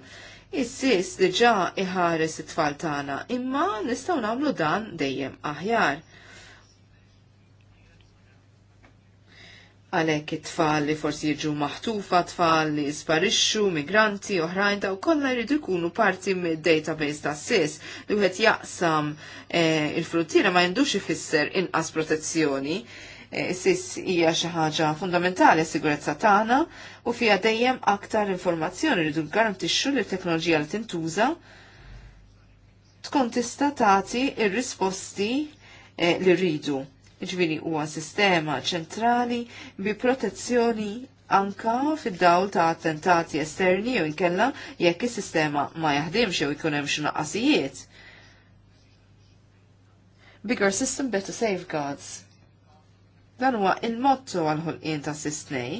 Is-sis diġà iħares it-tfal tagħna, imma nistgħu nagħmlu dan dejjem aħjar għalhekk it-tfal li forsi jiġu maħtufa, tfal li sparixxu, migranti, oħrajn daw kollha jridu jkunu parti mid-database ta' SIS li wieħed jaqsam eh, il fruttira ma jindux ifisser inqas protezzjoni. SIS eh, hija xi ħaġa fundamentali s sigurezza tagħna u fiha dejjem aktar informazzjoni rridu garantixxu li t-teknoloġija li tintuża tkun tista' tagħti ir-risposti eh, li rridu ġviri huwa sistema ċentrali bi protezzjoni anka fid-dawl ta' attentati esterni u jkella jekk is-sistema ma jaħdimx jew ikun hemm xi Bigger system better safeguards. Dan huwa il-motto għal-ħolqien ta' sistnej.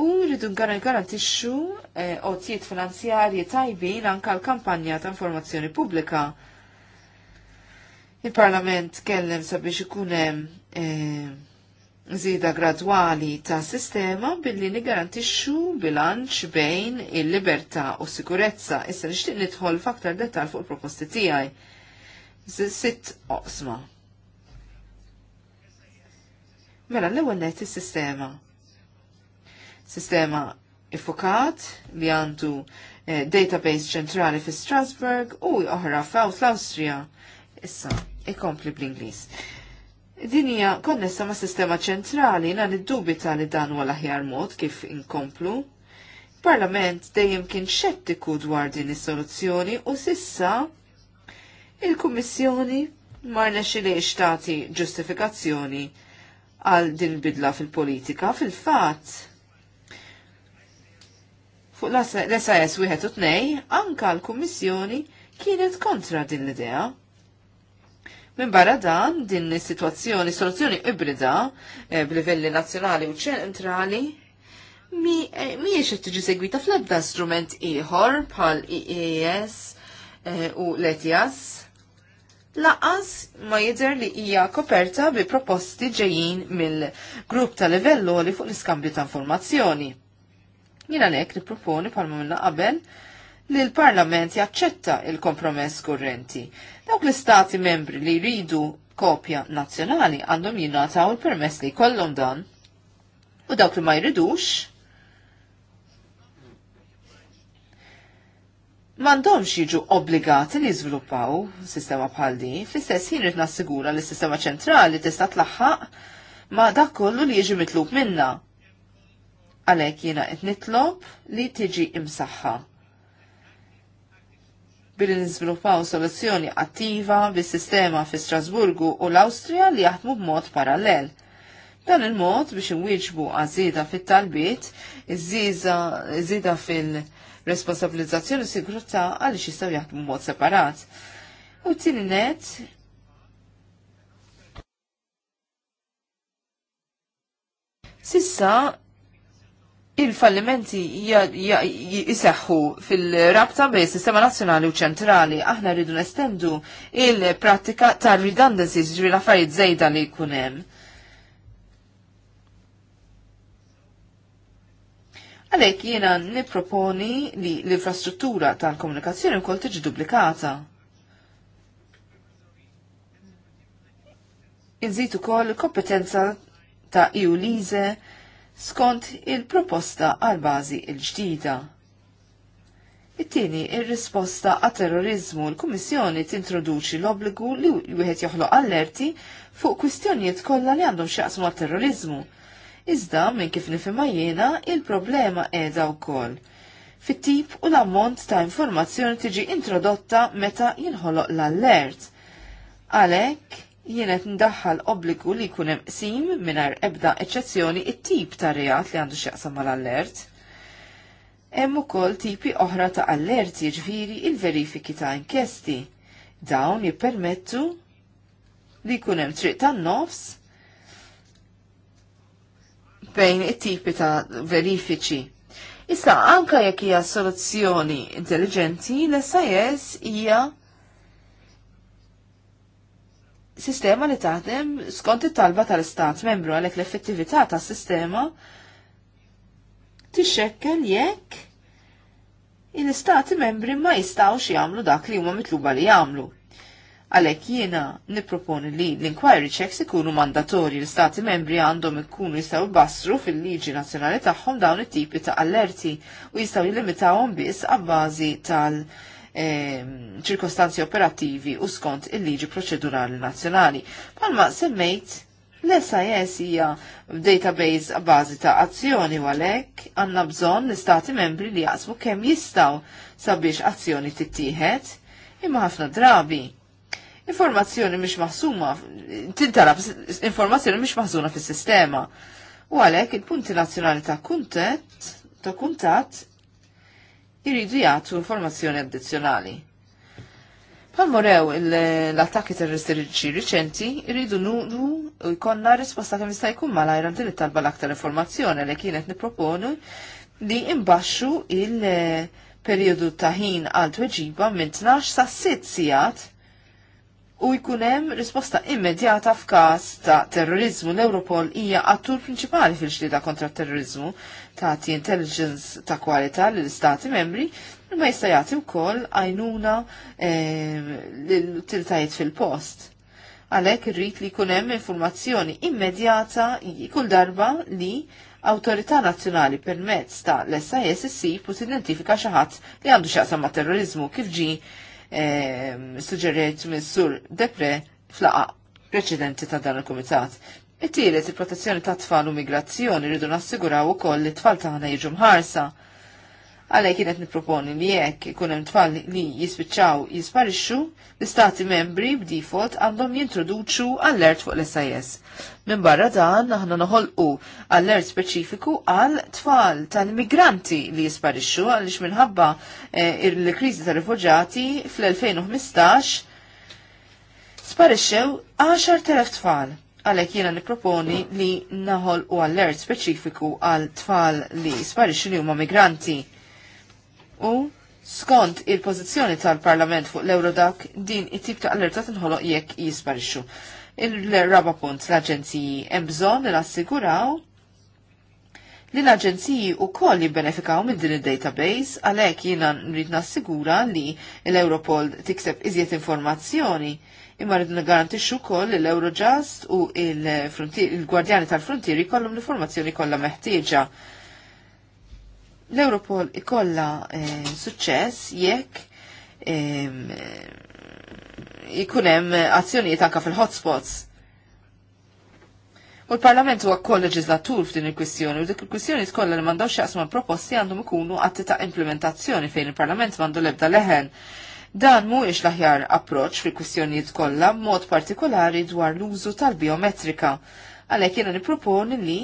U rridu garantixxu eh, otijiet finanzjarji tajbin anka l-kampanja ta' informazzjoni pubblika Il-Parlament kellem sabiex ikun hemm eh, zida gradwali ta' sistema billi nigarantixxu bilanċ bejn il-libertà u sikurezza. Issa nixtieq nidħol f'aktar dettal fuq il-proposti tiegħi. Sitt oqsma. Mela l-ewwel net is-sistema. Sistema ifukat li għandu eh, database ċentrali fi Strasburg u oħra f'Awstrija. l-Awstrija Issa, ikompli bl-Inglis. Dinija konnessa ma' sistema ċentrali na niddubita li dan huwa l-aħjar mod kif inkomplu. Parlament dejjem kien xettiku dwar din is-soluzzjoni u sissa il-Kummissjoni marna xili x'tati ġustifikazzjoni għal din bidla fil-politika fil-fat. Fuq l-SAS 1 u 2, anka l-Kummissjoni kienet kontra din l-idea. Min barra dan, din is-sitwazzjoni, soluzzjoni ibrida eh, b'livelli nazzjonali u ċentrali, eh, miex qed tiġi segwita fl-ebda strument ieħor bħal IES e eh, u l-ETIAS. Laqas ma jidher li hija koperta bi proposti ġejjin mill-grupp ta' livello li fuq l-iskambju ta' informazzjoni. Jina nek li proponi pal minna qabel li l-Parlament jaċċetta il-kompromess kurrenti. Dawk l-istati membri li jridu kopja nazzjonali għandhom jingħataw il-permess li jkollhom dan. U dawk li ma jridux mandomx jiġu obbligati li jizviluppaw sistema bħal di, fl-istess ħin rid nassigura li s-sistema ċentrali tista' tlaħħaq ma dak kollu li jiġi mitlub minna. Għalhekk jiena qed nitlob li tiġi imsaħħa billi nizviluppaw soluzzjoni attiva bis-sistema fi Strasburgu u l-Awstrija li jaħdmu b'mod parallel. Dan il-mod biex inwieġbu għażida fit-talbiet, iż-żida fil-responsabilizzazzjoni u sigurtà għaliex jistgħu jaħdmu b'mod separat. U tieni net Sissa, il-fallimenti jiseħħu fil-rabta bej sistema nazzjonali u ċentrali. Aħna rridu nestendu il-prattika ta' redundancy ġri l-affarijiet zejda li kunem. Għalek jiena niproponi li l-infrastruttura tal-komunikazzjoni wkoll tiġi duplikata. Inżitu ukoll kompetenza ta' EU-lize skont il-proposta għal bazi il-ġdida. It-tieni ir-risposta għat terrorizmu l-Kummissjoni tintroduċi l-obbligu li wieħed joħloq allerti fuq kwistjonijiet kollha li għandhom x'jaqsmu għat-terrorizmu. Iżda minn kif nifhimha jiena il-problema qiegħda wkoll fit-tip u l-ammont ta' informazzjoni tiġi introdotta meta jinħoloq l-allert. Għalhekk jienet ndaħħal obbligu li jkun hemm qsim mingħajr ebda eċċezzjoni it-tip ta' reat li għandu x'jaqsam mal-allert. Hemm ukoll tipi oħra ta' allerti ġviri il-verifiki ta' inkjesti. Dawn jippermettu li jkun hemm triq tan-nofs bejn it-tipi ta' verifiċi. Issa anka jekk hija soluzzjoni intelligenti, l-SIS hija sistema li taħdem skont it-talba tal-istat membru għalhekk l-effettività tas-sistema tixxekkel jekk il-istati membri ma jistawx jagħmlu dak li huma mitluba li jagħmlu. Għalhekk jiena nipproponi li l-inquiry checks ikunu mandatorji l-istati membri għandhom ikunu jistgħu jbassru fil-liġi nazzjonali tagħhom dawn it-tipi ta' allerti u jistgħu jlimitawhom biss għabbażi tal- Ehm, ċirkostanzi operattivi u skont il-liġi proċedurali nazzjonali. Palma semmejt L-SIS hija database bażi ta' azzjoni u għalhekk għandna bżonn l-istati membri li jaqsmu kemm jistgħu sabiex azzjoni tittieħed, imma ħafna drabi. Informazzjoni mhix maħsuma, tintara informazzjoni mhix maħsuna fis-sistema. U għalhekk il-punti nazzjonali ta' kuntet ta' kuntat jiridu jgħatu informazzjoni addizzjonali. Pal morew l-attakki terroristiċi riċenti jridu nuru u jkonna risposta kemm jista' jkun malajra din it-talba l-aktar informazzjoni li kienet niproponu li imbaxxu il-perjodu ta' ħin għal tweġiba minn 12 sa' 6 sigħat u jkunem risposta immedjata f'każ ta' terrorizmu l-Europol hija attur prinċipali fil-ġlida kontra terrorizmu tagħti intelligence ta' kwalità lill-istati membri ma jista' jagħti wkoll għajnuna ehm, lill tiltajiet fil-post. Għalhekk irrid li jkun hemm informazzjoni immedjata kull darba li Awtorità Nazzjonali permezz ta' l-SIS issib u tidentifika xi ħadd li għandu x'jaqsam ma' terrorizmu kif ġi ehm, suġġeriet minn Sur Depre flaqa preċedenti ta' dan il-Kumitat. It-tielet il-protezzjoni ta' tfal u migrazzjoni rridu nassiguraw ukoll li tfal tagħna jiġu mħarsa. Għalhekk kienet nipproponi li jekk ikun hemm tfal li jispiċċaw jisparixxu, l-istati membri b'default għandhom jintroduċu allert fuq l-SIS. Minn barra dan aħna noħolqu allert speċifiku għal tfal tal-migranti li jisparixxu għaliex minħabba eh, il-kriżi tar-rifuġati fl-2015 sparixxew 10,000 tfal għalek jena niproponi li naħol u allert speċifiku għal tfal li sparixxu li huma migranti. U skont il-pożizzjoni tal-Parlament fuq l-Eurodak din it-tip ta' allerta tinħoloq jekk jisparixxu. Il-raba punt l-aġenziji hemm bżonn li nassiguraw li l-aġenziji u koll jibbenefikaw minn din il-database għalhekk jiena nrid nassigura li l-Europol tikseb iżjed informazzjoni imma rridu nagarantixxu wkoll l eurojust u il-Gwardjani il tal-Frontieri jkollhom l-informazzjoni kollha meħtieġa. L-Europol ikollha eh, suċċess jekk jkun hemm azzjonijiet anke fil-hotspots. U l-Parlament huwa kol leġislatur f'din il-kwistjoni u dik il-kwistjoni tkollha li m'għandhomx jaqsmu proposti għandhom ikunu atti ta' implementazzjoni fejn il-Parlament m'għandu l-ebda leħen Dan mu l-aħjar approċċ fil-kwistjonijiet kollha mod partikolari dwar l-użu tal-biometrika. Għalhekk jena nipproponi li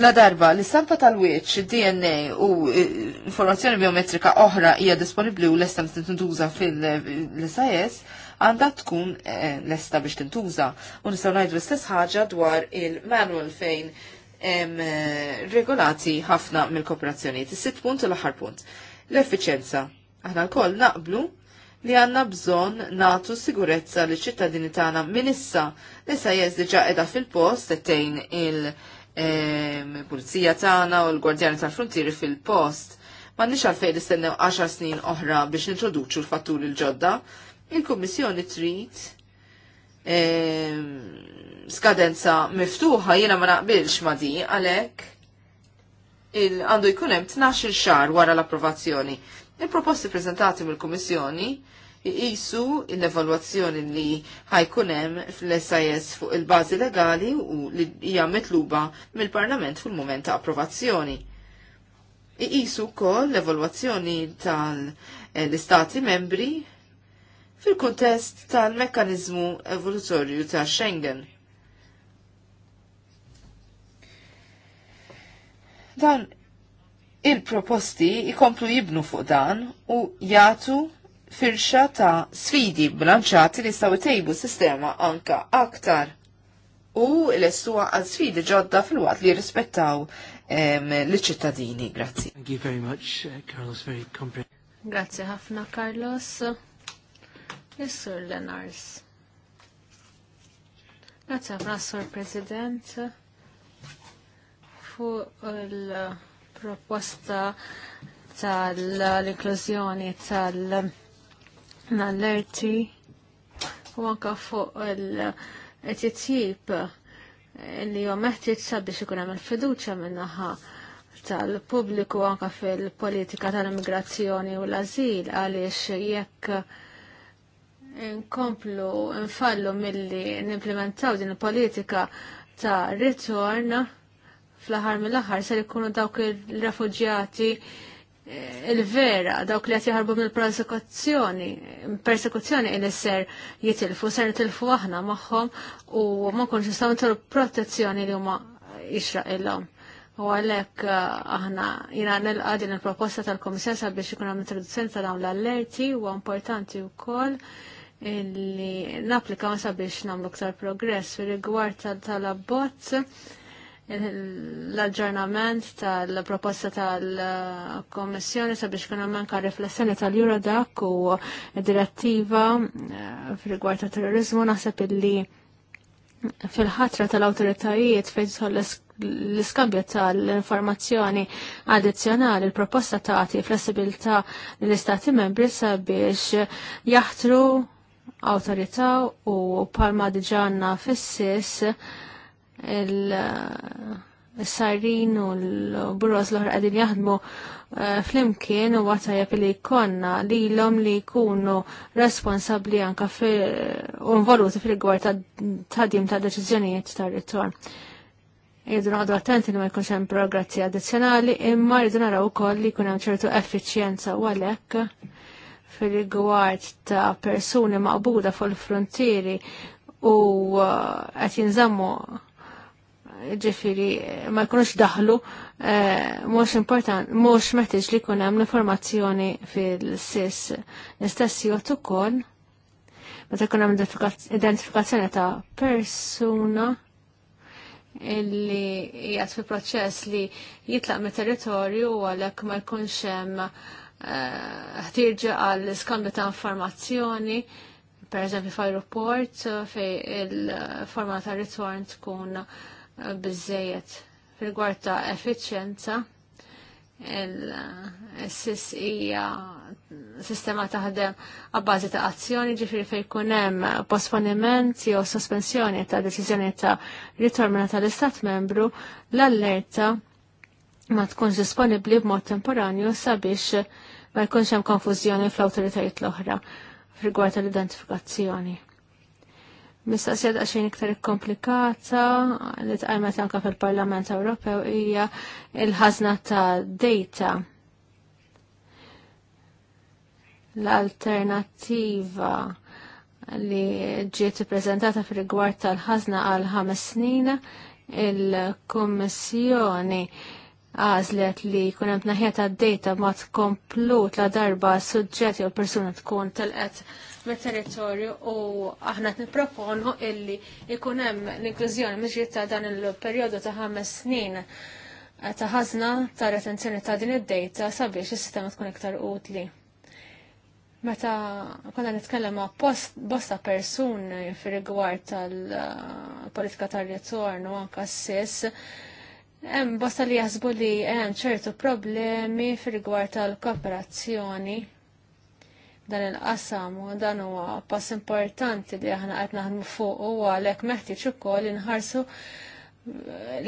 La darba, l-istampa tal-wieċ, DNA u e, informazzjoni biometrika oħra hija disponibbli u l-estam tintuża fil-SIS, għandha tkun e, l-esta biex tintuża. U nistgħu ngħidu l-istess ħaġa dwar il-manual fejn Eh, regolati ħafna mill-kooperazzjoni. Sitt punt u l-aħħar punt. L-effiċenza. Aħna l-koll naqblu li għanna bżon natu sigurezza li ċittadini tagħna minissa li sa jeżdiġa edha fil-post tejn il-pulizija tagħna u l-gwardjani tal-frontieri fil-post. Ma nix għalfej li stennew 10 snin oħra biex nintroduċu l-fatturi l-ġodda. Il-Kummissjoni trid skadenza miftuħa jiena ma naqbilx ma di għalhekk għandu jkun hemm 12 xahar wara l-approvazzjoni. Il-proposti preżentati mill-Kummissjoni jqisu l-evalwazzjoni li ħajkun hemm fl-SIS fuq il-bażi legali u li hija mitluba mill-Parlament fil-mument ta' approvazzjoni. Iqisu wkoll l-evalwazzjoni tal-istati membri fil-kuntest tal-mekkanizmu evoluzzorju ta' Schengen Dan il-proposti ikomplu jibnu fuq dan u jagħtu firxa ta' sfidi blanċati li staw tejbu sistema anka aktar u l-estuwa għal sfidi ġodda fil-waqt li rispettaw l-ċittadini. Grazie. Thank you very much, uh, Carlos, very Grazie Grazzi ħafna, Carlos. Is-Sur Lenars. Grazzi ħafna, Sur President fuq il-proposta tal-inklużjoni tal-allerti u anka fuq il-titjib li jom sabiex ikun hemm il-fiduċja minnaħa tal-pubbliku anka fil-politika tal-immigrazzjoni u l-azil għaliex jekk inkomplu infallu milli nimplementaw din il-politika ta' ritorn fl-aħħar mill-aħħar ser ikunu dawk il refugjati eh, il-vera, dawk li qed jaħarbu mill-persekuzzjoni, persekuzzjoni il ser jitilfu, ser jitilfu aħna magħhom u ma nkunx istawn protezzjoni li huma il-lom. U għalhekk eh, aħna jina nil din il-proposta tal komissar sabiex ikun hemm introduzzjoni ta' dawn l-allerti huwa importanti wkoll li naplikaw sabiex nagħmlu aktar progress fil-rigward rigward tal-abbozz. Tal l-aġġornament tal-proposta tal-Kommissjoni sabiex kuna manka riflessjoni tal-Eurodac u direttiva eh, f'rigward ta' terrorizmu naħseb illi fil-ħatra tal-autoritajiet fejn l-iskambju tal-informazzjoni addizzjonali l-proposta tagħti flessibilità l-istati membri sabiex jaħtru awtorità u palma diġanna fis-sis il sarin u l-burros l-oħra għadin jaħdmu eh, flimkien u għatajab li konna li l-om li kunu responsabli anka involuti fil-gwar ta' dim ta' deċizjonijiet ta' ritorn. Jidun għadu attenti li ma jkunx hemm prograzzi addizzjonali, imma jridu naraw ukoll li jkun hemm ċertu effiċjenza u għalhekk fil-rigward ta' persuni maqbuda fuq il-frontieri u eh, qed jinżammu ġifiri ma jkunux daħlu eh, mhux important mhux meħtieġ li jkun hemm informazzjoni fil-sis l-istess jgħod ukoll meta jkun hemm identifikazzjoni ta' persuna illi jgħat fi proċess li jitlaq mit territorju u għalhekk ma jkunx hemm eh, ħtieġa għall skambju ta' informazzjoni per eżempju f'aeroport eh, fej il-forma ta' return tkun bizzejet fil-gwar ta' effiċjenza il-sis hija sistema taħdem għabbażi ta' azzjoni ġifiri fej kunem posponiment jew sospensjoni ta' deċiżjoni ta' ritormina tal-Istat membru l-allerta ma tkunx disponibbli b'mod temporanju sabiex ma jkunx hemm konfużjoni fl-awtoritajiet l-oħra rigward l identifikazzjoni Mistaqsija għaxin iktar komplikata li tqajmet anke fil-Parlament Ewropew hija il ħazna ta' data. L-alternattiva li ġiet ippreżentata fil rigward tal ħazna għal ħames snin il-Kummissjoni għazlet li kunem naħjeta d-data ma komplut la darba suġġetti jew persuna tkun telqet mit-territorju u aħna t-niproponu illi ikun hemm l-inklużjoni mħiġi ta' dan il-perjodu ta' ħames snin ta' ħazna ta' retenzjoni ta' din id-dejta sabiex is-sistema tkun iktar utli. Meta konna nitkellem ma' bosta persuni fir-rigward tal-politika tar-ritorn u anka s-sis, hemm bosta li jaħsbu li hemm ċertu problemi fir-rigward tal-kooperazzjoni dan il-qasam u dan huwa pass importanti li aħna qed naħdmu fuq u għalhekk meħtieġ ukoll inħarsu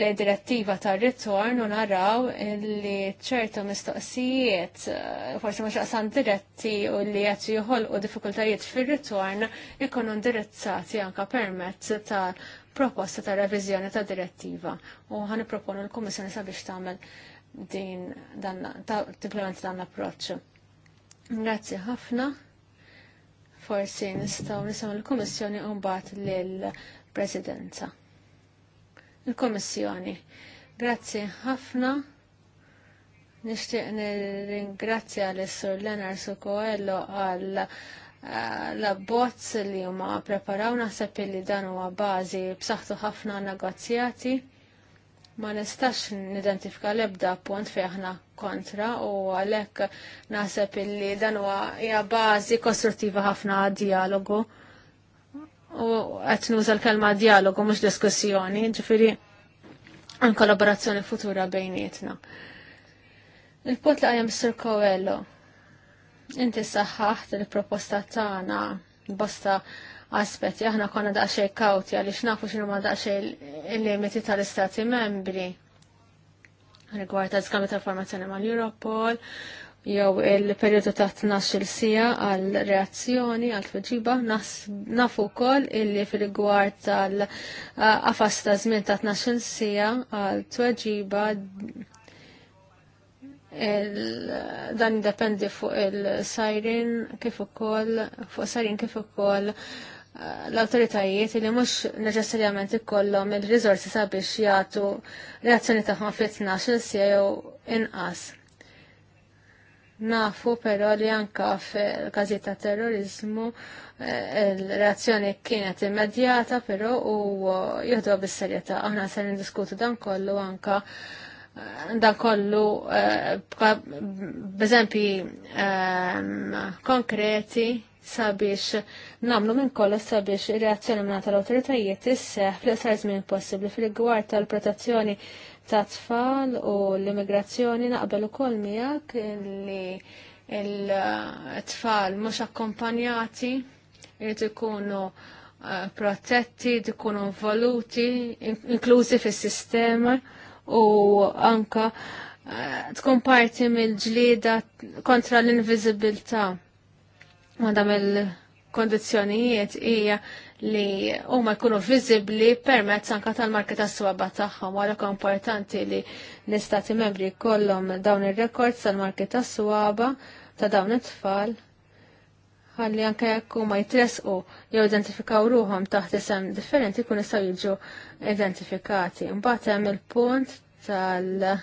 le direttiva tar ritorn u naraw li ċertu mistoqsijiet uh, forsi ma xaqsan diretti u li qed u diffikultajiet fir-ritorn ikunu indirizzati anke permezz ta' proposta ta' reviżjoni ta' direttiva u ħan proponu l-Kummissjoni sabiex tagħmel din dan ta' dan l-approċċ. Grazzi ħafna. Forsi nistgħu nisimgħu l-Kummissjoni u mbagħad lill-Presidenza. Il-Kummissjoni. Grazzi ħafna. Nixtieq nirringrazzja l-Sur Lenar Sukoello għal eh, l-abbozz li huma preparaw naħseb li dan huwa bażi b'saħħtu ħafna negozjati ma nistax nidentifika l-ebda punt fi aħna kontra u għalhekk naħseb illi dan huwa hija bażi kostruttiva ħafna dialogu. U qed nuża l-kelma dialogu mhux diskussjoni, ġifieri kollaborazzjoni futura bejnietna. Il-punt li għajem Sir Coelho, inti saħħaħt il-proposta tagħna basta aspetti. Aħna konna daqxej kawti għaliex nafu xinu ma daqxej il-limiti tal-istati membri rigward ta' zgami ta' formazzjoni mal europol jew il-periodu ta' 12 sija għal reazzjoni għal tweġiba nafu wkoll illi fil-rigward tal-qafas ta' żmien ta' 12 sija għal tweġiba dan jiddependi fuq il-sajrin kif ukoll fuq sajrin kif ukoll l-autoritajiet li mhux neċessarjament ikollhom il-riżorsi sabiex jagħtu reazzjoni tagħhom fit-12 sija jew inqas. Nafu però li anka fil-każijiet ta' terrorizmu eh, il-reazzjoni kienet immedjata però u jieħdu bis-serjetà. Aħna se niddiskutu dan kollu anka eh, dan kollu eh, b'eżempji ehm, konkreti sabiex namlu minn kollu sabiex ir-reazzjoni minn tal-awtoritajiet isseħ fl-isar żmien possibbli fil-gwar tal-protezzjoni ta' tfal u l-immigrazzjoni naqbel ukoll miegħek li l tfal mhux akkompanjati irid ikunu eh, protetti, ikunu involuti, inklużi fis-sistema u anka eh, tkun parti mill-ġlieda kontra l invisibilta Għandam il-kondizjonijiet hija li huma jkunu viżibbli permezz anka tal-marka s swabba tagħhom wara importanti li l-istati membri jkollhom dawn ir-rekords tal-marki tas swabba ta' dawn it-tfal ħalli anke jekk huma jitresqu jew identifikaw ruhom taħt isem differenti jkunu jistgħu jiġu identifikati. mbagħad hemm il-punt tal-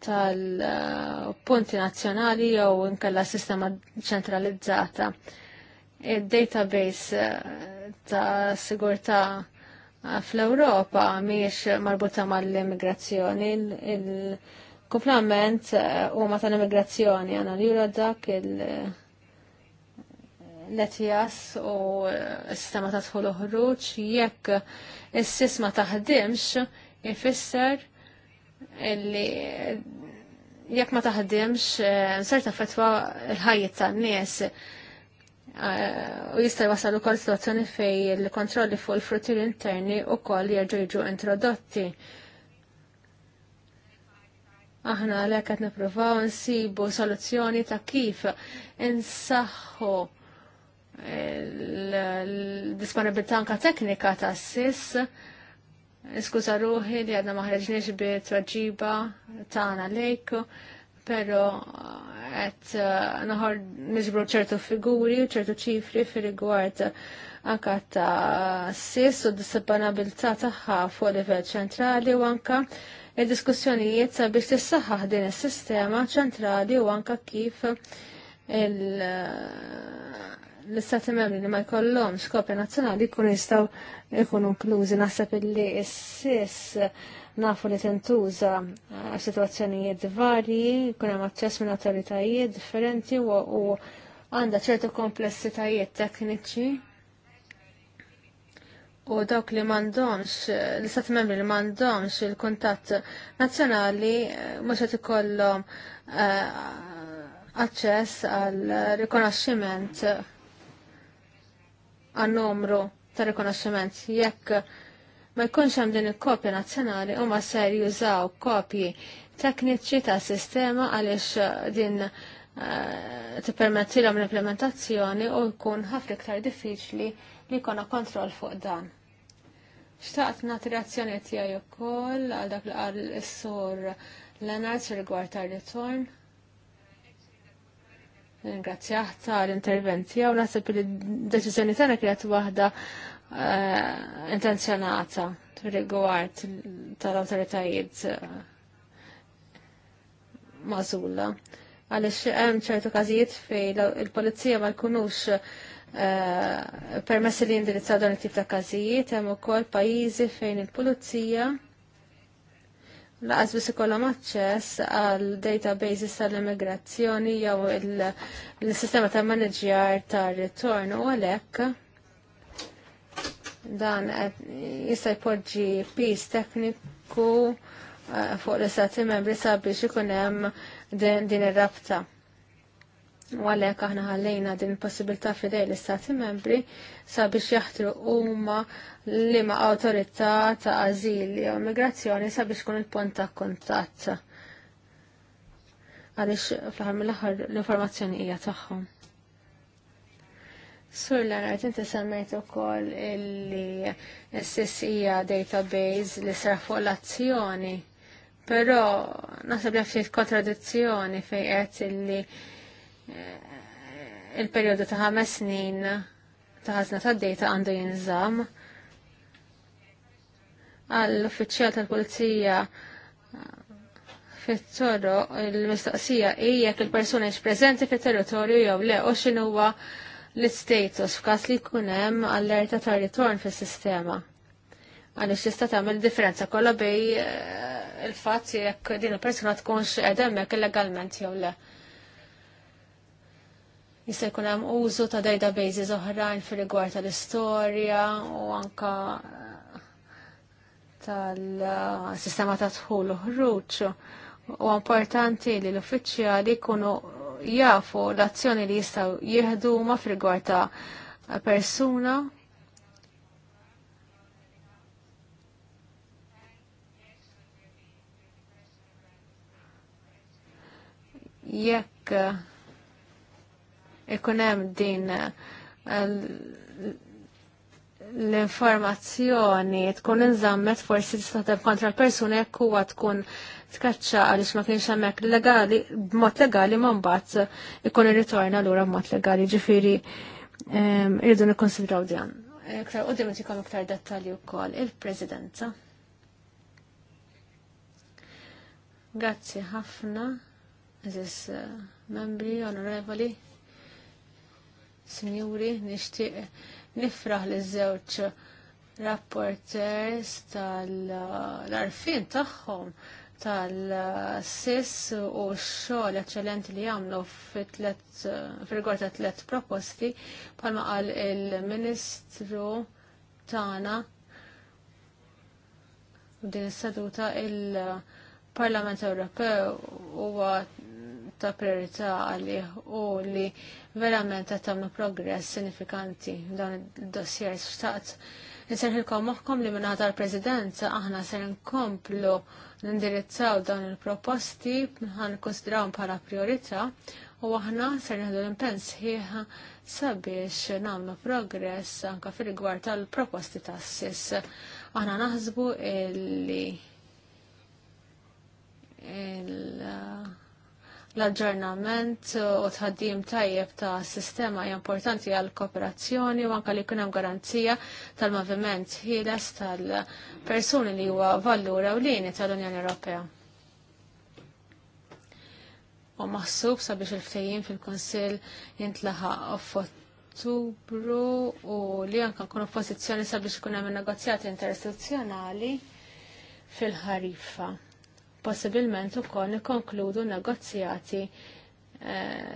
tal-punti nazzjonali jew inkella sistema ċentralizzata. Il-database eh, ta' sigurtà eh, fl-Ewropa mhijiex marbuta mal-immigrazzjoni. Il-kumplament eh, huma tal-immigrazzjoni għandna l-Eurodac, il- kumplament huma tal immigrazzjoni għandna l dak il l etias u s-sistema ta' tħol uħruċ, jekk is-sisma taħdimx, ifisser illi jekk ma taħdimx eh, ser tafetwa l-ħajjiet tan-nies eh, u jista' jwasal ukoll situazzjoni fej il-kontrolli fuq il frutturi interni wkoll jerġgħu jiġu introdotti. Aħna għalhekk qed nippruvaw nsibu soluzzjoni ta' kif insaħħu l-disponibilità anka teknika ta' sis Iskuza ruħi li għadna maħreġniex bi traġiba tagħna lejku, pero eh, qed eh, naħor niġbru ċertu figuri u ċertu ċifri fi rigward anka ta' sis u bil-ta tagħha fuq livell ċentrali u anka il-diskussjonijiet sabiex tissaħħaħ din is-sistema ċentrali u anka kif il- l-istati membri li ma jkollhom skopja nazzjonali jkunu jistgħu jkunu inklużi naħseb illi s-sis nafu li tintuża situazzjonijiet varji, jkun hemm aċċess minn awtoritajiet differenti u għandha ċertu komplessitajiet tekniċi. U dawk li m'għandhomx l-istati membri li m'għandhomx il-kuntatt nazzjonali eh, mhux qed ikollhom eh, aċċess għal rikonoxximent għan numru ta' rikonoxximent jekk ma jkunx hemm din il-kopja nazzjonali huma ser jużaw kopji tekniċi ta' sistema għaliex din eh, tippermettilhom l-implementazzjoni u jkun ħafna iktar diffiċli li jkollna kontroll fuq dan. Xtaqt nagħti reazzjoni tiegħi wkoll għal dak li qal is-sur Leonard rigward tar-ritorn. Ringrazzjah l intervent tiegħu naħseb li d-deċiżjoni tagħna kienet waħda eh, intenzjonata rigward tal-awtoritajiet eh, mażula. Għaliex hemm ċertu każijiet fejn il-pulizija ma jkunux eh, permessi li jindirizzaw dan it-tip ta' każijiet, hemm ukoll pajjiżi fejn il-pulizija laqas bis ikollhom aċċess għal databases tal-immigrazzjoni jew il-sistema ta' manager tar ritorn u għalhekk dan jista' jpoġġi pis tekniku eh, fuq l-istati membri sabiex ikun hemm din ir-rabta. U għalhekk aħna ħallejna din il-possibilità fidej l-Istati membri sabiex jaħtru huma liema awtorità ta' ażili jew immigrazzjoni sabiex kun il-pont ta' kuntatt. Għaliex fl-aħħar l-informazzjoni hija tagħhom. Sur Leonard, inti semmejt ukoll illi s-sissija database li sar fuq l-azzjoni, però nasab li kontradizzjoni fejn qed illi il-periodu ta' ħames snin ta' ħazna ta' dejta għandu jinżam. Għall-uffiċjal tal-Pulizija uh, fit torro il-mistoqsija hija il-persuna prezenti fit-territorju jew le u x'inhuwa l-istatus f'każ li jkun hemm allerta ta' ritorn fis-sistema. Għaliex tista' tagħmel differenza kollha bej uh, il-fatt jekk din il-persuna tkunx qed hemmhekk illegalment jew le. Jista' jkun hemm użu ta' databases oħrajn fir-rigward tal-istorja u anka eh, tal-sistema ta' dħul u ħruġ. U importanti li l-uffiċjali jkunu jafu l-azzjoni li jistgħu jieħdu ma fir-rigward ta' persuna jekk ikun hemm din eh, l-informazzjoni tkun inżammet forsi tistaħdem kontra l-persuna jekk huwa tkun tkaċċa għaliex ma kienx hemmhekk legali b'mod legali ma mbagħad ikun irritorna lura b'mod legali ġifieri irridu nikkonsidraw dan. Iktar qudiem intikom iktar dettalji wkoll il-Presidenza. Grazzi ħafna, eżis eh, membri onorevoli. Sinjuri, nixtieq nifraħ li żewġ rapporters tal-arfin tagħhom tal-SIS u xogħol eċċellenti li jagħmlu fil-rigor ta' tliet proposti bħalma qal il-Ministru tagħna u din is-seduta il-Parlament Ewropew huwa ta' priorità għalli u li verament qed tagħmlu progress sinifikanti dan id-dossier staqt. Nisirħilkom moħħkom li minnaħta l-Presidenza aħna ser nkomplu nindirizzaw dawn il-proposti għan konsidraw bħala priorità u aħna ser nieħdu l impens sħiħ sabiex nagħmlu progress anke fir-rigward tal-proposti tas-sis. Aħna naħsbu li il l-aġġornament u tħaddim tajjeb ta' sistema importanti għal kooperazzjoni u anka li jkun hemm garanzija tal-moviment ħieles tal-persuni li huwa vallura u lini tal-Unjoni Ewropea. U maħsub sabiex il-ftejjin fil-Kunsill jintlaħaq f'Ottubru u li anka nkunu pożizzjoni sabiex ikun hemm negozjati interistituzzjonali fil-ħarifa possibilment ukoll nikonkludu negozjati eh,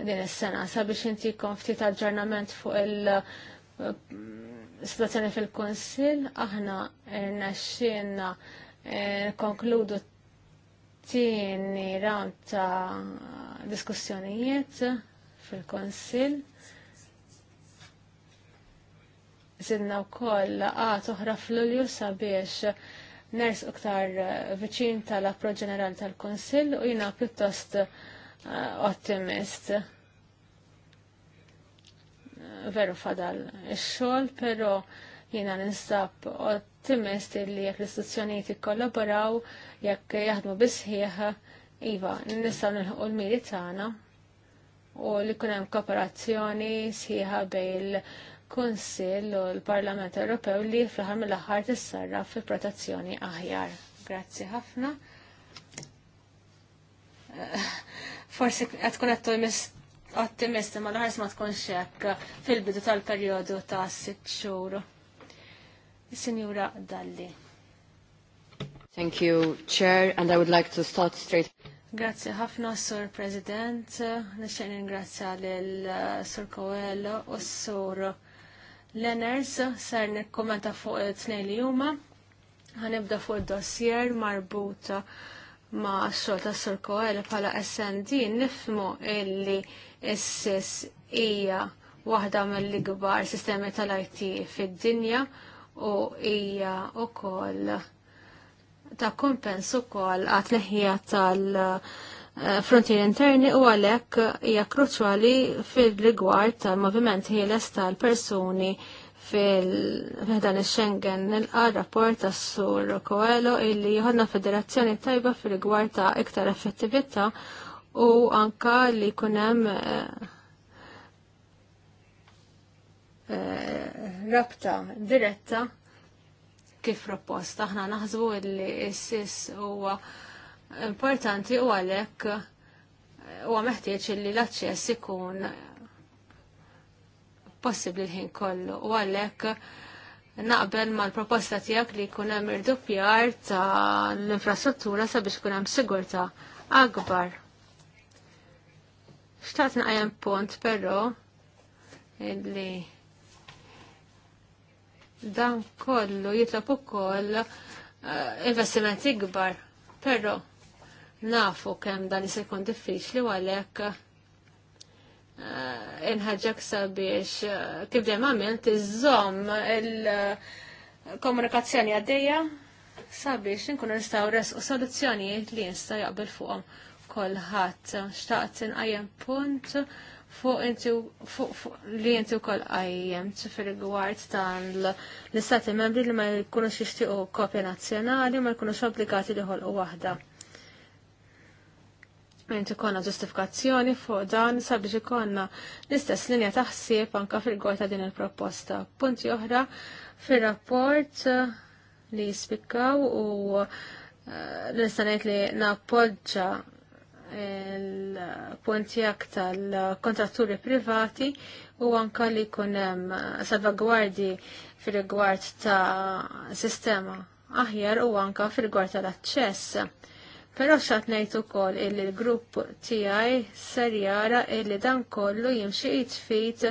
din is-sena sabiex inti kon ftit aġġornament fuq il-situazzjoni eh, fil-Kunsill aħna rnexxielna eh, konkludu tieni round ta' diskussjonijiet fil-Kunsill. Zidna wkoll għad oħra fl-Ulju sabiex ners uktar eh, viċin tal-approċ ġenerali tal konsil u jina pjuttost eh, ottimist. Eh, veru fadal ix-xogħol, però jina ninsab ottimist li jekk l-istituzzjonijiet jikkollaboraw, jekk jaħdmu bisħieħ, iva, nistgħu nilħu l-miri tagħna u li kunem hemm kooperazzjoni sħiħa bejn kunsill u l-Parlament Ewropew li fl-ħar mill-aħħar tissarra fi protezzjoni aħjar. Grazzi ħafna. Eh, forsi qed tkun qed ottimisti ma l-ħars ma tkunx hekk fil-bidu tal-perjodu ta' sitt xhur. Sinjura Dalli. Thank you, Chair, and I would like to start straight. Grazie ħafna, Sur President. Nixxen ringrazzja lil eh, Sur Coelho u Sur l-eners ser nekkomenta fuq it-tnejn li huma. Ħanibda fuq id-dossier marbuta ma' xogħol ta' Sur Koel bħala SND nifmu illi s-sis hija waħda mill-ikbar sistemi tal-IT fid-dinja u hija wkoll ta' kompens ukoll għat leħija tal- uh, Eh, frontier interni u għalek hija kruċwali fil-rigward tal-moviment ħieles tal-persuni fil-dan il-Schengen għal rapport tas sur Coelho illi jħodna federazzjoni tajba fil-rigward ta' iktar effettività u anka li kunem eh, eh, rabta diretta kif proposta. Aħna naħsbu illi s-sis huwa uh, importanti u għalhekk eh, huwa meħtieġ li l-aċċess ikun possibbli l-ħin kollu u għalhekk naqbel mal-proposta tiegħek li jkun hemm irdupjar ta' l-infrastruttura sabiex kun hemm sigurtà akbar. Xtaqt naqjem punt però li dan kollu jitlob ukoll eh, investimenti ikbar, però Nafu kemm dan se jkun diffiċli u għalhekk eh, inħagġak sabiex eh, kif dejjem għamilt iżomm il-komunikazzjoni għaddejja sabiex inkunu nistgħu resqu soluzzjonijiet li nista' jaqbel fuqhom kolħat. Xtaqt inqajjem punt fuq inti fuq li inti wkoll qajjem fir-rigward tan l-istati membri li ma jkunux jixtiequ kopja nazzjonali ma jkunux obbligati liħolqu waħda. Inti konna ġustifikazzjoni fuq dan sabiex ikonna l-istess linja taħsib anka fil-gol ta' din il-proposta. Punti oħra fil-rapport eh, li jispikkaw u eh, l-istanet li nappoġġa il-punti tal-kontratturi privati u anka li kunem salvagwardi fil-rigward ta' sistema aħjar u anka fil-rigward tal acċess Però xat ngħid ukoll illi l-grupp tijaj ser jara illi dan kollu jimxi jitfit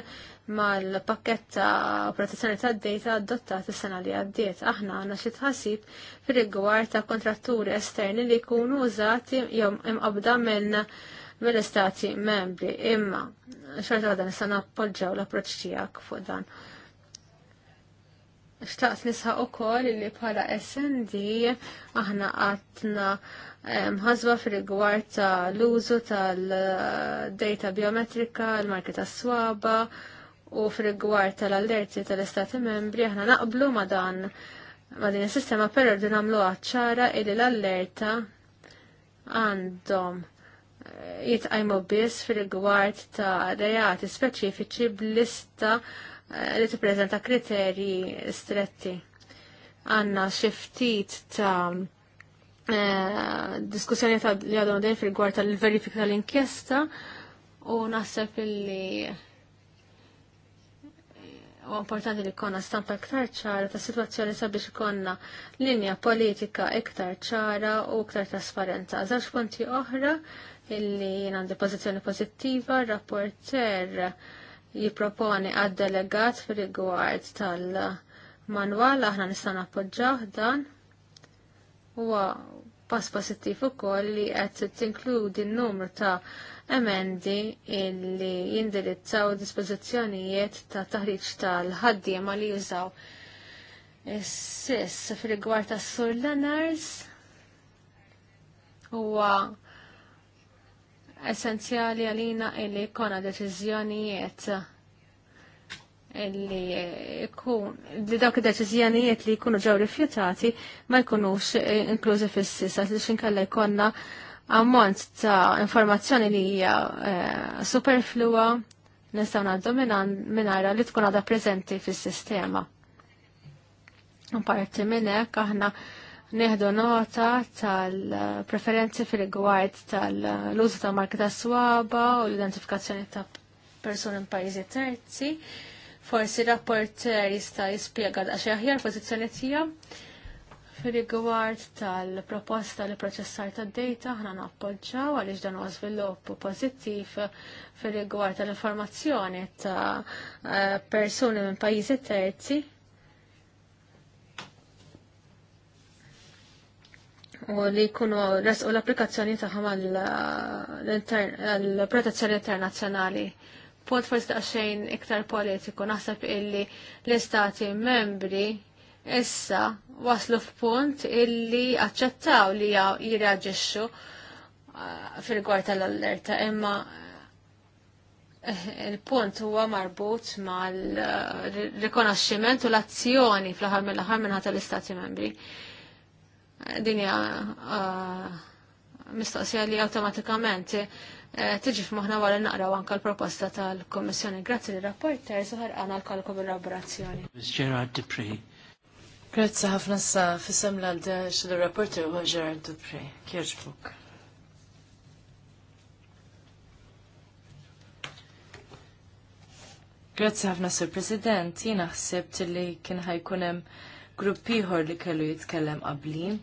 mal-pakket ta' protezzjoni ta' data adottat is-sena li għaddiet. Aħna għandna xi tħassib fir-rigward ta' kontratturi esterni li jkunu użati jew imqabda minn mill-istati membri imma xorta għadan nista' nappoġġaw l-approċċ tiegħek fuq dan. Xtaqt nisħaq ukoll li bħala SND aħna għatna mħazba fil-rigward ta' l-użu tal-data biometrika, l-marki ta' swaba u fil-rigward tal-allerti tal-Istati membri, aħna naqblu ma' dan ma' din is-sistema però rridu nagħmlu ċara illi l-allerta għandhom eh, jitqajmu biss fil-rigward ta' reati speċifiċi b'lista eh, li tippreżenta kriterji stretti. Għanna xi ftit ta' Eh, diskussjoni ta' li għadhom dejn fil-gwar tal-verifika tal-inkjesta u naħseb illi eh, u importanti li konna stampa iktar ċara ta' situazzjoni sabiex konna linja politika iktar ċara u iktar trasparenza. Zax punti oħra illi għandi pozizjoni pozittiva, rapporter jiproponi għad-delegat fil-rigward tal-manwal, aħna nistan appoġġaw dan huwa pass pozittiv ukoll li qed tinkludi n-numru ta' emendi illi jindirizzaw dispożizzjonijiet ta' taħriġ tal-ħaddiema li jużaw Is-siss fil-gwar ta' sur Lenars huwa essenzjali għalina illi kona deċiżjonijiet li eh, li dawk id-deċiżjonijiet li jkunu ġew rifjutati ma jkunux eh, inklużi fis-sisa li xinkella jkollna ammont ta' informazzjoni li hija eh, superflua nistgħu ngħaddu mingħajra li tkun għadha preżenti fis-sistema. Parti minn hekk aħna neħdu nota tal-preferenzi fil-rigward tal-użu ta' marki ta' swaba u l-identifikazzjoni ta' persuni pajjiżi terzi Forsi rapporter jista' jispjega għax aħjar pożizzjoni tiegħu fil-rigward tal-proposta li proċessar tad data ħna nappoġġaw għaliex dan huwa żvilupp pożittiv fil-rigward tal-informazzjoni ta' persuni minn pajjiżi terzi u li jkunu resqu l-applikazzjoni tagħhom għall-protezzjoni internazzjonali. Punt forsi xejn iktar politiku naħseb illi l-istati membri issa waslu f'punt illi aċċettaw li jirraġiċu uh, fil-gwar tal-allerta imma eh, il-punt huwa marbut mal-rikonoxximent uh, u l-azzjoni fl-aħħar mill-aħħar tal-Istati Membri. Dinja uh, mistoqsija li awtomatikament Eh, tiġi f'moħna wara naqraw anka l-proposta tal-Kommissjoni. Grazzi li rapporter suħar għana l-kalkom il-laborazzjoni. Gerard Dupri. Grazzi ħafna sa fissem l-għaldex l-rapporter huwa Gerard Dupri. Kjerġbuk. Grazzi ħafna sur President, jina ħsibt li kien ħajkunem grupp ieħor li kellu jitkellem qabli.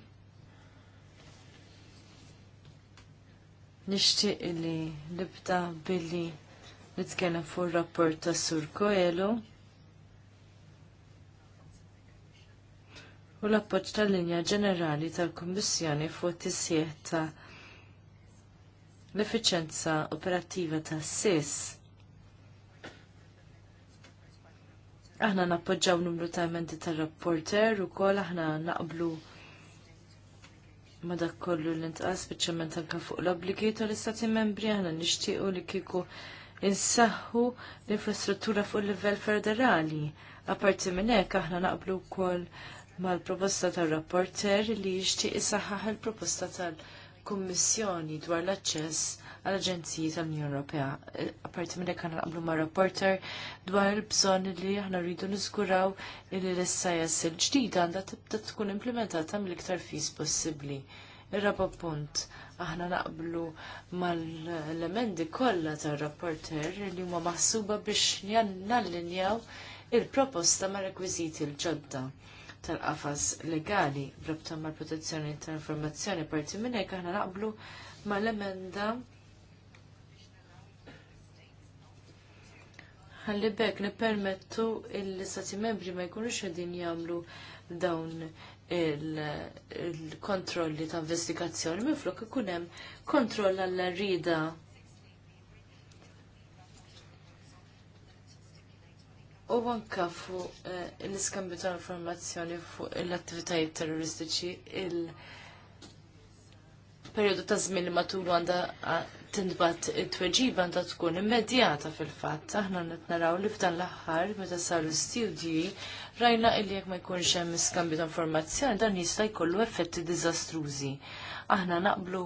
nixtieq li nibda billi nitkellem fuq rapport ta' Sur Koelo. u l-appoġġ tal-linja ġenerali tal-Kummissjoni fuq tisjeħ ta' l-effiċenza operattiva ta' SIS. Aħna nappoġġaw numru ta' emendi tal-rapporter u kol aħna naqblu ma dak kollu l-intqas speċjalment anke fuq l-obbligi tal-istati membri aħna nixtiequ li kieku insaħħu l-infrastruttura fuq livell federali. Aparti minn hekk aħna naqblu wkoll mal-proposta tal-rapporter li jixtieq isaħħaħ il-proposta tal-Kummissjoni dwar l-aċċess għall-Aġenziji tal-Unjoni Ewropea. E, apparti minn hekk naqblu ma' rapporter dwar il-bżonn li aħna rridu niżguraw li l-SIS il-ġdida għandha tibda tkun implementata mill-iktar fis possibbli. Ir-raba punt, aħna naqblu mal-elementi kollha tar-rapporter li huma maħsuba biex nallinjaw il-proposta ma' rekwiżiti l-ġodda tal-qafas legali b'rabta mal protezzjoni tal-informazzjoni parti minn hekk aħna naqblu mal-emenda ħalli bekk nippermettu l-istati membri ma jkunux għedin jagħmlu dawn il-kontrolli ta' investigazzjoni minflok ikun hemm kontroll għall rida U anka eh, l-iskambju ta' informazzjoni fuq l-attivitajiet terroristiċi il-periodu ta' żmien matul matulu għandha tindbat it-tweġiba għandha tkun immedjata fil-fatt. Aħna qed naraw li f'dan l-aħħar meta saru studji rajna li jekk ma jkunx hemm iskambju ta' informazzjoni dan jista' jkollu effetti diżastrużi. Aħna naqblu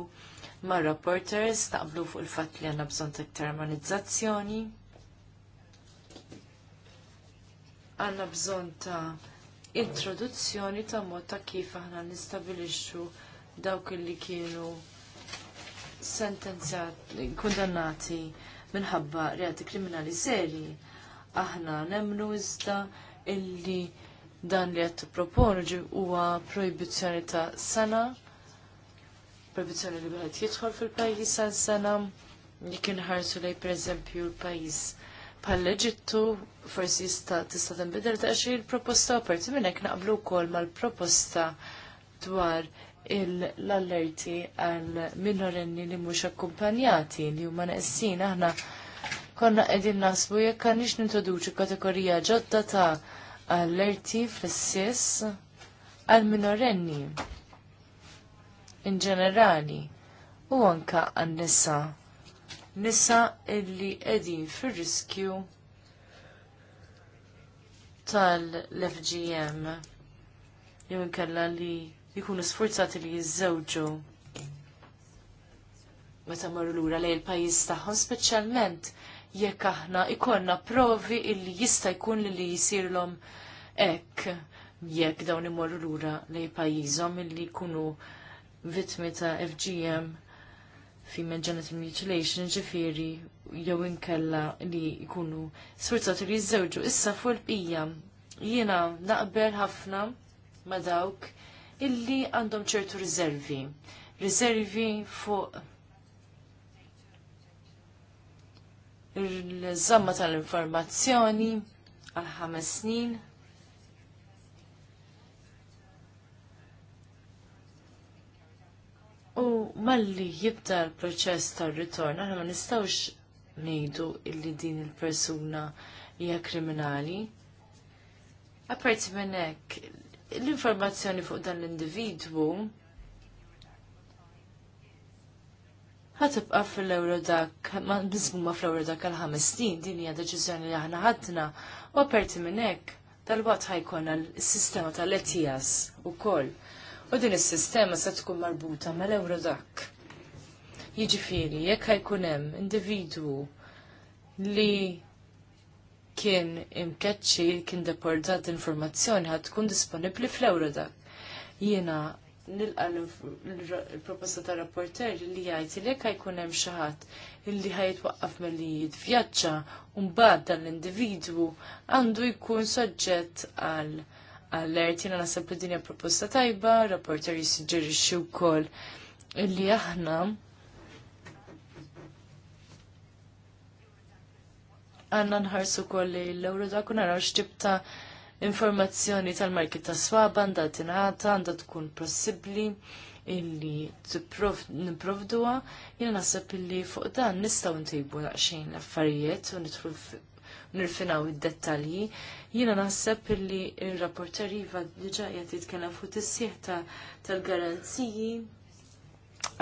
ma' reporters naqblu fuq il-fatt li għandna bżonn iktar armonizzazzjoni. Għandna bżonn ta' introduzzjoni ta' mod ta' kif aħna nistabilixxu dawk li kienu sentenzjat kundannati minħabba reati kriminali seri. Aħna nemnu iżda illi dan li għattu proponu huwa proibizzjoni ta' sena, proibizzjoni li bħed jidħol fil-pajis għal sena, li kien ħarsu lej per eżempju l-pajis bħall-Eġittu forsi jista tista' tinbidel ta' xi l-proposta parti minn hekk naqblu wkoll mal-proposta dwar l-allerti għal minorenni li mhux akkumpanjati li huma neqsin aħna konna qegħdin nasbu jekk għandix nintroduċu kategorija ġodda ta' allerti fl-sis għal minorenni in ġenerali u anka għan nisa nisa illi qegħdin fir-riskju tal-FGM jew inkella li jikunu sforzati li jizzawġu meta marru lura lejn il-pajjiż tagħhom speċjalment jekk aħna ikollna provi illi jista' jkun li jsirlhom hekk jekk dawn imorru lura lejn pajjiżhom illi jkunu vittmi ta' FGM female genital mutilation ġifieri jew inkella li jkunu sforzati li jiżżewġu issa fuq il pija jiena naqbel ħafna ma dawk illi għandhom ċertu riservi. Riservi fuq il-żamma tal-informazzjoni għal ħames snin. U malli jibda l-proċess tal-ritorn, għana ma nistawx ngħidu illi din il-persuna hija kriminali. Apparti minn hekk l-informazzjoni fuq dan l-individwu ħatibqa fil-Eurodac, ma nizmuma fil-Eurodac għal ħames snin, din hija deċiżjoni li aħna ħadna, u aperti minn hekk tal-waqt ħajkun għal-sistema tal-ETIAS ukoll. U din is-sistema se tkun marbuta mal-Eurodac. Jiġifieri, jekk ħajkun hemm individwu li kien imkeċċi kien deportat informazzjoni ħad tkun disponibbli fl-Eurodac. Jiena nilqa l-proposta ta' rapporter li jgħid li jekk jkun hemm xi ħadd illi ħajtwaqqaf milli jitvjaġġa u mbagħad dan l-individwu għandu jkun soġġett għal għallert jiena naħseb li dinja proposta tajba, rapporter jissuġġerixxi wkoll illi aħna għanna nħarsu kolli l-Eurodac u naraw x'tib ta' informazzjoni tal marki ta' swaba għandha tingħata għandha tkun possibbli illi niprovduha jiena naħseb illi fuq dan nistgħu ntejbu naqxin l-affarijiet u nidħlu nirfinaw id-dettalji. Jiena naħseb illi il-rapporter Iva diġa jgħat jitkellem fuq t-sieħta tal-garanziji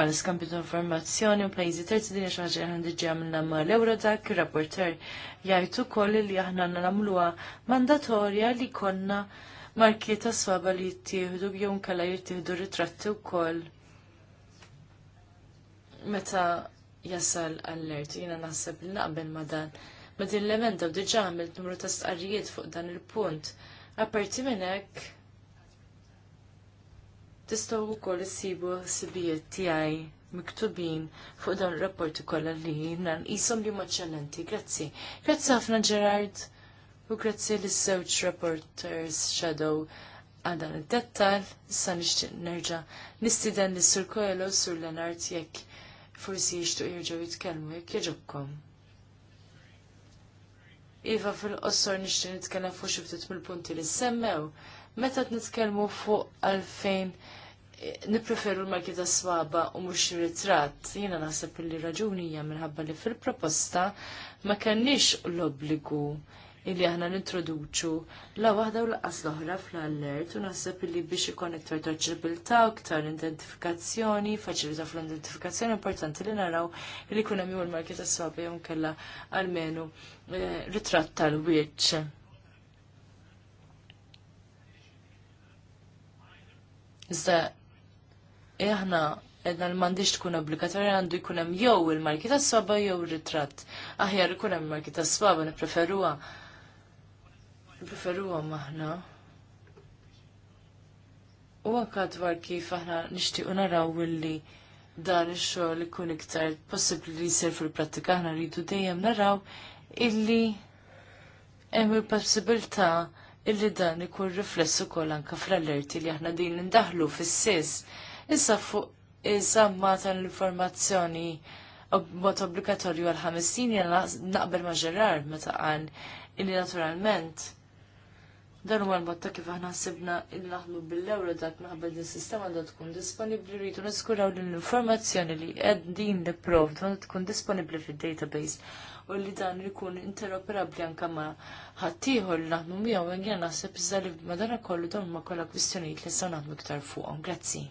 għal skambju ta' informazzjoni u pajjiżi terzi din xi ħaġa ħan diġà ma' l eurodak ir-rapporter jgħid ukoll li aħna nagħmluha mandatorja li konna markieta swaba li jittieħdu jew kalla jittieħdu ritratti wkoll meta jasal allert, jina naħseb li naqbel ma dan. Ma din l-emenda u diġa għamilt numru ta' stqarrijiet fuq dan il-punt. Aperti minn hekk, Tistaw u koll sibu sibijiet tijaj miktubin fuq dan rapporti kolla li jina jisom li maċċellenti. Grazzi. Grazzi ħafna Gerard u grazzi s-sewċ reporters shadow għadan il-dettal. Issa nixtieq nerġa' nistiden s sur s sur l-anart jekk forsi jixtuq jirġgħu jitkellmu jekk jġobkom. Iva fil-qossor nixtieq nitkellem fuq xi ftit mill-punti li semmew. Meta nitkellmu fuq għalfejn nipreferu l-marki ta' swaba u mux ritratt. Jena naħseb li raġuni hija minħabba li fil-proposta ma kenniex l-obbligu illi aħna nintroduċu la waħda u laqas l-oħra fl-allert u naħseb li biex ikon iktar traċċibilità u iktar identifikazzjoni, faċilità fl-identifikazzjoni importanti li naraw illi kuna miju l-marki ta' swaba jom kella għalmenu eh, ritratt tal-wieċ. Iżda E aħna edna l mandiċ tkun obbligatorja għandu jkun hemm jew il-marki ta' swaba jew ir-ritratt. Aħjar ikun hemm marki ta' swaba nippreferuha. Nipreferuwa maħna. U għakad war kif aħna nixtiequ naraw willi dan ix-xogħol ikun iktar possibbli li jisir fil-prattika aħna rridu dejjem naraw illi hemm il-possibilità illi dan ikun riflessu ukoll anke fl-alerti li aħna din nindaħlu fis-sis Issa fuq iż-żamma tal-informazzjoni b'mod obbligatorju għal ħames snin naqbel ma' ġerar meta qal illi naturalment dan huwa l-mod ta' kif aħna ħsibna illi naħdmu bil-ewro dak naqbel din sistema għandha tkun disponibbli rridu niskuraw li l-informazzjoni li qegħdin nipprovd għandha tkun disponibbli fid-database u li dan ikun interoperabbli anke ma ħaddieħor li naħdmu miegħu għen naħseb iżda li madankollu dawn ma kollha kwistjonijiet li se' naħdmu iktar fuqhom. Grazzi.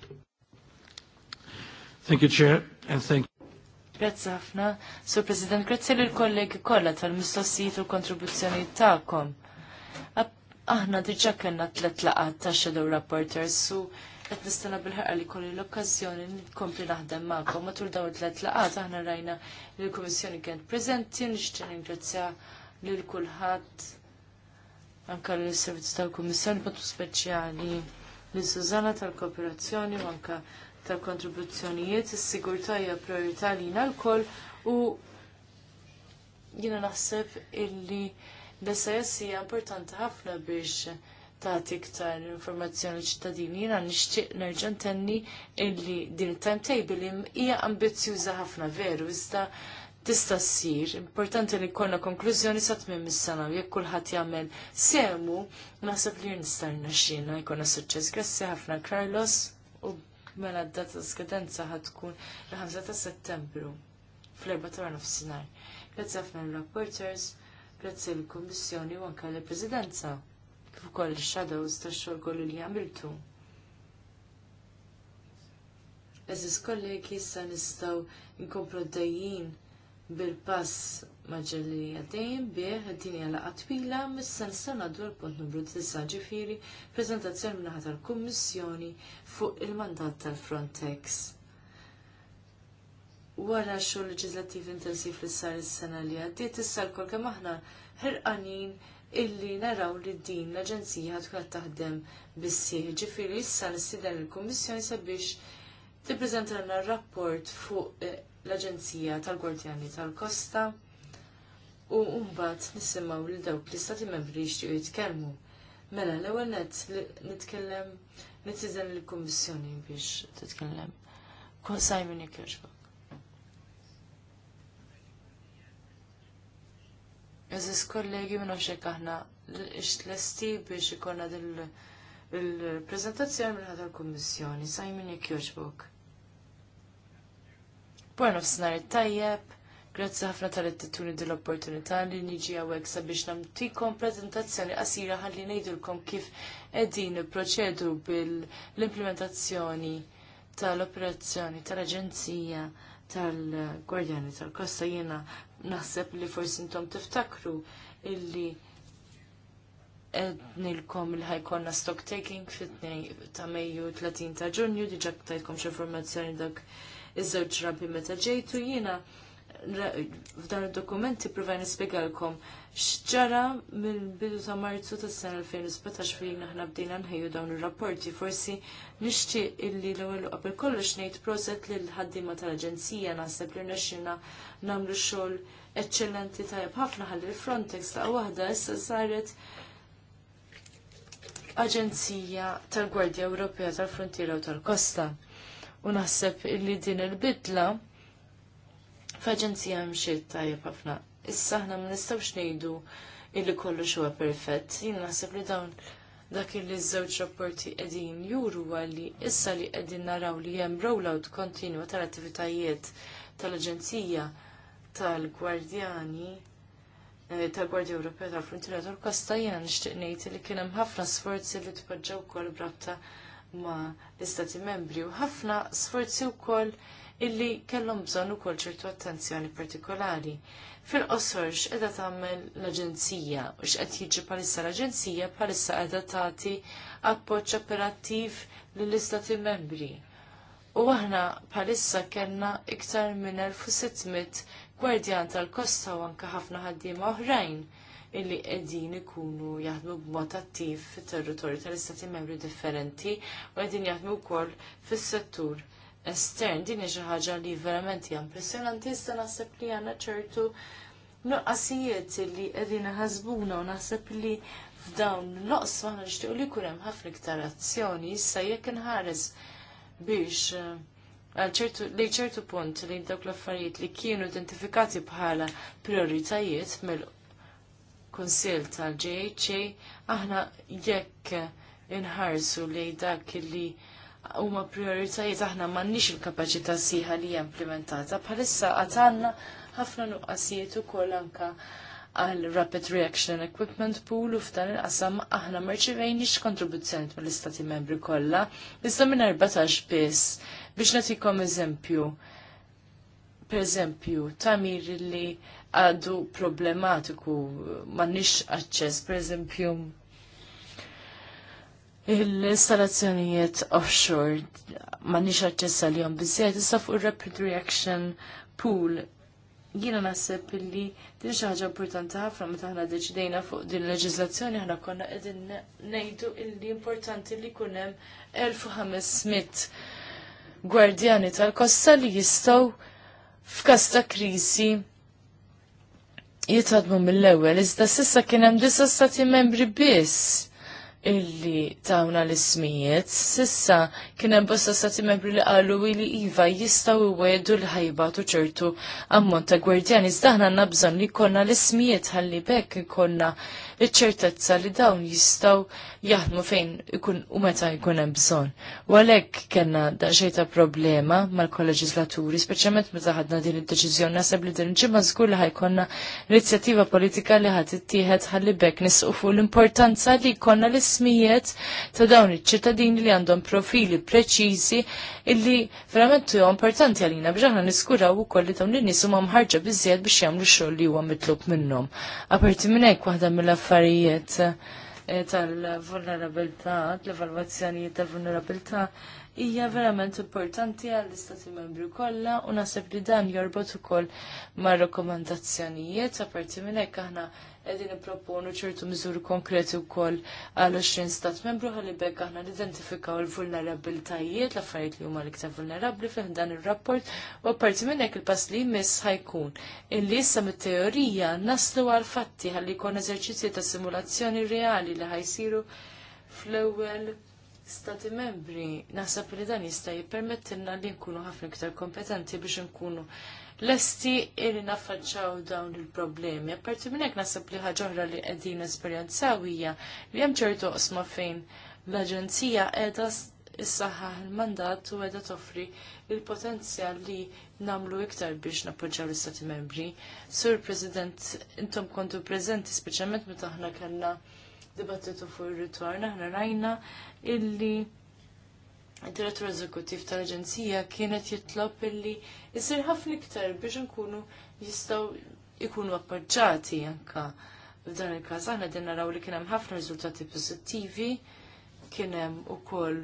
Thank you, Chair, and thank Grazzi ħafna. Sur President, grazzi lill kollegi kollha tal-mistoqsijiet u kontribuzzjoni tagħkom. Aħna diġà kellna tlet laqat ta' Shadow Rapporters su qed nista'na bil-ħarqa li kolli l-okkażjoni nkompli naħdem magħkom matul dawn it laqat, aħna rajna li l-Kummissjoni prezenti. preżenti nixtieq lil kulħadd anke l-servizz tal-Kummissjoni b'mod speċjali li Sużana tal-Kooperazzjoni u tal-kontribuzzjonijiet, is-sigurtà hija priorità lina l-koll u jiena naħseb illi l-SIS hija importanti ħafna biex tagħti iktar informazzjoni ċittadini jiena nixtieq nerġa' ntenni illi din timetable hija ambizzjuża ħafna veru iżda tista' ssir, importanti li jkollna konklużjoni sa tmiem is-sena jekk kulħadd jagħmel semu, naħseb li nista' rnexxielna jkollna suċċess. Grazzi ħafna Carlos mela d-data ta' skadenza ħatkun il-5 ta' settembru fl-4 ta' nofsinhar. Grazzi ħafna l-rapporters, grazzi l-Kummissjoni u anke l-Presidenza kif ukoll ix-shadows tax-xogħol kollu li għamiltu. Eżis kollegi sa nistgħu nkomplu dejjin bil-pass maġġelli għaddejjem bieħ dinja laqgħa twila mis-san sena dwar punt numru tisa ġifiri prezentazzjoni minnaħat tal-Kummissjoni fuq il-mandat tal-Frontex. Wara xogħol leġislattiv intensiv li sar is-sena li għaddiet issa l-kol kemm aħna ħirqanin illi naraw li din l-Aġenzija tkun qed taħdem bis-sieħ. Ġifieri issa nistieden il-Kummissjoni sabiex tippreżentalna r-rapport fuq eh, l-Aġenzija tal-Gwardjani tal-Kosta u mbagħad nisimgħu lil dawk li stati membri jixtiequ jitkellmu. Mela, l-ewwel nett nitkellem nitiżen il kummissjoni biex titkellem. Simon Kirchberg. Eżis kollegi minn xek aħna l-esti biex ikonna il-prezentazzjoni minn ħadha l-Kummissjoni, Simon Kirchberg. Buon snarit tajjeb Grazzi ħafna tal din l opportunità li niġi għawek sabiex namtikom prezentazzjoni qasira ħalli ngħidulkom kif qegħdin proċedu bil-implementazzjoni tal-operazzjoni tal-Aġenzija tal-Gwardjani tal-Kosta jiena naħseb li forsi intom tiftakru illi ednilkom li ħajkonna stock taking fit ta' Mejju 30 ta' Ġunju, diġa ktajkom xi informazzjoni dak iż-żewġ rabi meta ġejtu jiena f'dan id-dokumenti provaj nispjegalkom x'ġara mill-bidu ta' Marzu tas-sena 2017 fejn aħna bdejna nħejju dawn ir-rapporti. Forsi nixtieq illi l-ewwel qabel kollox ngħid proset lil ħaddiema tal-Aġenzija naħseb li rnexxina nagħmlu xogħol eċċellenti tajjeb ħafna ħalli l-Frontex ta' waħda issa saret Aġenzija tal-Gwardja Ewropea tal-Frontiera u tal-Kosta. U naħseb illi din il-bidla f'aġenzija hemm tajjeb ħafna. Issa aħna ma nistgħux ngħidu illi kollox huwa perfett. Jien naħseb li dawn dak li ż-żewġ rapporti qegħdin juru għalli issa li qegħdin naraw li hemm rollout kontinwa tal-attivitajiet tal-Aġenzija tal-Gwardjani eh, tal-Gwardja Ewropea tal-Frontiera tal-Kosta jiena nixtieq ngħid li kien hemm ħafna sforzi li tpoġġew wkoll b'rabta ma' l-Istati Membri u ħafna sforzi wkoll illi kellhom bżonn ukoll ċertu attenzjoni partikolari. Fil-qosor x'qeda tagħmel l-Aġenzija u x'qed jiġi bħalissa l-Aġenzija bħalissa qiegħda tagħti appoġġ operattiv lill-istati membri. U aħna bħalissa kellna iktar minn 1600 gwardjan tal-kosta u anke ħafna ħaddiema oħrajn illi qegħdin ikunu jaħdmu b'mod attiv fit-territorju tal-istati membri differenti u qegħdin jaħdmu wkoll fis-settur estern. Din xi ħaġa li verament hija impressjonanti issa naħseb li għandna ċertu nuqqasijiet li qegħdin ħasbuna u naħseb li f'dawn l-oqs aħna nixtiequ li jkun hemm ħafna iktar azzjoni issa jekk inħares biex eh, li ċertu punt li dawk l-affarijiet li kienu identifikati bħala prioritajiet mill-Kunsill tal-JHA aħna jekk inħarsu li dak li huma prioritajiet aħna m'għandniex il-kapaċità sieħa li hija implementata. Bħalissa qatt għandna ħafna nuqqasijiet ukoll anke għal Rapid Reaction Equipment Pool u f'dan il-qasam aħna ma rċivejniex kontribuzzjoni mill-Istati Membri kollha, iżda minn 14 biss. Biex nagħtikom eżempju, per eżempju, tamir li għadu problematiku m'għandniex aċċess, per eżempju, il installazzjonijiet offshore ma nixħarċessa li għal-jom issa fuq il-Rapid Reaction Pool. Jina nasib li din xi ħaġa importanti ħafna meta aħna deċidejna fuq din il-leġiżlazzjoni aħna konna qegħdin ngħidu illi importanti li jkun hemm 1500 gwardjani tal-kosta li jistgħu f'każ ta' kriżi jitħadmu mill-ewwel iżda s'issa kien hemm disa stati membri biss illi tawna l-ismijiet, sissa kien hemm bosta stati membri li qalu li iva jistgħu iwedu l tu ċertu ammont ta' gwardjani iżda aħna għandna bżonn li jkollna l-ismijiet ħalli bekk ikollna iċ-ċertezza li dawn jistaw jaħdmu fejn ikun u meta jkun hemm bżonn. U għalhekk kellna daqsxejn ta' problema mal-kolleġislaturi, speċjalment meta ħadna din id-deċiżjoni naħseb li din ġimgħa żgur li ħajkonna inizjattiva politika li ħadd ittieħed ħalli bekk nisqu fuq l-importanza li jkollna l-ismijiet ta' dawn iċ-ċittadini li għandhom profili preċiżi illi verament huwa importanti għalina biex aħna niskuraw ukoll li dawn in-nies huma mħarġa biżjed biex jagħmlu x-xogħol li huwa mitlub minnhom. Aparti minn hekk waħda mill affarijiet eh, tal-vulnerabilità, l-evalwazzjonijiet tal-vulnerabilità hija verament importanti għall istati membri kollha u naseb li dan jorbot ukoll mar-rakkomandazzjonijiet apparti minn hekk aħna qegħdin nipproponu ċertu miżuri konkreti wkoll għal 20 stat membru ħalli bekk aħna nidentifikaw il-vulnerabbiltajiet, l-affarijiet li huma l-iktar vulnerabbli fejn dan ir-rapport u apparti minn hekk il-pass li jmiss ħajkun illi issa mit-teorija naslu għal fatti ħalli jkun eżerċizzji ta' simulazzjoni reali li ħajsiru fl-ewwel stati membri, naħseb li dan jista' jippermettilna li nkunu ħafna iktar kompetenti biex nkunu lesti ili naffaċċaw dawn il-problemi. Apparti minn hekk naħseb li ħaġa oħra li qegħdin nesperjenzaw hija li hemm ċertu qosma fejn l-Aġenzija qiegħda issaħħaħ il-mandat u qiegħda toffri il-potenzjal li namlu iktar biex nappoġġaw l-Istati membri. Sur President, intom kontu prezenti speċjalment meta aħna kellna dibattitu fuq ir ritwarna aħna rajna illi id-direttur eżekuttiv tal-Aġenzija kienet jitlob illi jisir ħafna iktar biex nkunu jistgħu ikunu appoġġati anka f'dan il-każ aħna din naraw li kien hemm ħafna riżultati pożittivi, kien hemm ukoll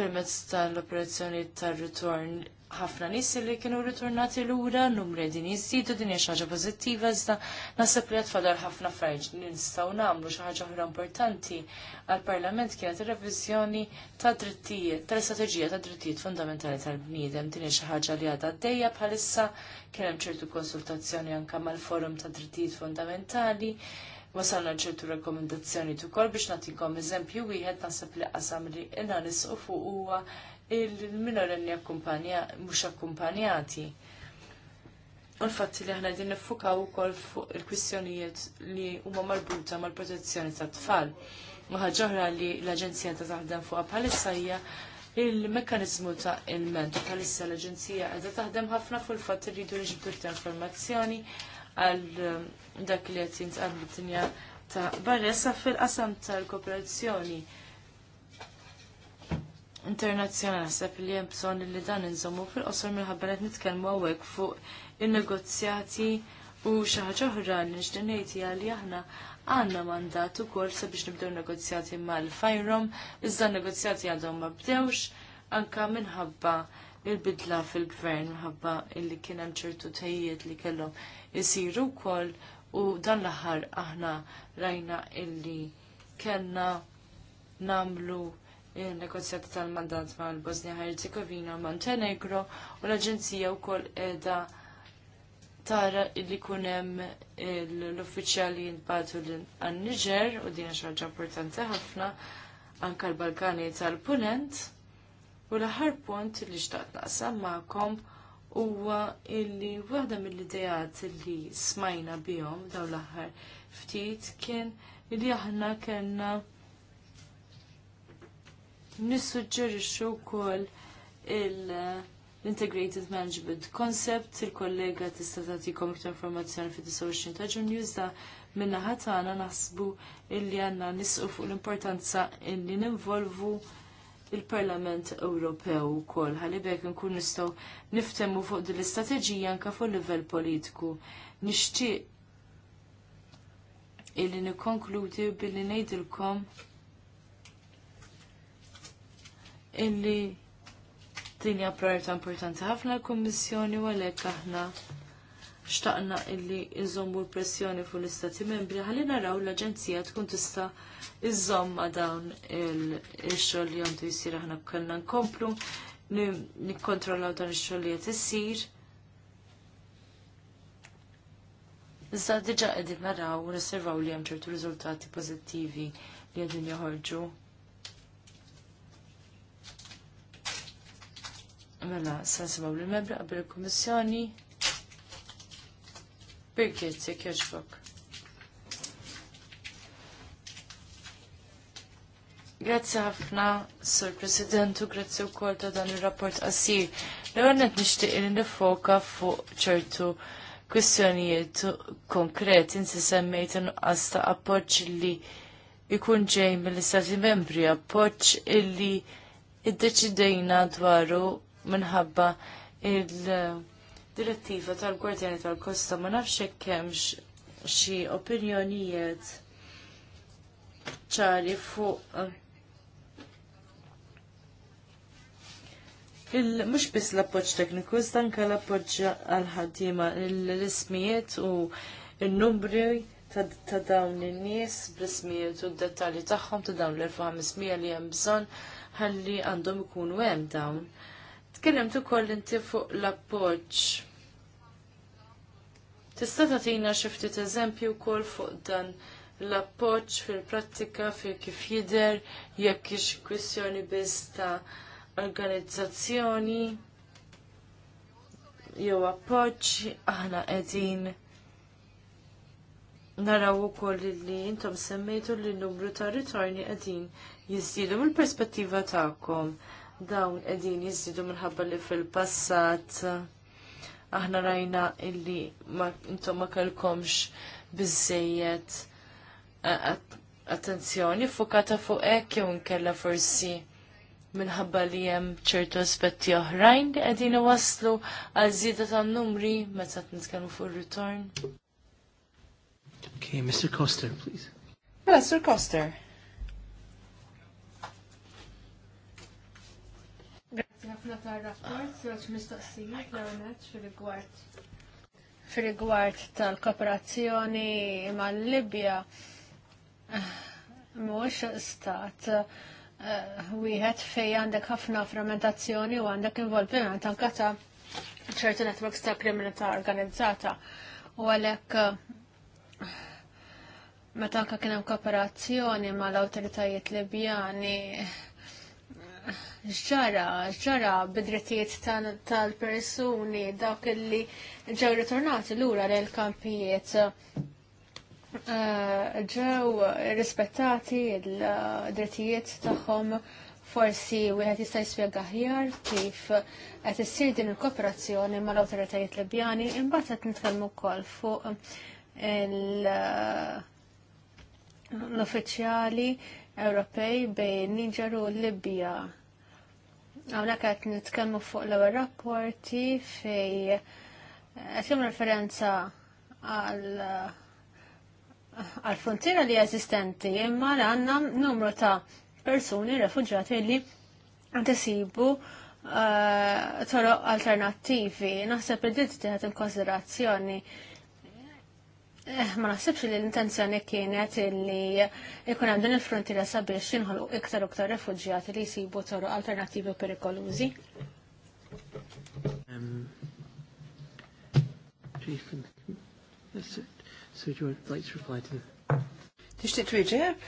permezz tal-operazzjoni tar-ritorn ħafna nis li kienu ritornati lura, numri din jiżdiedu din hija xi ħaġa pożittiva iżda naħseb li qed fadal ħafna affarijiet li namlu nagħmlu xi ħaġa oħra importanti għall-Parlament kienet ir-reviżjoni ta' drittijiet tal-istrateġija ta' drittijiet fundamentali tal-bniedem din hija xi ħaġa li għadha għaddejja bħalissa kien hemm ċertu konsultazzjoni anke mal-forum ta' drittijiet fundamentali wasalna ċertu rekomendazzjoni tukol biex natikom eżempju wieħed nasab li qasam li inna nisqu fuq huwa il-minorenni mhux akkumpanjati. U l-fatt li aħna din u ukoll fuq il-kwistjonijiet li huma marbuta mal-protezzjoni tat-tfal. Maħġoħra li l-Aġenzija ta' taħdem fuqha bħalissa hija il-mekkanizmu ta' il-ment bħalissa l-Aġenzija għadha taħdem ħafna fuq il-fatt li jridu niġbdu iktar informazzjoni għal um, dak li qed jintqal bid-dinja ta' barressa fil-qasam tal-kooperazzjoni internazzjonali għasab li hemm bżon li dan inżommu fil-qosor minħabba ħabbanet nitkellmu hawnhekk fuq in-negozjati u xi ħaġa oħra li nixtieq ngħid li aħna għandna mandat ukoll sabiex nibdew negozjati mal-fajrom, iżda negozjati għadhom ma bdewx anka minħabba il-bidla fil-gvern minħabba illi kien hemm ċertu tejjiet li kellhom isiru wkoll u dan l-aħħar aħna rajna illi kellna namlu il-negozjati tal-mandat ma' l-Bosnia Herzegovina u Montenegro u l-Aġenzija wkoll edha tara li jkun hemm l-uffiċjali jintbatu għan-Niġer u dina xaġa importanti ħafna anke l-Balkani tal-Punent u l-aħħar punt li xtaqt naqsam magħkom huwa illi waħda mill-idejat li smajna bihom dawn l-aħħar ftit kien li aħna kellna nissuġġerixxu wkoll uh, l-Integrated Management Concept, il-kollega tista' tagħtikom iktar informazzjoni fid-29 ta' Ġunju iżda min-naħa tagħna naħsbu illi għandna nisqu fuq l-importanza illi ninvolvu il-Parlament Ewropew ukoll ħalibek nkun nistgħu niftemmu fuq din l-istrateġija anke fuq livell politiku. Nixtieq illi nikkonkludi billi ngħidilkom illi din hija priorità importanti ħafna l-Kummissjoni u għalhekk aħna xtaqna illi iżommu l-pressjoni fuq l-Istati Membri ħalli naraw l-Aġenzija tkun tista' iżomma dawn il-xogħol li għandu jsir aħna kellna nkomplu nikkontrollaw dan ix-xogħol li qed issir. Iżda diġà qegħdin naraw u nosservaw li hemm ċertu riżultati pożittivi li qegħdin joħorġu Mela, s-sasibaw l membri qabel il komissjoni Birgit, jek jaġbok. Grazzi ħafna, Sir Presidentu, grazie grazzi u kol ta' dan il-rapport qasir. L-għannet nishtiq li nifoka fuq ċertu kwistjonijiet konkret inti semmejt inqas ta' appoġġ li jkun ġej mill-Istati Membri, appoġġ illi iddeċidejna dwaru minħabba il-direttiva tal-Gwardjani tal-Kosta ma nafx hekk xi opinjonijiet ċari fuq eh, il mhux biss l appoġġ tekniku, anke l appoġġ għal ħaddiema l-ismijiet u n numri ta' dawn in nies bl-ismijiet u d dettalji tagħhom ta' dawn l-1500 li hemm bżonn ħalli għandhom ikunu hemm dawn. Tkellimt ukoll inti fuq l-appoġġ. Tista' tagħtina xi ftit eżempju wkoll fuq dan l-appoġġ fil-prattika fil kif jidher jekk hix kwistjoni biss ta' organizzazzjoni jew appoġġ aħna qegħdin naraw ukoll li intom semmejtu li n-numru ta' ritorni qegħdin jiżdiedu mill-perspettiva tagħkom dawn qegħdin jiżidu minħabba li fil-passat aħna rajna illi ma, intom ma kellkomx biżejjed attenzjoni fukata fuq hekk jew nkella forsi minħabba li hemm ċertu aspetti oħrajn li qegħdin waslu għal żieda tan-numri meta qed nitkellmu fuq ir-ritorn. Okay, Mr. Coster, please. Mela, Sir Coster. ħafna rapport mistoqsijiet l-għonet fil gwart fil tal-kooperazzjoni mal-Libja mux stat eh, wieħed fej għandek ħafna frammentazzjoni u għandek involviment anka ta' ċertu networks ta' kriminalità organizzata. U għalhekk eh, meta anke kien hemm kooperazzjoni mal-awtoritajiet Libjani xġara, xġara bidrittijiet tal-persuni dawk li ġew ritornati lura l-kampijiet eh, ġew rispettati l-drittijiet tagħhom forsi wieħed jista' jispjega aħjar kif qed issir din il-kooperazzjoni mal-awtoritajiet Libjani imbagħad qed nitkellmu wkoll fuq l-uffiċjali Ewropej bejn Niġer u Libja Għawnek għet nitkellmu fuq l rapporti fej għet eh, referenza għal għal-frontiera li jazistenti imma l għanna numru ta' persuni refugġati li għantesibu uh, eh, toroq alternativi. Naħseb li dit tiħat in konsiderazzjoni Eh, ma naħsibx li l-intenzjoni kienet li jkun għandun il-frontiera sabiex jinħolqu iktar u iktar refuġjati li jsibu toru alternattivi u perikolużi. Tixtieq twieġeb?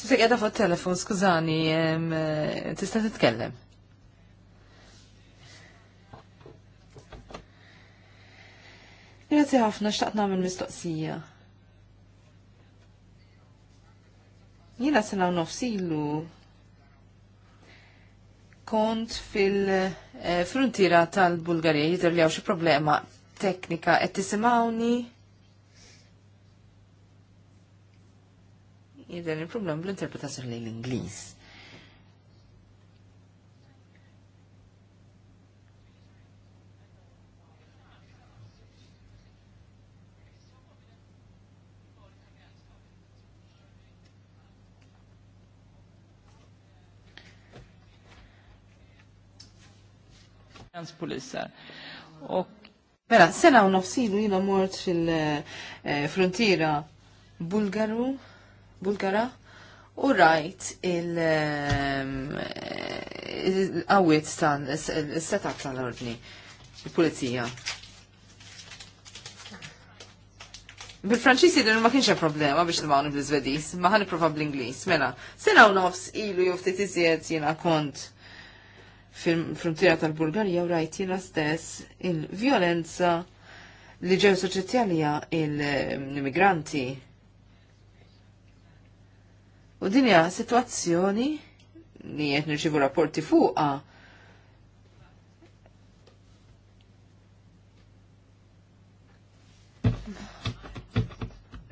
Sisa għada fuq telefon, skużani, eh, tista' titkellem. Grazie ħafna, xtaqt nagħmel mistoqsija. Jiena sena u nofsilu kont fil-frontiera eh, tal-Bulgarija jidr li għaw xi problema teknika qed tisimgħuni. jidan il-problem bl-interpretazzjoni li l inglis gränspoliser. Mela, sena u nofsilu jina mort fil eh, frontira Bulgaru Bulgara u rajt ehm, il-għawit tan, il-setup tal-ordni, il-pulizija. bil franċiżi jidin ma kienx problema biex nimawni bl-Izvedis, ma ħan iprofa bl-Inglis, mela. Sena u nofs ilu ftit iżjed jena kont fil-frontiera tal-Bulgarija u rajt jena stess il-violenza li ġew soċetjalija il-immigranti. il immigranti U dinja situazzjoni li jett nirċivu rapporti fuqa.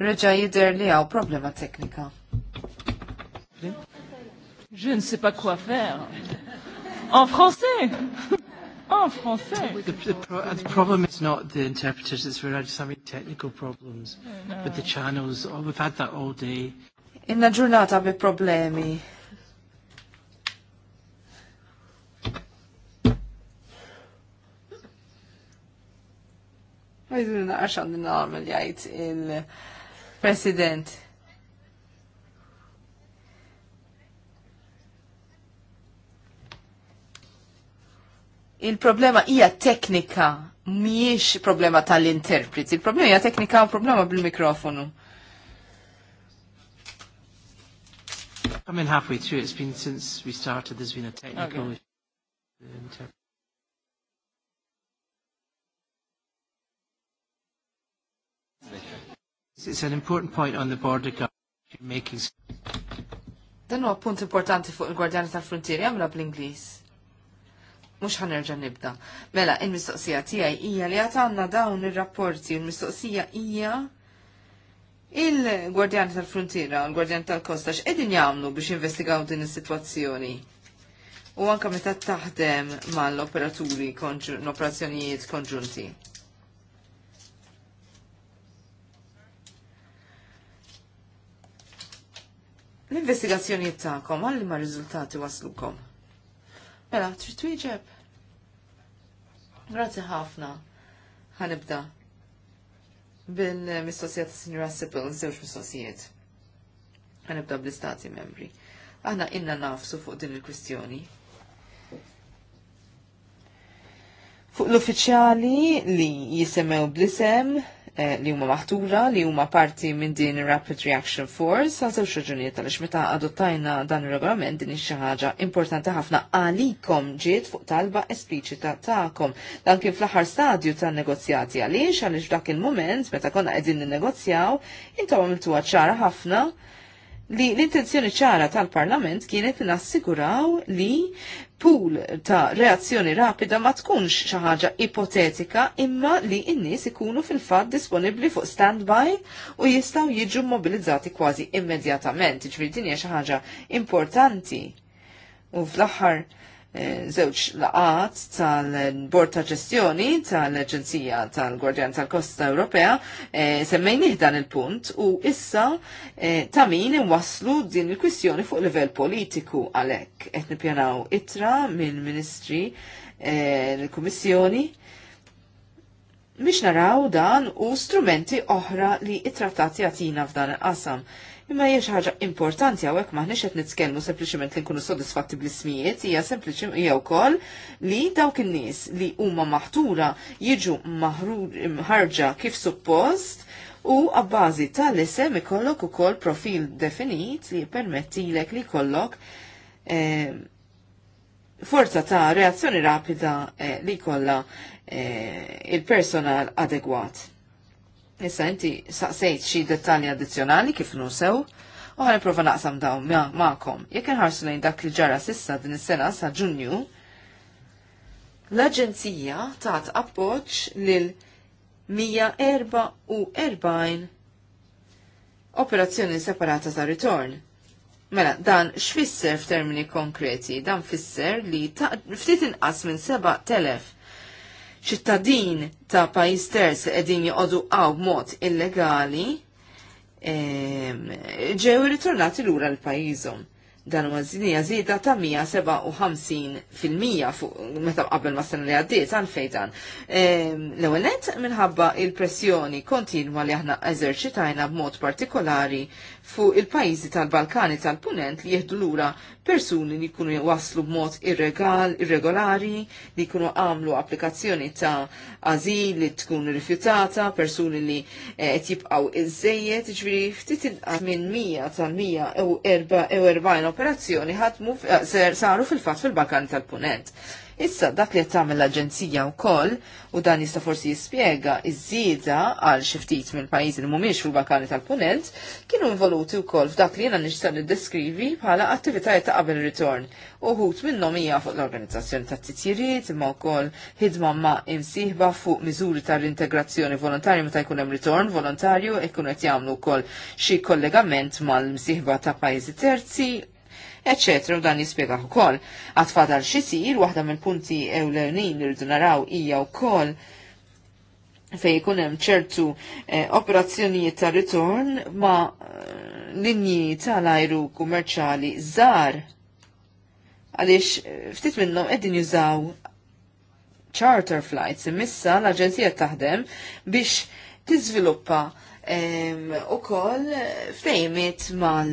Reġa jider li għaw problema teknika. Je ne sais pas quoi faire. En français. En français. The, the, pro the problem is not the interpreters, it's we're just having technical problems no. with the channels. Oh, we've had that all day. Inna ġurnata bi problemi. Għajdu għax għandin għamil jajt il-president. Il-problema hija teknika, mhijiex problema tal-interpreti. Il-problema hija teknika u problema bil-mikrofonu. I mean halfway through. It's been since we started. There's been a technical okay. issue. It's an important point on the border guard you're making. Dan huwa punt importanti fuq il-Gwardjani tal-Frontieri għamla bl-Ingliż. Mhux ħanerġa' nibda. Mela, il-mistoqsija tiegħi hija li għad għandna dawn ir-rapporti u l-mistoqsija hija Il-Gwardjani tal-Frontiera, il-Gwardjani tal-Kosta, x'qegħdin jagħmlu biex investigaw din is-sitwazzjoni? U anka meta taħdem mal-operaturi l-operazzjonijiet konġunti. L-investigazzjonijiet tagħkom għal ma riżultati waslukom. Mela, trid twieġeb. Grazzi ħafna. Ħanibda bil-mistoqsijiet Sinjura Sibyl, żewġ mistoqsijiet. Għanibda bl-istati membri. Aħna inna nafsu fuq din il-kwistjoni. Fuq l-uffiċjali li jisemew isem Eh, li huma maħtura li huma parti minn din Rapid Reaction Force għal żewġ raġunijiet għaliex meta adottajna dan ir-regolament din xi ħaġa importanti ħafna għalikom ġiet fuq talba espliċita tagħkom. Dan kien fl-aħħar stadju tan-negozjati għaliex għaliex f'dak il-mument meta konna qegħdin ninnegozjaw intom għamiltuha ċara ħafna li l-intenzjoni ċara tal-Parlament kienet li nassiguraw li pool ta' reazzjoni rapida ma tkunx xi ħaġa ipotetika imma li n-nies ikunu fil-fatt disponibbli fuq standby u jistgħu jiġu mobilizzati kważi immedjatament, ġifieri din hija xi ħaġa importanti. U fl-aħħar żewġ eh, laqat tal-Bord ta' ġestjoni tal-Aġenzija tal-Gwardjan tal-Kosta Ewropea eh, semmejnih dan il-punt u issa eh, ta' min waslu din il-kwistjoni fuq livell politiku għalhekk qed nippjanaw itra mill-Ministri l-Kummissjoni biex naraw dan u strumenti oħra li it-trattati għatina f'dan il-qasam imma hija xi ħaġa importanti hawnhekk maħniex qed nitkellmu sempliċement li nkunu sodisfatti bl-ismijiet, hija sempliċi hija wkoll li dawk in-nies li huma maħtura jiġu ħarġa kif suppost u għabbażi tal-isem ikollok ukoll profil definit li jippermettilek li jkollok eh, forza ta' reazzjoni rapida eh, li kolla eh, il-personal adegwat. Issa inti saqsejt xi dettalji addizzjonali kif nusew, u ħan prova naqsam dawn ma'kom. Jekk inħarsu lejn dak li ġara sissa din is-sena sa' Ġunju, l-Aġenzija tat appoġġ lil 144 operazzjoni separata ta' ritorn. Mela, dan xfisser f'termini konkreti, dan fisser li ftit inqas minn 7000 ċittadin ta' pajis ters edin joqodu għaw mod illegali, ġew ritornati lura l-pajizom. Dan u żinija żieda ta' 157% fuq meta qabel ma sena li għaddiet għal fejtan. L-ewwel minħabba il-pressjoni kontinwa li aħna eżerċitajna b'mod partikolari fuq il-pajjiżi tal-Balkani tal-Punent li jieħdu lura persuni li jkunu waslu b'mod irregal, irregolari, li jkunu għamlu applikazzjoni ta' azil li tkun rifjutata, persuni li eh, qed jibqgħu iżejjed, ġifieri ftit inqas minn 100 tal-144 operazzjoni ħadmu eh, saru fil-fatt fil-Balkani tal-Punent. Issa dak li tagħmel l-Aġenzija wkoll u dan jista' forsi jispjega iż-żieda għal xi ftit mill-pajjiżi li mhumiex fil-Balkani tal-Punent kienu involuti wkoll f'dak li jiena nixtieq niddeskrivi bħala attivitajiet ta' qabel ritorn u ħut minnhom hija fuq l-organizzazzjoni ta' titjiriet imma wkoll ħidma ma' imsieħba fuq miżuri ta' integrazzjoni volontarju meta jkun hemm ritorn volontarju e jkun qed jagħmlu wkoll xi kollegament mal-msieħba ta' pajjiżi terzi ecc. u dan jispiega wkoll. xi xisir, waħda mill-punti ewlenin li rridu naraw hija wkoll fej jkun hemm ċertu eh, operazzjonijiet ta' ritorn ma' eh, linji tal-ajru kummerċali żgħar għaliex eh, ftit minnhom qegħdin jużaw charter flights imissa l-aġenzija taħdem biex tiżviluppa eh, u koll fejmit mal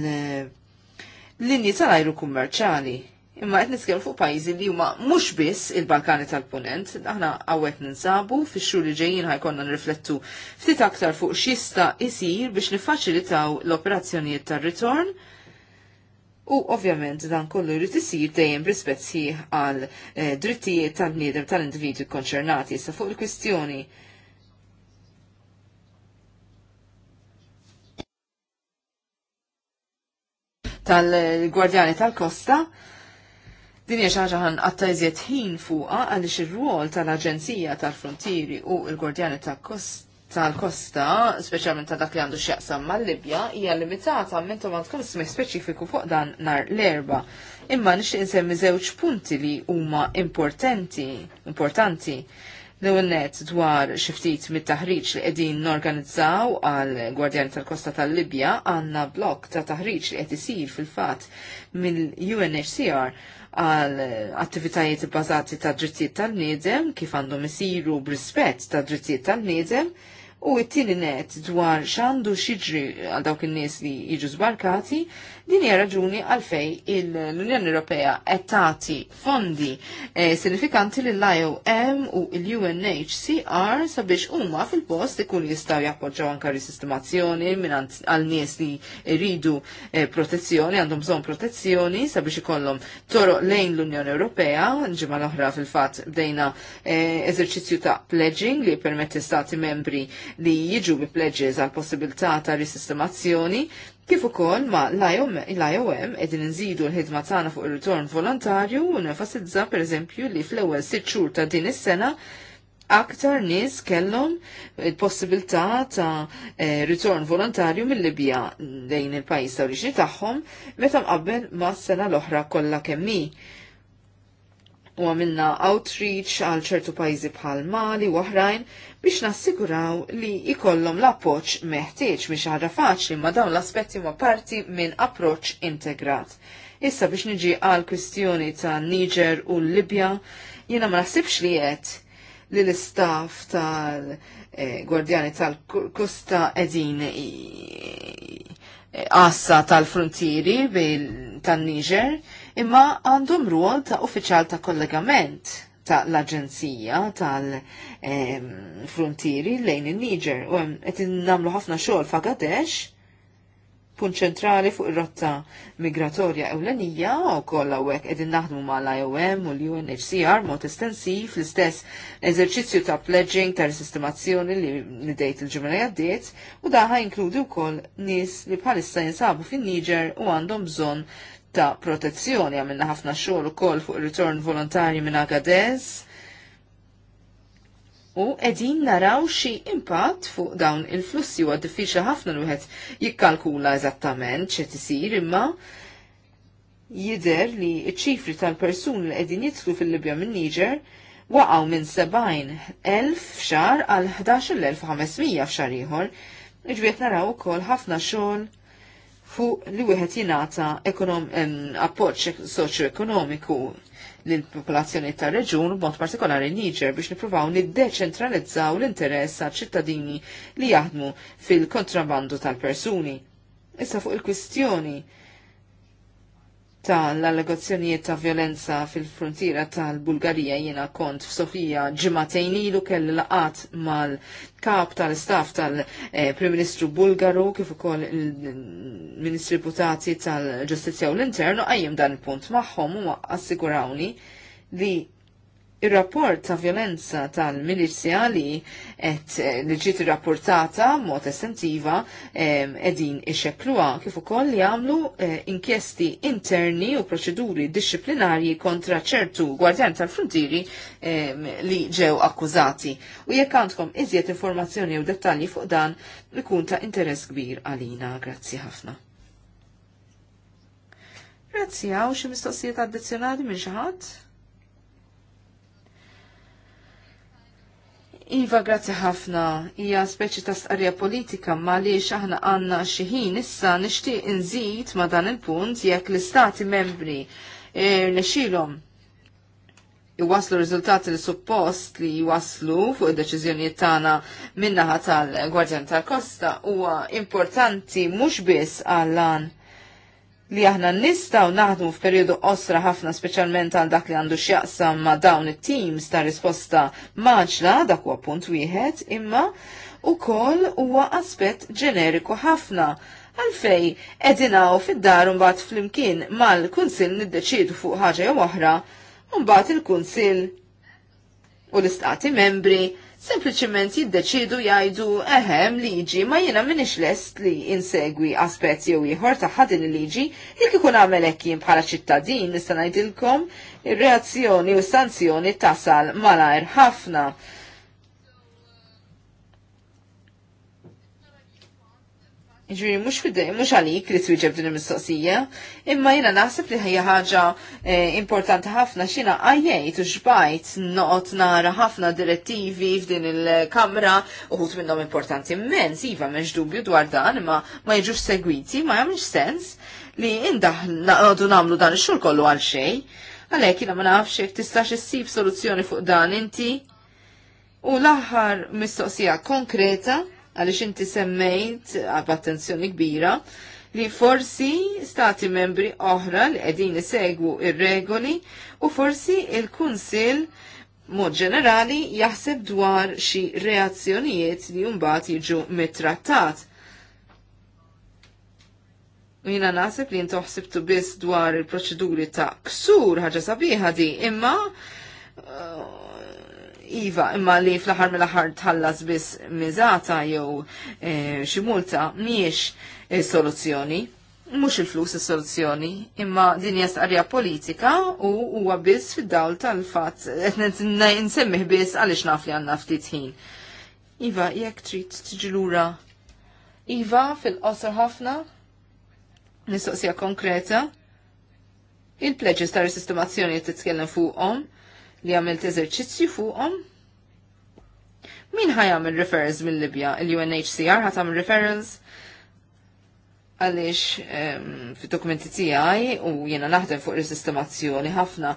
linji tal-ajru kummerċali. Imma qed nitkellmu fuq pajjiżi li huma mhux biss il-Balkani tal-Punent, aħna għawet ninsabu fix xur li ġejjin ħajkonna nriflettu ftit aktar fuq xista isir biex niffaċilitaw l-operazzjonijiet tar-ritorn. U ovvjament dan kollu jrid isir dejjem rispett sħiħ għal eh, drittijiet tal-bniedem tal-individwi konċernati sa fuq il-kwistjoni tal-Gwardjani tal-Kosta. Din hija xi ħaġa ħan qatta ħin fuqha għaliex ir-rwol tal-Aġenzija tal-Frontieri u l-Gwardjani tal-Kosta, speċjalment ta' dak li għandu x'jaqsam mal-Libja, hija limitata minn ma tkun smih speċifiku fuq dan nar l-erba. Imma nixtieq insemmi żewġ punti li huma importanti, importanti L-ewwel dwar xi ftit mit-taħriġ li qegħdin norganizzaw għal Gwardjani tal-Kosta tal-Libja għandna blok ta' taħriġ li qed isir fil-fatt mill-UNHCR għal attivitajiet bbażati ta' drittijiet tal-niedem kif għandhom isiru b'rispett ta' drittijiet tal-niedem U it-tieni net dwar x'għandu xiġri għal dawk in-nies li jiġu żbarkati, din hija raġuni għalfej l-Unjoni Ewropea qed tagħti fondi eh, sinifikanti lill IOM u l-UNHCR sabiex huma fil-post ikun jistgħu jappoġġaw anke risistimazzjoni minn għal nies li jridu eh, protezzjoni, għandhom bżonn protezzjoni sabiex ikollhom toroq lejn l-Unjoni Ewropea, ġimgħa l-oħra fil-fatt bdejna eh, eżerċizzju ta' pledging li permetti stati membri li jiġu bi pledges għal possibilità ta' risistemazzjoni Kif ukoll ma l-IOM qegħdin inżidu l-ħidma tagħna fuq ir-ritorn volontarju u nefasizza pereżempju li fl-ewwel sitt xhur ta' din is-sena aktar nies kellhom il-possibilità ta' eh, ritorn volontarju mill-Libja lejn il-pajjiż ta' oriġini tagħhom meta mqabbel ma' sena l-oħra kollha kemm hi u għamilna outreach għal ċertu pajzi bħal Mali u oħrajn biex nassiguraw li ikollhom l-appoċ meħtieġ biex ħaġa faċli ma dawn l-aspetti ma parti minn approċ integrat. Issa biex niġi għal kwistjoni ta' Niger u Libja, jiena ma naħsibx li qed li l-istaff tal-Gwardjani eh, tal-Kusta edin għassa tal-frontieri tan-Niger imma għandhom rwol ta' uffiċjal ta' kollegament ta' l-Aġenzija tal-Frontieri ehm, lejn il-Niger u qed nagħmlu ħafna xogħol f'Agadex punt ċentrali fuq ir-rotta migratorja ewlenija u koll hawnhekk qegħdin naħdmu mal-IOM u l-UNHCR mod estensiv l-istess eżerċizzju ta' pledging ta' sistemazzjoni li nidejt il-ġimgħa għaddiet u daħħa inkludi wkoll nies li bħalissa jinsabu fin niger u għandhom bżonn ta' protezzjoni għamilna ħafna xogħol ukoll fuq ir-ritorn volontarji minn Agadez u edin naraw xi impatt fuq dawn il-flussi u diffiċli ħafna l wieħed jikkalkula eżattament x'qed isir imma jidher li ċ-ċifri tal-persuni li qegħdin jidħlu fil-Libja minn Niger waqgħu minn 70,000 xar għal 11,500 f'xar ieħor. Iġbiet naraw ukoll ħafna xogħol fuq li wieħed jingħata appoġġ soċjoekonomiku lill-popolazzjoni tar-reġun b'mod partikolari Niger biex nippruvaw niddeċentralizzaw l-interess għal ċittadini li jaħdmu fil-kontrabandu tal-persuni. Issa fuq il-kwistjoni tal-allegazzjonijiet ta' violenza fil-frontiera tal-Bulgarija jiena kont f'Sofija ġimatejn ilu kelli laqat mal-kap tal-staff tal-Prim Ministru Bulgaru kif ukoll il-Ministri Deputati tal-Ġustizzja u l-Internu għajjem dan il-punt magħhom u assigurawni li Ir-rapport ta' violenza tal-milizja et eh, li ġiet rapportata mod estentiva edin ixekluha kif ukoll jagħmlu eh, inkjesti interni u proċeduri disciplinarji kontra ċertu gwardjan tal frontiri li ġew akkużati. U jekk għandkom iżjed informazzjoni u dettalji fuq dan ikun ta' interess kbir għalina. Grazzi ħafna. Grazzi għaw xi mistoqsijiet addizzjonali minn xi ħadd? Iva, grazzi ħafna. Hija speċi ta' stqarrija politika ma li aħna għandna xi ħin issa nixtieq nżid ma' dan il-punt jekk l-istati membri nexilhom iwaslu riżultati li suppost li jwaslu fuq id-deċiżjonijiet tagħna minnaħa tal-Gwardjan tal-Kosta huwa importanti mhux biss għal li aħna nistaw naħdmu f'perjodu osra ħafna speċjalment għal dak li għandu x'jaqsam ma' dawn it-teams ta' risposta maġla dak huwa punt wieħed imma ukoll huwa aspett ġeneriku ħafna għalfej edinaw fid-dar mbagħad flimkien mal-kunsill niddeċidu fuq ħaġa jew oħra mbagħad il-kunsill u l-istati membri sempliciment jiddeċidu jajdu eħem liġi ma jina minix lest li insegwi aspet jew ieħor ta' din il-liġi jekk ikun għamel jien bħala ċittadin nista' ngħidilkom ir-reazzjoni u sanzjoni tasal malajr ħafna. Ġviri, mux fidej, mux għalik li twieġeb din il-mistoqsija, imma jena naħseb li ħajja ħaġa eh, importanti ħafna xina għajjajt u ġbajt noqot nara ħafna direttivi f'din il-kamra uħut minnom importanti immens, iva meġ dubju dwar dan, imma ma jġux segwiti, ma jgħamx sens li indaħ naqdu namlu dan xur kollu għal xej. Għalek jena ma nafx jek tistax s-sib soluzzjoni fuq dan inti. U l-aħħar mistoqsija konkreta għaliex inti semmejt għab-attenzjoni kbira li forsi stati membri oħra li qegħdin segwu ir-regoli u forsi il-Kunsill mod ġenerali jaħseb dwar xi reazzjonijiet li mbagħad jiġu mit-trattat. U jina naħseb li tu biss dwar il-proċeduri ta' ksur ħaġa sabiħa di, imma uh, Iva, imma li fl-ħar mill-ħar tħallas biss miżata jew eh, xi multa mhijiex soluzzjoni. Mhux il-flus is-soluzzjoni, imma din hija politika u huwa biss fid-dawl tal-fatt qed nsemmih biss għaliex naf li għandna ftit ħin. Iva, jekk trid tiġi lura. Iva, fil-qosor ħafna, nistoqsija konkreta, il-pleġis ta' resistimazzjoni titkellem fuqhom, li għamilt eżerċizzju fuqhom. Min ħajamil referrals minn Libja? Il-UNHCR ħatam referrals? għalix ehm, fi dokumenti tijaj u jena naħdem fuq il-sistemazzjoni ħafna.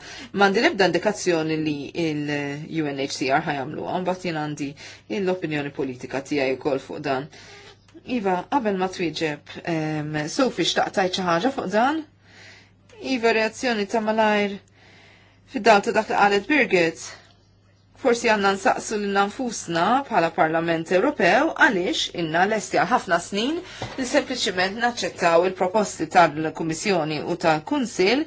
Mandi lebda indikazzjoni li il-UNHCR ħajamlu, bat jena għandi l-opinjoni politika tijaj u kol fuq dan. Iva, qabel ma twieġeb, ehm, Sofi xtaqtajt ħaġa fuq dan? Iva, reazzjoni ta' malajr fid dal ta' dak li qalet Birgit, forsi għanna nsaqsu l nanfusna bħala Parlament Ewropew għaliex inna l-esti ħafna snin li sempliciment naċċettaw il-proposti tal-Kummissjoni u tal-Kunsil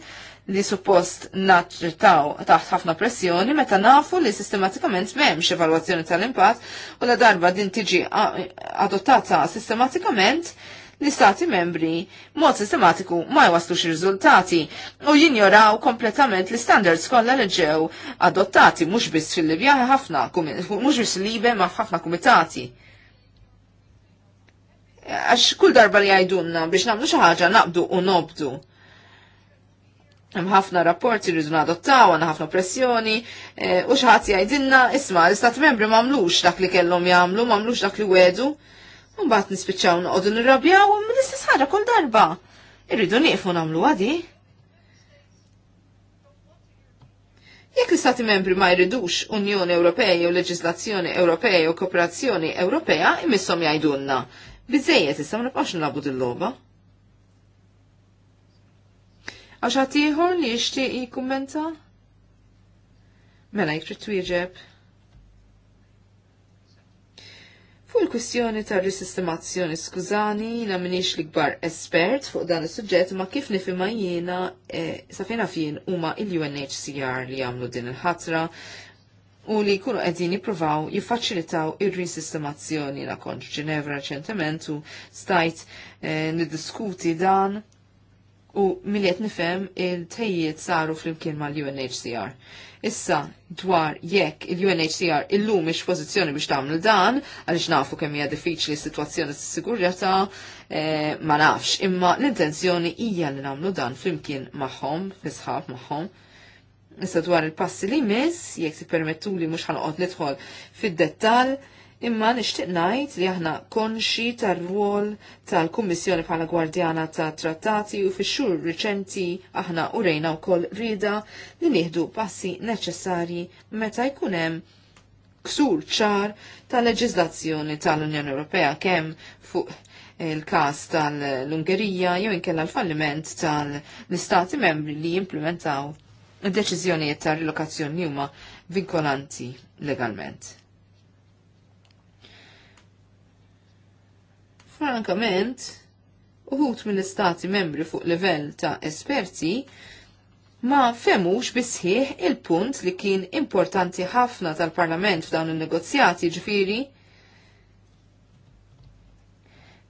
li suppost naċċettaw taħt ħafna pressjoni meta nafu li sistematikament memx evalwazzjoni tal-impatt u la darba din tiġi adottata sistematikament l-istati membri mod sistematiku ma jwaslux riżultati u jinjoraw kompletament l-standards kollha li ġew adottati mhux biss fil-Libja ħafna mhux biss libe ma ħafna kumitati. Għax kull darba li għajdunna biex namlu xi ħaġa naqbdu u nobdu. Hemm ħafna rapporti rridu nadottaw, għandna ħafna pressjoni, e, u xi ħadd jgħidilna isma' l-istat membri m'għamlux dak li kellhom jagħmlu, m'għamlux dak li wedu bat nispiċċaw noqogħdu nirrabjaw u l ħaġa kull darba. Irridu nieqfu nagħmlu għadi. Jekk l-Stati membri ma jridux Unjoni Ewropea u leġislazzjoni Ewropea u kooperazzjoni Ewropea imissom jgħidulna. Biżejjed issa ma nibqax nilagħbu dil-logħba. Għax ħadd ieħor li jixtieq jikkummenta? Mela jkrit twieġeb. Fuq il-kwistjoni ta' risistemazzjoni skużani, jina minix l-ikbar espert fuq dan il-sujġet ma kif nifima jina e, eh, safina fien huma il-UNHCR li għamlu din il-ħatra u li kunu għedini provaw jiffaċilitaw ir-risistemazzjoni na konċ Ġenevra reċentement u stajt e, eh, nidiskuti dan u miljet nifem il-tejjiet saru fl-imkien mal-UNHCR. Issa, dwar jekk il-UNHCR illum ix pozizjoni biex tagħmel dan, għaliex nafu kemm hija diffiċli s-sitwazzjoni s-sigurjata, eh, ma nafx, imma l-intenzjoni hija li nagħmlu dan flimkien magħhom, fl-isħab magħhom. Issa dwar il-passi li miss, jekk ti permettu li mhux ħanqod nidħol fid-dettall, Imma nixtieq ngħid li aħna konxi tar-rwol tal-Kummissjoni bħala Gwardjana ta' Trattati u fix-xhur riċenti aħna urejna wkoll rida li nieħdu passi neċessarji meta jkun hemm ksur ċar tal-leġiżlazzjoni tal-Unjoni Ewropea kemm fuq il-kas tal-Ungerija jew inkella l-falliment tal-istati membri li jimplementaw deċiżjonijiet ta' rilokazzjoni huma vinkolanti legalment. Frankament, uħut mill-istati membri fuq livell ta' esperti ma femux bisħieħ il-punt li kien importanti ħafna tal-Parlament f'dawn il-negozjati ġifiri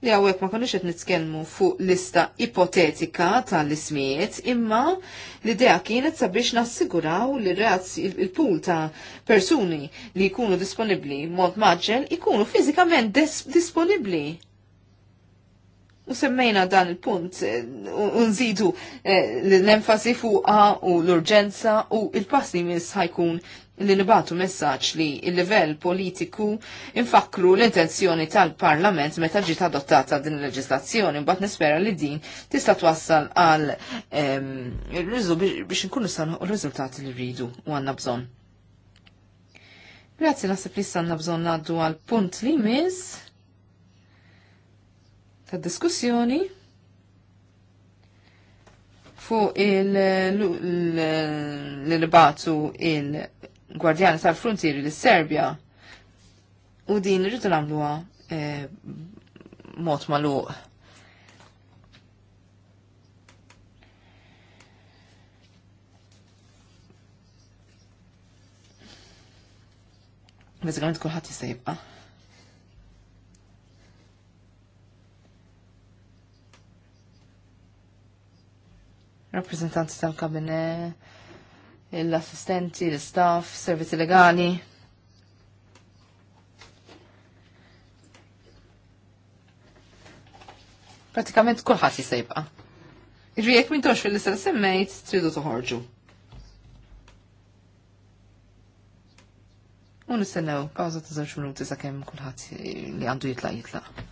li għawek ma konniex qed nitkellmu fuq lista ipotetika tal-ismijiet, imma l-idea kienet sabiex nassiguraw li reazzi il-pool ta' persuni li jkunu disponibli mod maġġel ikunu fiżikament disponibli. U semmejna dan il-punt, eh, unżidu eh, l-enfasi fuqa u l-urġenza u il-passi mis ħajkun li nibatu messaġġ li il-livell politiku infakru l-intenzjoni tal-Parlament meta ġiet adottata din il-leġislazzjoni, mbagħad nispera li din tista' twassal għal ehm, biex inkunu sanħu r-riżultati li rridu u għandna bżonn. Grazzi naħseb li s-sanna bżonn ngħaddu għal punt li miss ta diskussjoni fuq il-nibatu il-Gwardjani tal-Frontieri l-Serbja u din irridu nagħmluha eh, mod magħluq. Bazzikament kullħat jista' jibqa'. rappresentanti tal-kabine, l-assistenti, l-staff, servizi legali. Pratikament kulħadd jisajba. jibqa'. Ġri jekk m'intux fil-lista semmejt tridu toħorġu. U sennew pawża ta' żewġ minuti sakemm kulħadd li għandu jitla. jitla.